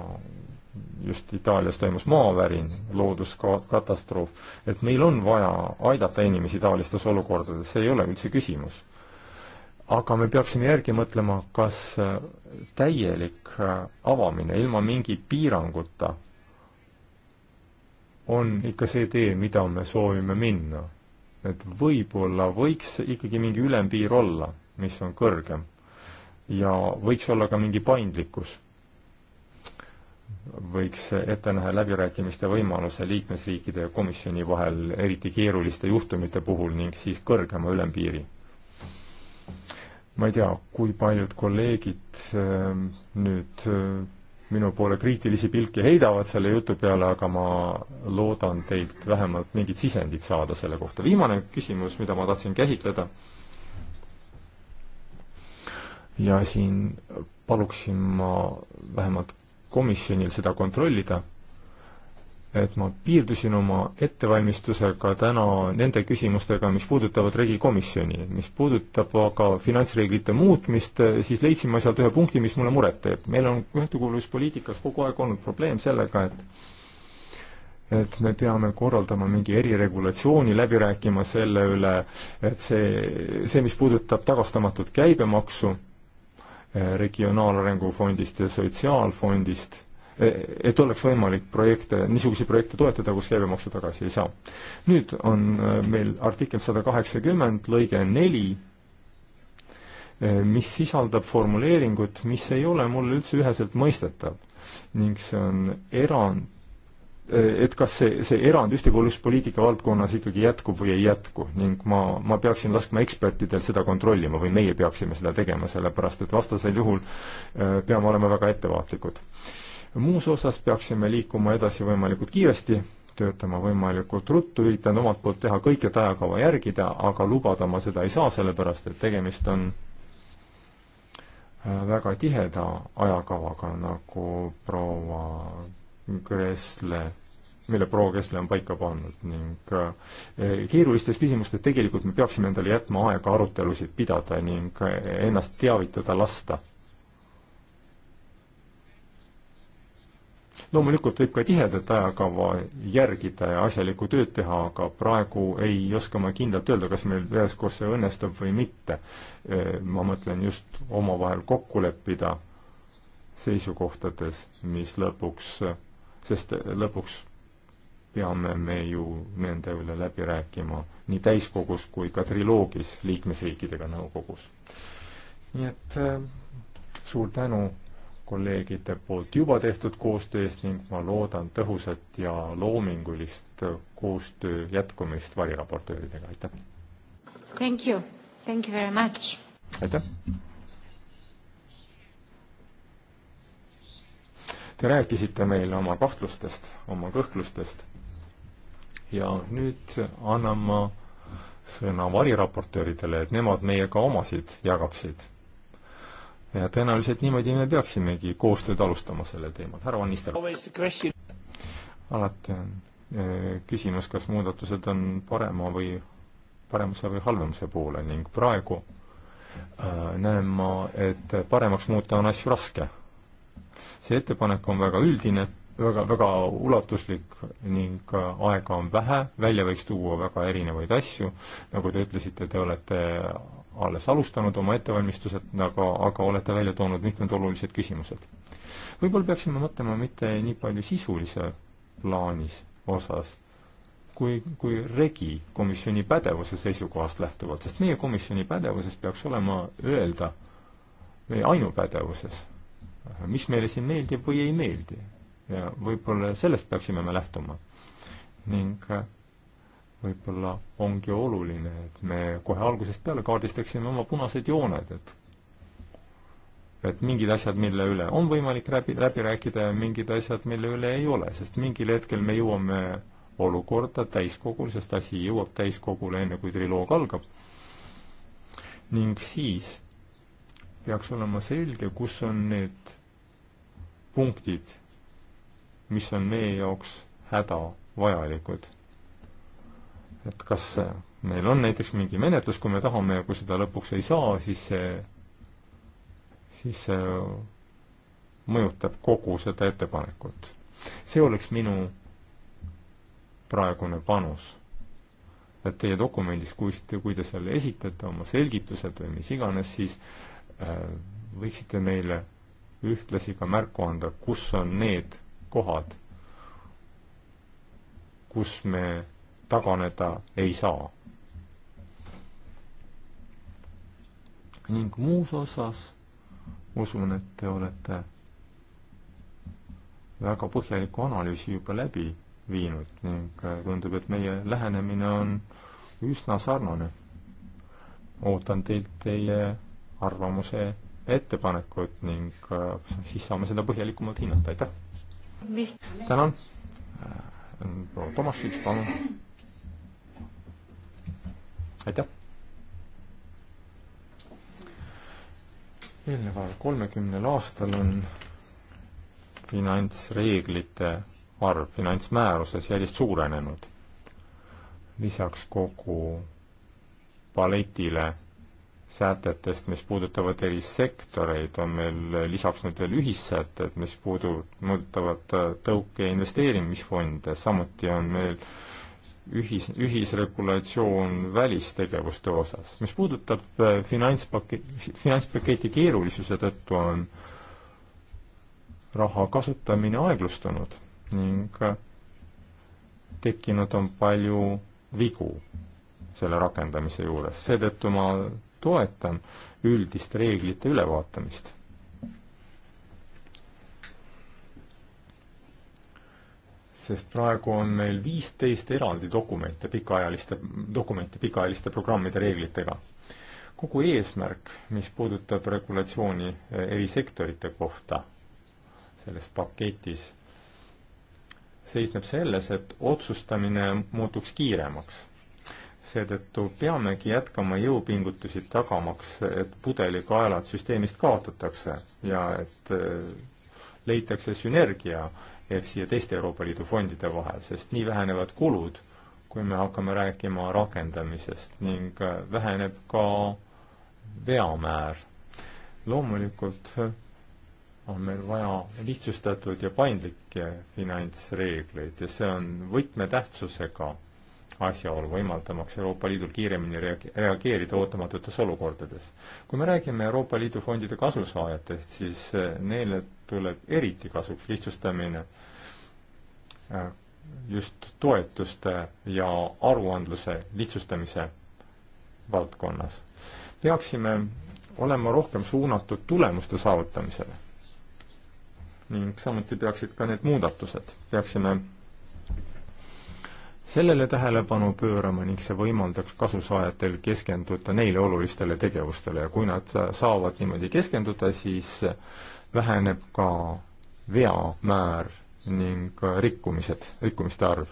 just Itaalias toimus maavärin, looduskatastroof, et meil on vaja aidata inimesi taolistes olukordades, see ei ole üldse küsimus. aga me peaksime järgi mõtlema, kas täielik avamine ilma mingi piiranguta on ikka see tee, mida me soovime minna. et võib-olla võiks ikkagi mingi ülempiir olla, mis on kõrgem. ja võiks olla ka mingi paindlikkus. võiks ette näha läbirääkimiste võimaluse liikmesriikide ja komisjoni vahel, eriti keeruliste juhtumite puhul ning siis kõrgema ülempiiri ma ei tea, kui paljud kolleegid äh, nüüd äh, minu poole kriitilisi pilki heidavad selle jutu peale, aga ma loodan teilt vähemalt mingit sisendit saada selle kohta. viimane küsimus, mida ma tahtsin käsitleda, ja siin paluksin ma vähemalt komisjonil seda kontrollida et ma piirdusin oma ettevalmistusega täna nende küsimustega, mis puudutavad regikomisjoni. mis puudutab aga finantsreeglite muutmist, siis leidsin ma sealt ühe punkti, mis mulle muret teeb. meil on ühtekuuluvuspoliitikas kogu aeg olnud probleem sellega, et et me peame korraldama mingi eriregulatsiooni, läbi rääkima selle üle, et see, see, mis puudutab tagastamatut käibemaksu eh, regionaalarengu fondist ja sotsiaalfondist E, et oleks võimalik projekte, niisuguseid projekte toetada, kus käibemaksu tagasi ei saa. nüüd on e, meil artikkel sada kaheksakümmend lõige neli, e, mis sisaldab formuleeringut, mis ei ole mulle üldse üheselt mõistetav ning see on erand, et kas see, see erand ühtekuuluvuspoliitika valdkonnas ikkagi jätkub või ei jätku ning ma, ma peaksin laskma ekspertidel seda kontrollima või meie peaksime seda tegema, sellepärast et vastasel juhul peame olema väga ettevaatlikud muus osas peaksime liikuma edasi võimalikult kiiresti, töötama võimalikult ruttu, üritan omalt poolt teha kõik, et ajakava järgida, aga lubada ma seda ei saa, sellepärast et tegemist on äh, väga tiheda ajakavaga, nagu proua Kresle, mille proua Kresle on paika pannud ning äh, keerulistes küsimustes tegelikult me peaksime endale jätma aega arutelusid pidada ning äh, ennast teavitada lasta loomulikult võib ka tihedat ajakava järgida ja asjalikku tööd teha, aga praegu ei oska ma kindlalt öelda, kas meil üheskoos see õnnestub või mitte. ma mõtlen just omavahel kokku leppida seisukohtades, mis lõpuks, sest lõpuks peame me ju nende üle läbi rääkima nii täiskogus kui ka triloogis liikmesriikidega nõukogus. nii et suur tänu kolleegide poolt juba tehtud koostöö eest ning ma loodan tõhusat ja loomingulist koostöö jätkumist variraportööridega, aitäh! Thank you, thank you very much! aitäh! Te rääkisite meile oma kahtlustest, oma kõhklustest ja nüüd annan ma sõna variraportööridele, et nemad meiega omasid jagaksid ja tõenäoliselt niimoodi me peaksimegi koostööd alustama sellel teemal. härra Van Nistelrooy. alati on eh, küsimus, kas muudatused on parema või, paremuse või halvemuse poole ning praegu äh, näen ma, et paremaks muuta on asju raske. see ettepanek on väga üldine, väga, väga ulatuslik ning eh, aega on vähe, välja võiks tuua väga erinevaid asju, nagu te ütlesite, te olete alles alustanud oma ettevalmistused, aga, aga olete välja toonud mitmed olulised küsimused. võib-olla peaksime mõtlema mitte nii palju sisulise plaanis osas, kui, kui regi komisjoni pädevuse seisukohast lähtuvalt, sest meie komisjoni pädevuses peaks olema öelda, meie ainupädevuses, mis meile siin meeldib või ei meeldi. ja võib-olla sellest peaksime me lähtuma. ning võib-olla ongi oluline, et me kohe algusest peale kaardistaksime oma punased jooned, et et mingid asjad, mille üle on võimalik läbi, läbi rääkida ja mingid asjad, mille üle ei ole, sest mingil hetkel me jõuame olukorda täiskogul, sest asi jõuab täiskogule enne, kui triloog algab. ning siis peaks olema selge, kus on need punktid, mis on meie jaoks hädavajalikud et kas meil on näiteks mingi menetlus, kui me tahame ja kui seda lõpuks ei saa, siis see, siis see mõjutab kogu seda ettepanekut. see oleks minu praegune panus. et teie dokumendis, kui, kui te seal esitate oma selgitused või mis iganes, siis äh, võiksite meile ühtlasi ka märku anda, kus on need kohad, kus me taganeda ei saa. ning muus osas usun, et te olete väga põhjaliku analüüsi juba läbi viinud ning tundub, et meie lähenemine on üsna sarnane. ootan teilt teie arvamuse ettepanekut ning äh, siis saame seda põhjalikumalt hinnata, aitäh! tänan! Äh, proua Tomašits, palun! aitäh! eelneval kolmekümnel aastal on finantsreeglite arv finantsmääruses järjest suurenenud. lisaks kogu paletile sätetest, mis puudutavad eri sektoreid, on meil lisaks nüüd veel ühissätted, mis puudu-, puudutavad tõuke- ja investeerimisfonde, samuti on meil äh, ühis, ühisregulatsioon välistegevuste osas. mis puudutab äh, finantspaketi, finantspaketi keerulisuse tõttu, on raha kasutamine aeglustunud ning äh, tekkinud on palju vigu selle rakendamise juures, seetõttu ma toetan üldist reeglite ülevaatamist sest praegu on meil viisteist eraldi dokumente pikaajaliste, dokumente pikaajaliste programmide reeglitega. kogu eesmärk, mis puudutab regulatsiooni eh, eri sektorite kohta selles paketis, seisneb selles, et otsustamine muutuks kiiremaks. seetõttu peamegi jätkama jõupingutusi tagamaks, et pudelikaelad süsteemist kaotatakse ja et eh, leitakse sünergia EFSI ja teiste Euroopa Liidu fondide vahel, sest nii vähenevad kulud, kui me hakkame rääkima rakendamisest ning äh, väheneb ka veamäär. loomulikult äh, on meil vaja lihtsustatud ja paindlikke finantsreegleid ja see on võtmetähtsusega asjaolu, võimaldamaks Euroopa Liidul kiiremini reageerida ootamatutes olukordades. kui me räägime Euroopa Liidu fondide kasusaajatest, siis eh, neile tuleb eriti kasuks lihtsustamine eh, just toetuste ja aruandluse lihtsustamise valdkonnas. peaksime olema rohkem suunatud tulemuste saavutamisele. ning samuti peaksid ka need muudatused, peaksime sellele tähelepanu pöörama ning see võimaldaks kasusaajatel keskenduda neile olulistele tegevustele ja kui nad saavad niimoodi keskenduda, siis väheneb ka veamäär ning rikkumised, rikkumiste arv.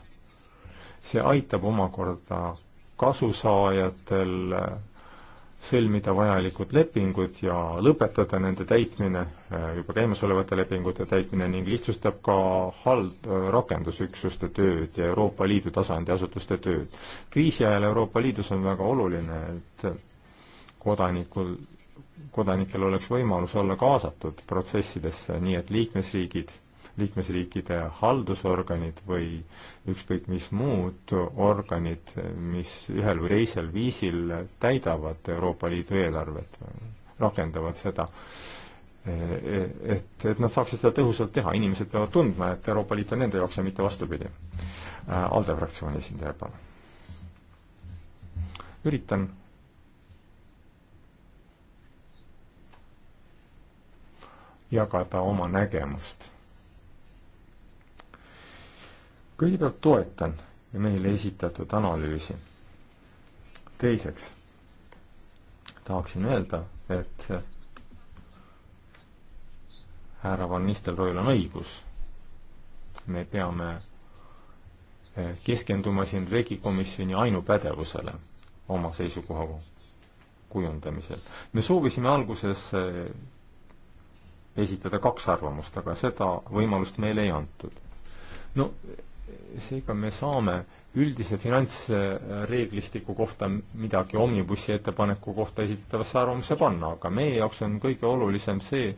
see aitab omakorda kasusaajatel sõlmida vajalikud lepingud ja lõpetada nende täitmine, äh, juba käimasolevate lepingute täitmine ning lihtsustab ka hald-, äh, rakendusüksuste tööd ja Euroopa Liidu tasandi asutuste tööd. kriisi ajal Euroopa Liidus on väga oluline, et kodanikul, kodanikel oleks võimalus olla kaasatud protsessidesse, nii et liikmesriigid liikmesriikide haldusorganid või ükskõik mis muud organid, mis ühel või teisel viisil täidavad Euroopa Liidu eelarvet, rakendavad seda. E-, et, et nad saaksid seda tõhusalt teha, inimesed peavad tundma, et Euroopa Liit on nende jaoks ja mitte vastupidi. Äh, ALDE fraktsiooni esindaja, palun. üritan jagada oma nägemust kõigepealt toetan meile esitatud analüüsi. teiseks tahaksin öelda, et härra Van Nistelrooil on õigus. me peame eh, keskenduma siin Regi komisjoni ainupädevusele oma seisukoha kujundamisel. me soovisime alguses eh, esitada kaks arvamust, aga seda võimalust meile ei antud. no seega me saame üldise finantsreeglistiku kohta midagi omnibussi ettepaneku kohta esitatavasse arvamusse panna, aga meie jaoks on kõige olulisem see,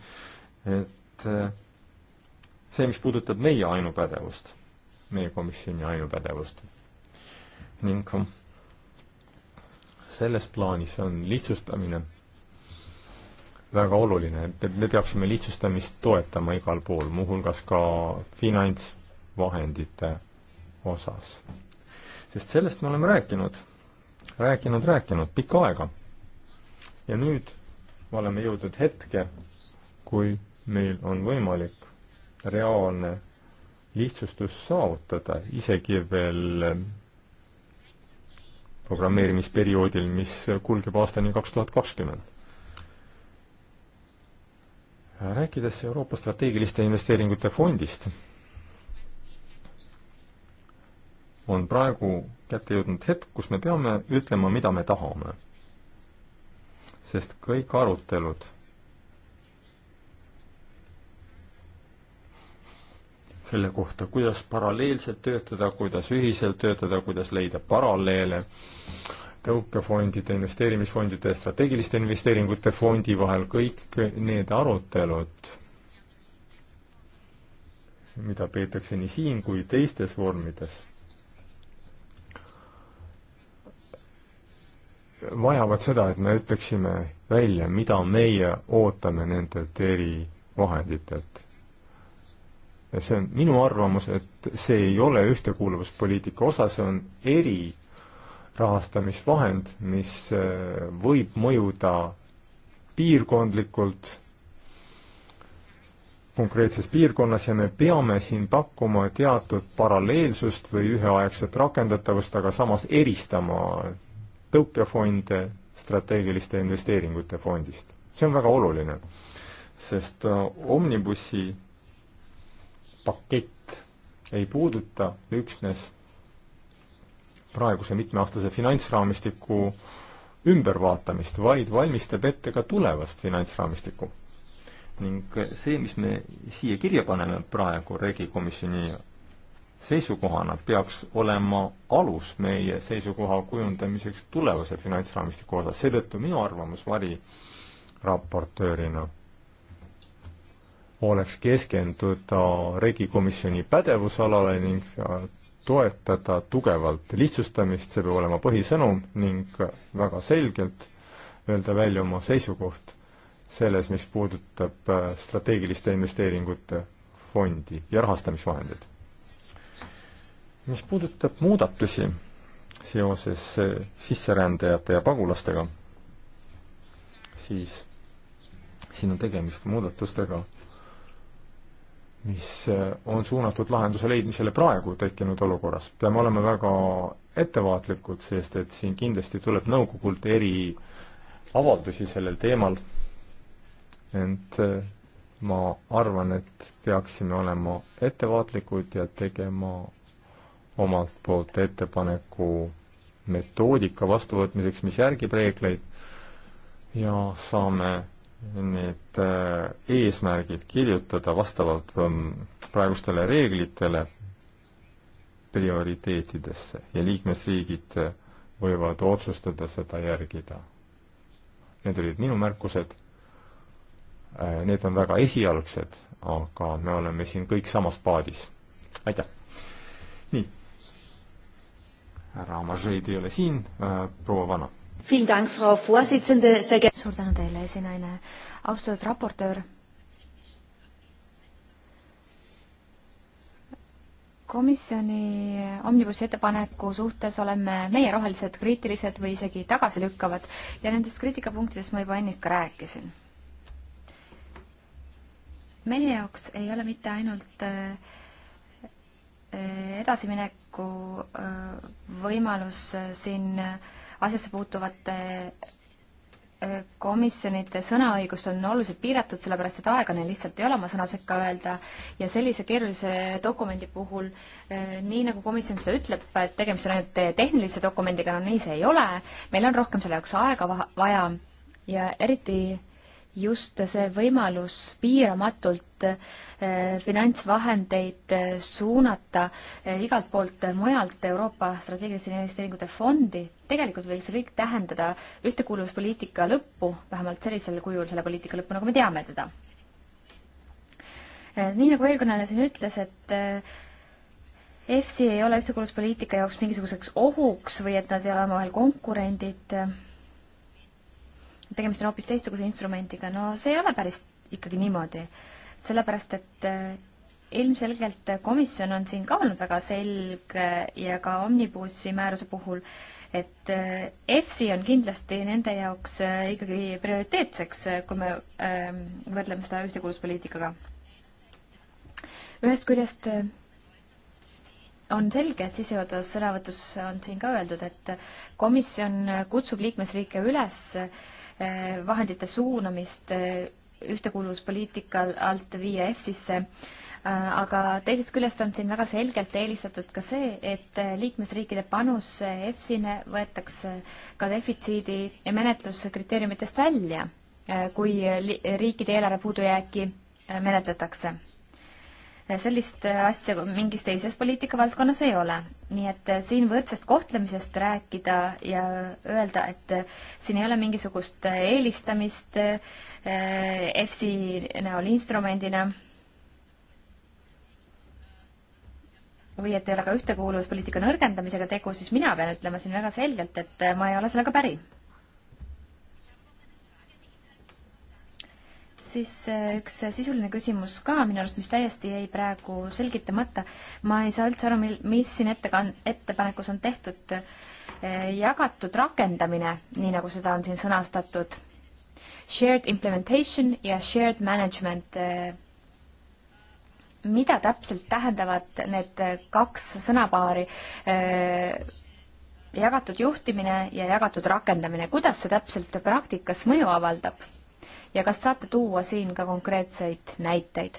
et eh, see, mis puudutab meie ainupädevust, meie komisjoni ainupädevust. ning selles plaanis on lihtsustamine väga oluline, et me peaksime lihtsustamist toetama igal pool, muuhulgas ka finants vahendite osas. sest sellest me oleme rääkinud, rääkinud, rääkinud pikka aega. ja nüüd oleme jõudnud hetke, kui meil on võimalik reaalne lihtsustus saavutada, isegi veel programmeerimisperioodil, mis kulgeb aastani kaks tuhat kakskümmend. rääkides Euroopa strateegiliste investeeringute fondist on praegu kätte jõudnud hetk, kus me peame ütlema, mida me tahame. sest kõik arutelud selle kohta, kuidas paralleelselt töötada, kuidas ühiselt töötada, kuidas leida paralleele tõukefondide, investeerimisfondide, strateegiliste investeeringute fondi vahel, kõik need arutelud, mida peetakse nii siin kui teistes vormides vajavad seda, et me ütleksime välja, mida meie ootame nendelt erivahenditelt. ja see on minu arvamus, et see ei ole ühtekuuluvuspoliitika osa, see on eri rahastamisvahend, mis äh, võib mõjuda piirkondlikult konkreetses piirkonnas ja me peame siin pakkuma teatud paralleelsust või üheaegset rakendatavust, aga samas eristama tõukefonde strateegiliste investeeringute fondist. see on väga oluline, sest äh, Omnibussi pakett ei puuduta üksnes praeguse mitmeaastase finantsraamistiku ümbervaatamist, vaid valmistab ette ka tulevast finantsraamistikku. ning see, mis me siia kirja paneme praegu Regi komisjoni seisukohana peaks olema alus meie seisukoha kujundamiseks tulevase finantsraamistiku osas, seetõttu minu arvamus variraportöörina oleks keskenduda regikomisjoni pädevusalale ning toetada tugevalt lihtsustamist, see peab olema põhisõnum ning väga selgelt öelda välja oma seisukoht selles, mis puudutab strateegiliste investeeringute fondi ja rahastamisvahendeid mis puudutab muudatusi seoses eh, sisserändajate ja pagulastega, siis siin on tegemist muudatustega, mis eh, on suunatud lahenduse leidmisele praegu tekkinud olukorras. peame olema väga ettevaatlikud, sest et siin kindlasti tuleb nõukogult eri avaldusi sellel teemal, ent eh, ma arvan, et peaksime olema ettevaatlikud ja tegema omalt poolt ettepaneku metoodika vastuvõtmiseks, mis järgib reegleid ja saame need äh, eesmärgid kirjutada vastavalt ähm, praegustele reeglitele prioriteetidesse ja liikmesriigid äh, võivad otsustada seda järgida. Need olid minu märkused. Äh, need on väga esialgsed, aga me oleme siin kõik samas paadis. aitäh! nii, härra Amažeid ei ole siin, äh, proua Vana. suur tänu teile, esinaine. austatud raportöör komisjoni omnibussi ettepaneku suhtes oleme meie rohelised kriitilised või isegi tagasilükkavad ja nendest kriitikapunktidest ma juba ennist ka rääkisin. meie jaoks ei ole mitte ainult äh, edasimineku äh, võimalus äh, siin äh, asjasse puutuvate komisjonide sõnaõigust on oluliselt piiratud, sellepärast et aega neil lihtsalt ei ole oma sõna sekka öelda ja sellise keerulise dokumendi puhul, nii nagu komisjon seda ütleb, et tegemist on ainult tehnilise dokumendiga, no nii see ei ole, meil on rohkem selle jaoks aega vaja ja eriti just see võimalus piiramatult äh, finantsvahendeid äh, suunata äh, igalt poolt mujalt Euroopa strateegiliste investeeringute fondi, tegelikult võiks see kõik tähendada ühtekuuluvuspoliitika lõppu, vähemalt sellisel kujul selle poliitika lõppu, nagu me teame teda. nii nagu eelkõneleja siin ütles, et EFSI ei ole ühtekuuluvuspoliitika jaoks mingisuguseks ohuks või et nad ei ole omavahel konkurendid tegemist on hoopis teistsuguse instrumendiga, no see ei ole päris ikkagi niimoodi. sellepärast, et eh, ilmselgelt komisjon on siin ka olnud väga selge ja ka Omnibussi määruse puhul, et eh, EFSI on kindlasti nende jaoks eh, ikkagi prioriteetseks, kui me võrdleme seda ühtekuuluvuspoliitikaga. ühest küljest on selge, et sissejuhatavas sõnavõtus on siin ka öeldud, et komisjon kutsub liikmesriike üles äh, vahendite suunamist äh, ühtekuuluvuspoliitika alt viia EFSisse, äh, aga teisest küljest on siin väga selgelt eelistatud ka see, et äh, liikmesriikide panus EFSine võetakse ka defitsiidi ja menetluskriteeriumitest välja, kui riikide eelarve puudujääki menetletakse sellist asja mingis teises poliitikavaldkonnas ei ole. nii et eh, siin võrdsest kohtlemisest rääkida ja öelda, et eh, siin ei ole mingisugust eh, eelistamist EFSI näol instrumendina või et ei ole ka ühtekuuluvuspoliitika nõrgendamisega tegu, siis mina pean ütlema siin väga selgelt, et ma ei ole sellega päri siis äh, üks sisuline küsimus ka minu arust, mis täiesti jäi praegu selgitamata. ma ei saa üldse aru, mil, mis siin ettekan-, ettepanekus on tehtud äh, jagatud rakendamine, nii nagu seda on siin sõnastatud. Shared implementation ja shared management. Äh, mida täpselt tähendavad need kaks sõnapaari? jagatud juhtimine ja jagatud rakendamine, kuidas see täpselt praktikas mõju avaldab? ja kas saate tuua siin ka konkreetseid näiteid?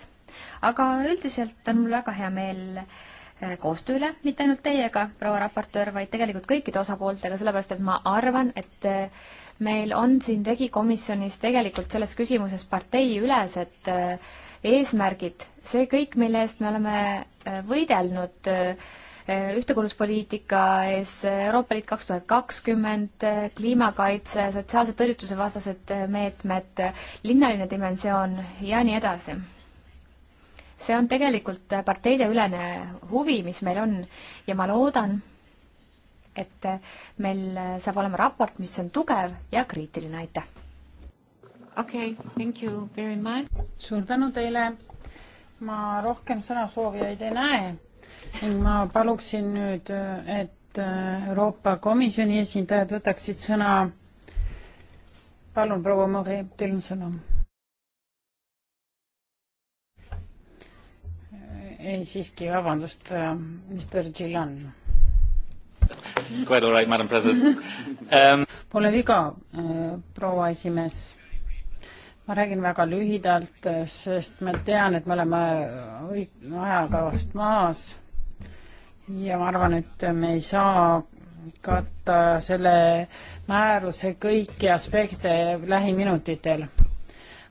aga üldiselt on mul väga hea meel eh, koostööle, mitte ainult teiega, proua raportöör, vaid tegelikult kõikide osapooltega, sellepärast et ma arvan, et eh, meil on siin regikomisjonis tegelikult selles küsimuses parteiülesed eh, eesmärgid, see kõik, mille eest me oleme võidelnud äh, ühtekuuluvuspoliitika ees, Euroopa Liit kaks tuhat kakskümmend, kliimakaitse, sotsiaalse tõrjutuse vastased meetmed, linnaline dimensioon ja nii edasi see on tegelikult parteideülene huvi, mis meil on ja ma loodan, et meil saab olema raport, mis on tugev ja kriitiline, aitäh! okei okay,, thank you very much! suur tänu teile! ma rohkem sõnasoovijaid ei näe ning ma paluksin nüüd, et äh, Euroopa Komisjoni esindajad võtaksid sõna. palun, proua Mari, teil on sõna. Äh, ei, siiski, vabandust, äh, Mr Gillan. It's quite all right, madam president um.... Pole viga, proua esimees ma räägin väga lühidalt, sest ma tean, et me oleme ajakavast maas ja ma arvan, et me ei saa katta selle määruse kõiki aspekte lähiminutitel.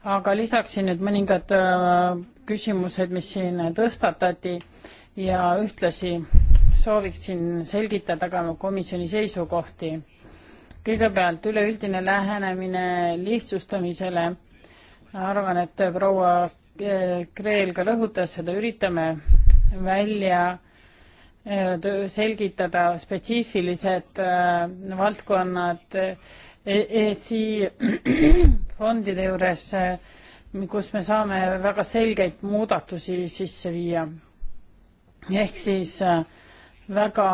aga lisaksin nüüd mõningad äh, küsimused, mis siin tõstatati ja ühtlasi sooviksin selgitada ka komisjoni seisukohti. kõigepealt üleüldine lähenemine lihtsustamisele arvan, et proua eh, Kreel ka rõhutas seda, üritame välja eh, selgitada spetsiifilised eh, valdkonnad ESI fondide juures, kus me saame väga selgeid muudatusi sisse viia. ehk siis väga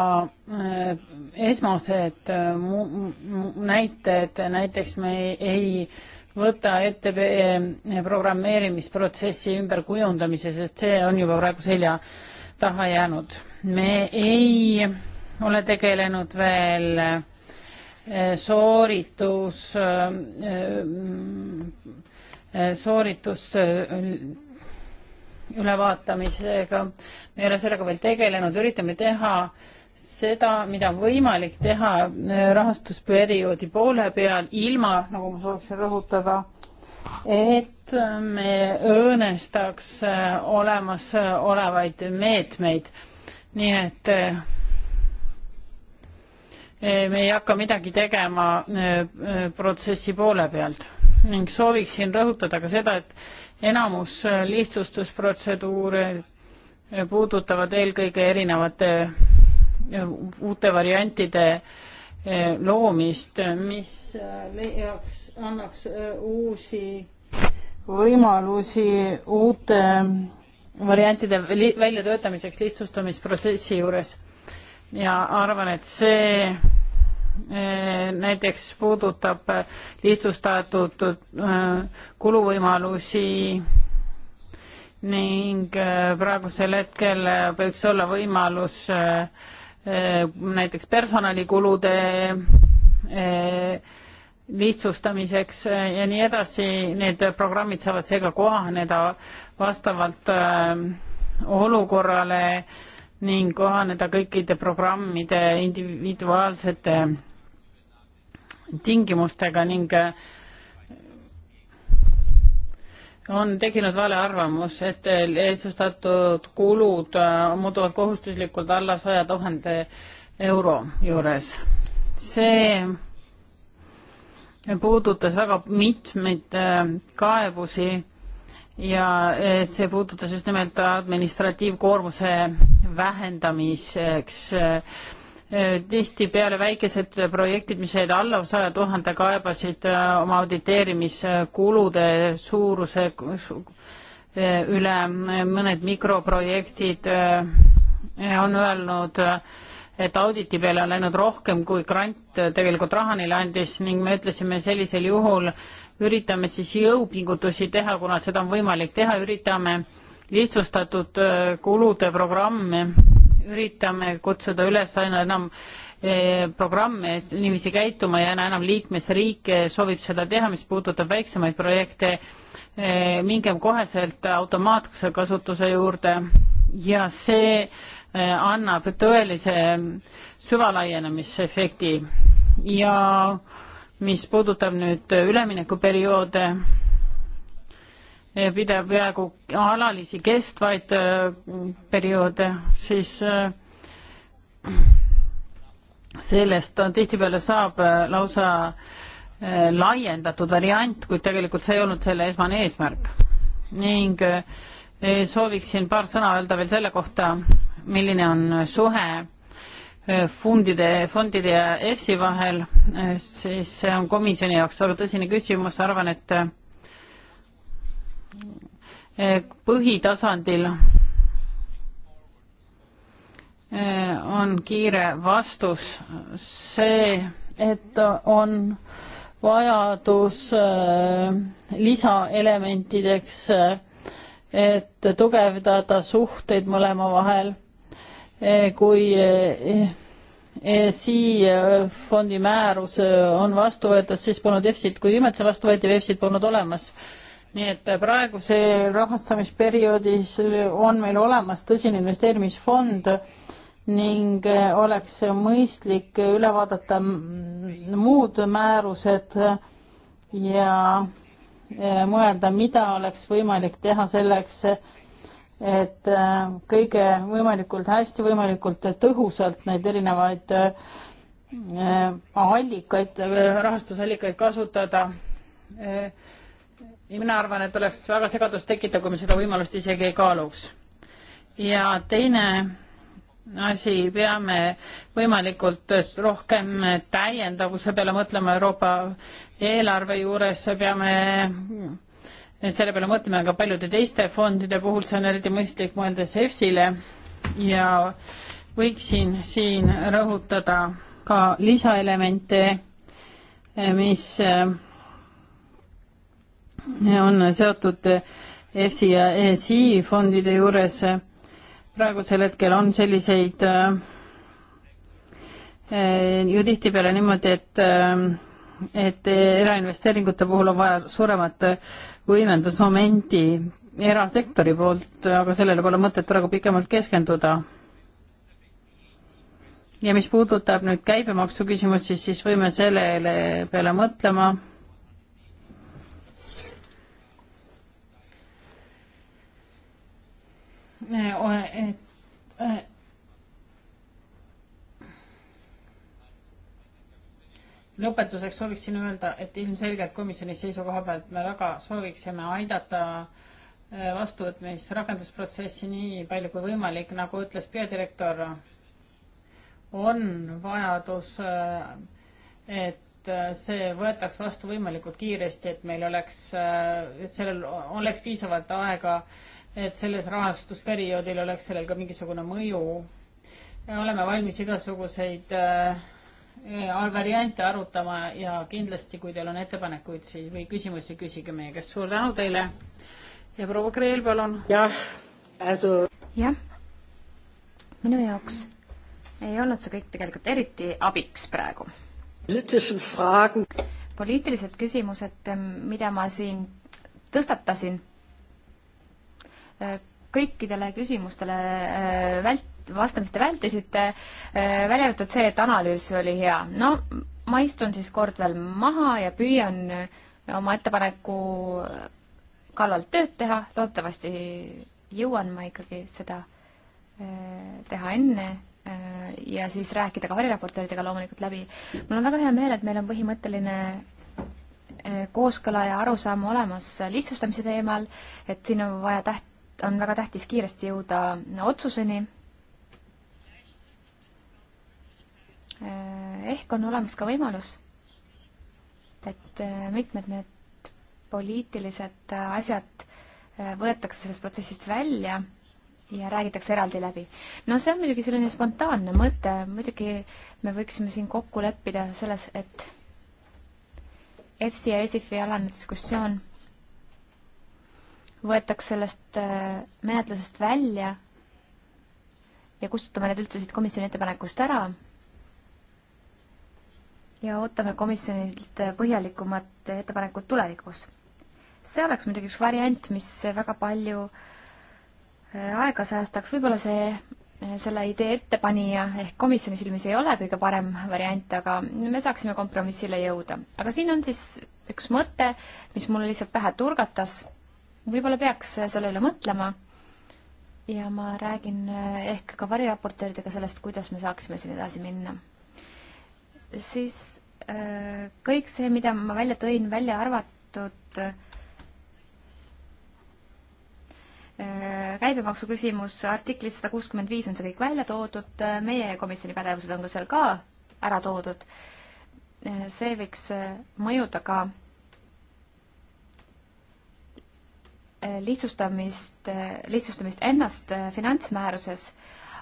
esmased näited, näiteks me ei, ei võta ette eh, programmeerimisprotsessi ümberkujundamise, sest see on juba praegu selja taha jäänud. me ei ole tegelenud veel eh, sooritus, eh, mm, sooritus ülevaatamisega, me ei ole sellega veel tegelenud, üritame teha äh, seda, mida on võimalik teha äh, rahastusperioodi poole peal ilma, nagu ma sooviksin rõhutada, et äh, me õõnestaks äh, olemasolevaid meetmeid. nii et me ei hakka midagi tegema protsessi poole pealt ning sooviksin rõhutada ka seda, et enamus lihtsustusprotseduure puudutavad eelkõige erinevate uute variantide eh, loomist, mis eh, leiaks, annaks eh, uusi võimalusi uute variantide väljatöötamiseks lihtsustamisprotsessi juures. ja arvan, et see näiteks puudutab lihtsustatud kuluvõimalusi ning praegusel hetkel võiks olla võimalus äh, Äh, näiteks personalikulude äh, lihtsustamiseks äh, ja nii edasi, need programmid saavad seega kohaneda vastavalt olukorrale ning kohaneda kõikide programmide individuaalsete tingimustega ning äh, on tekkinud valearvamus, et lihtsustatud kulud äh, muutuvad kohustuslikult alla saja tuhande euro juures. see puudutas väga mitmeid äh, kaebusi ja äh, see puudutas just nimelt administratiivkoormuse vähendamiseks äh, tihtipeale väikesed projektid, mis jäid alla saja tuhande, kaebasid äh, oma auditeerimiskulude suuruse äh, üle, mõned mikroprojektid äh, on öelnud, et auditi peale on läinud rohkem, kui grant tegelikult raha neile andis ning me ütlesime sellisel juhul, üritame siis jõupingutusi teha, kuna seda on võimalik teha, üritame lihtsustatud kulude programmi üritame kutsuda üles aina enam eh, programme niiviisi käituma ja aina enam liikmesriike eh, soovib seda teha, mis puudutab väiksemaid projekte, eh, mingem koheselt automaatse kasutuse juurde ja see annab tõelise süvalaienemisefekti ja mis puudutab nüüd üleminekuperioode, pidev peaaegu alalisi kestvaid äh, perioode, siis äh, sellest on tihtipeale saab äh, lausa laiendatud variant, kuid tegelikult see ei olnud selle esmane eesmärk. ning sooviksin paar sõna öelda veel selle kohta, milline on suhe fondide, fondide ja EFSI vahel, siis see on komisjoni jaoks väga tõsine küsimus, arvan, et põhitasandil eh, on kiire vastus see, et on vajadus eh, lisaelementideks, eh, et tugevdada suhteid mõlema vahel, kui ESI fondi määrus on vastu võetud, siis polnud EFSit, kui viimati see vastu võeti, EFSit polnud olemas nii et praeguse rahastamisperioodis on meil olemas tõsine investeerimisfond ning oleks mõistlik üle vaadata muud määrused ja e, mõelda, mida oleks võimalik teha selleks, et e, kõige võimalikult hästi, võimalikult tõhusalt neid erinevaid e, allikaid, rahastusallikaid kasutada ja mina arvan, et oleks väga segadust tekitav, kui me seda võimalust isegi ei kaaluks. ja teine asi, peame võimalikult rohkem täiendavuse peale mõtlema Euroopa eelarve juures, peame selle peale mõtlema ka paljude teiste fondide puhul, see on eriti mõistlik mõeldes EFSile ja võiksin siin rõhutada ka lisaelemente, mis on seotud EFSI ja ESI fondide juures. praegusel hetkel on selliseid äh, ju tihtipeale niimoodi, et äh, et erainvesteeringute puhul on vaja suuremat võimendusmomenti erasektori poolt, aga sellele pole mõtet praegu pikemalt keskenduda. ja mis puudutab nüüd käibemaksu küsimust, siis, siis võime sellele peale mõtlema lõpetuseks sooviksin öelda, et ilmselgelt komisjoni seisukoha pealt me väga sooviksime aidata eh, vastuvõtmisrakendusprotsessi nii palju kui võimalik, nagu ütles peadirektor, on vajadus, eh, et eh, see võetaks vastu võimalikult kiiresti, et meil oleks, sellel oleks piisavalt aega äh, et selles rahastusperioodil oleks sellel ka mingisugune mõju. oleme valmis igasuguseid äh, äh variante arutama ja kindlasti, kui teil on ettepanekuid siis, või küsimusi, küsige meie käest. suur tänu teile ja proua Kreel, palun. jah, äsu. jah, minu jaoks ei olnud see kõik tegelikult eriti abiks praegu. poliitilised küsimused, mida ma siin tõstatasin kõikidele küsimustele äh, vält-, vastamist te vältisite, äh, välja arvatud see, et analüüs oli hea. no ma istun siis kord veel maha ja püüan äh, oma ettepaneku kallal tööd teha, loodetavasti jõuan ma ikkagi seda teha enne ja siis rääkida ka variraportööridega loomulikult läbi. mul on väga hea meel, et meil on põhimõtteline kooskõla ja arusaam olemas lihtsustamise teemal, et siin on vaja täht-, et on väga tähtis kiiresti jõuda otsuseni. ehk on olemas ka võimalus, et mitmed need poliitilised asjad võetakse sellest protsessist välja ja räägitakse eraldi läbi. no see on muidugi selline spontaanne mõte, muidugi me võiksime siin kokku leppida selles, et EFSI ja ESIFi alane diskussioon võetaks sellest äh, menetlusest välja ja kustutame need üldse siit komisjoni ettepanekust ära ja ootame komisjonilt põhjalikumat ettepanekut tulevikus. see oleks muidugi üks variant, mis väga palju äh, aega säästaks, võib-olla see äh, selle idee ettepanija ehk komisjoni silmis ei ole kõige parem variant, aga me saaksime kompromissile jõuda. aga siin on siis üks mõte, mis mulle lihtsalt pähe turgatas võib-olla peaks selle üle mõtlema ja ma räägin eh, ehk ka variraportööridega sellest, kuidas me saaksime siin edasi minna. siis eh, kõik see, mida ma välja tõin, välja arvatud eh, käibemaksu küsimus, artiklis sada kuuskümmend viis on see kõik välja toodud, meie komisjoni pädevused on ka seal ka ära toodud. see võiks mõjuda ka lihtsustamist, lihtsustamist ennast finantsmääruses,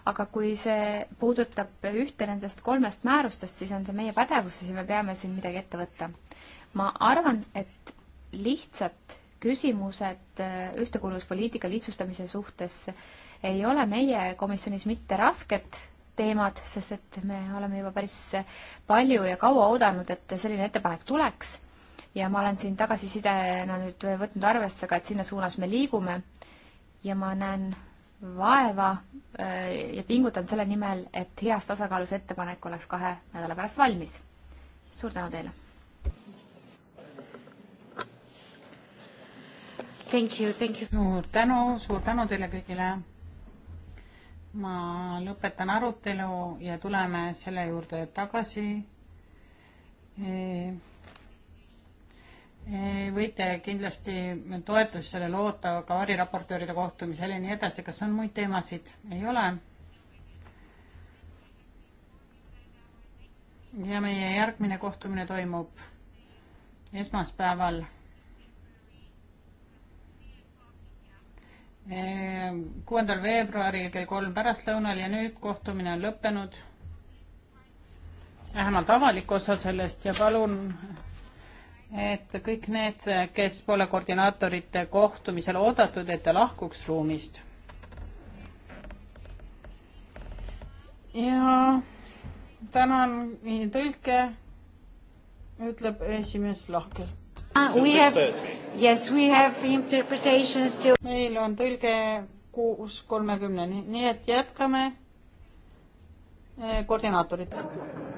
aga kui see puudutab ühte nendest kolmest määrustest, siis on see meie pädevuses ja me peame siin midagi ette võtta. ma arvan, et lihtsad küsimused ühtekuuluvuspoliitika lihtsustamise suhtes ei ole meie komisjonis mitte rasked teemad, sest et me oleme juba päris palju ja kaua oodanud, et selline ettepanek tuleks ja ma olen siin tagasisidena nüüd võtnud arvesse ka, et sinna suunas me liigume ja ma näen vaeva äh, ja pingutan selle nimel, et heas tasakaalus ettepanek oleks kahe nädala pärast valmis. suur tänu teile! Thank you, thank you. suur tänu, suur tänu teile kõigile. ma lõpetan arutelu ja tuleme selle juurde tagasi e võite kindlasti toetust sellele oota ka variraportööride kohtumisel ja nii edasi, kas on muid teemasid? ei ole. ja meie järgmine kohtumine toimub esmaspäeval. kuuendal veebruaril kell kolm pärastlõunal ja nüüd kohtumine on lõppenud. vähemalt avalik osa sellest ja palun et kõik need, kes pole koordinaatorite kohtumisel oodatud, et ta lahkuks ruumist. ja tänan tõlke, ütleb esimees lahkelt. Ah, we have, yes, we have interpretation still. meil on tõlge kuus kolmekümneni, nii et jätkame eh, koordinaatoritega.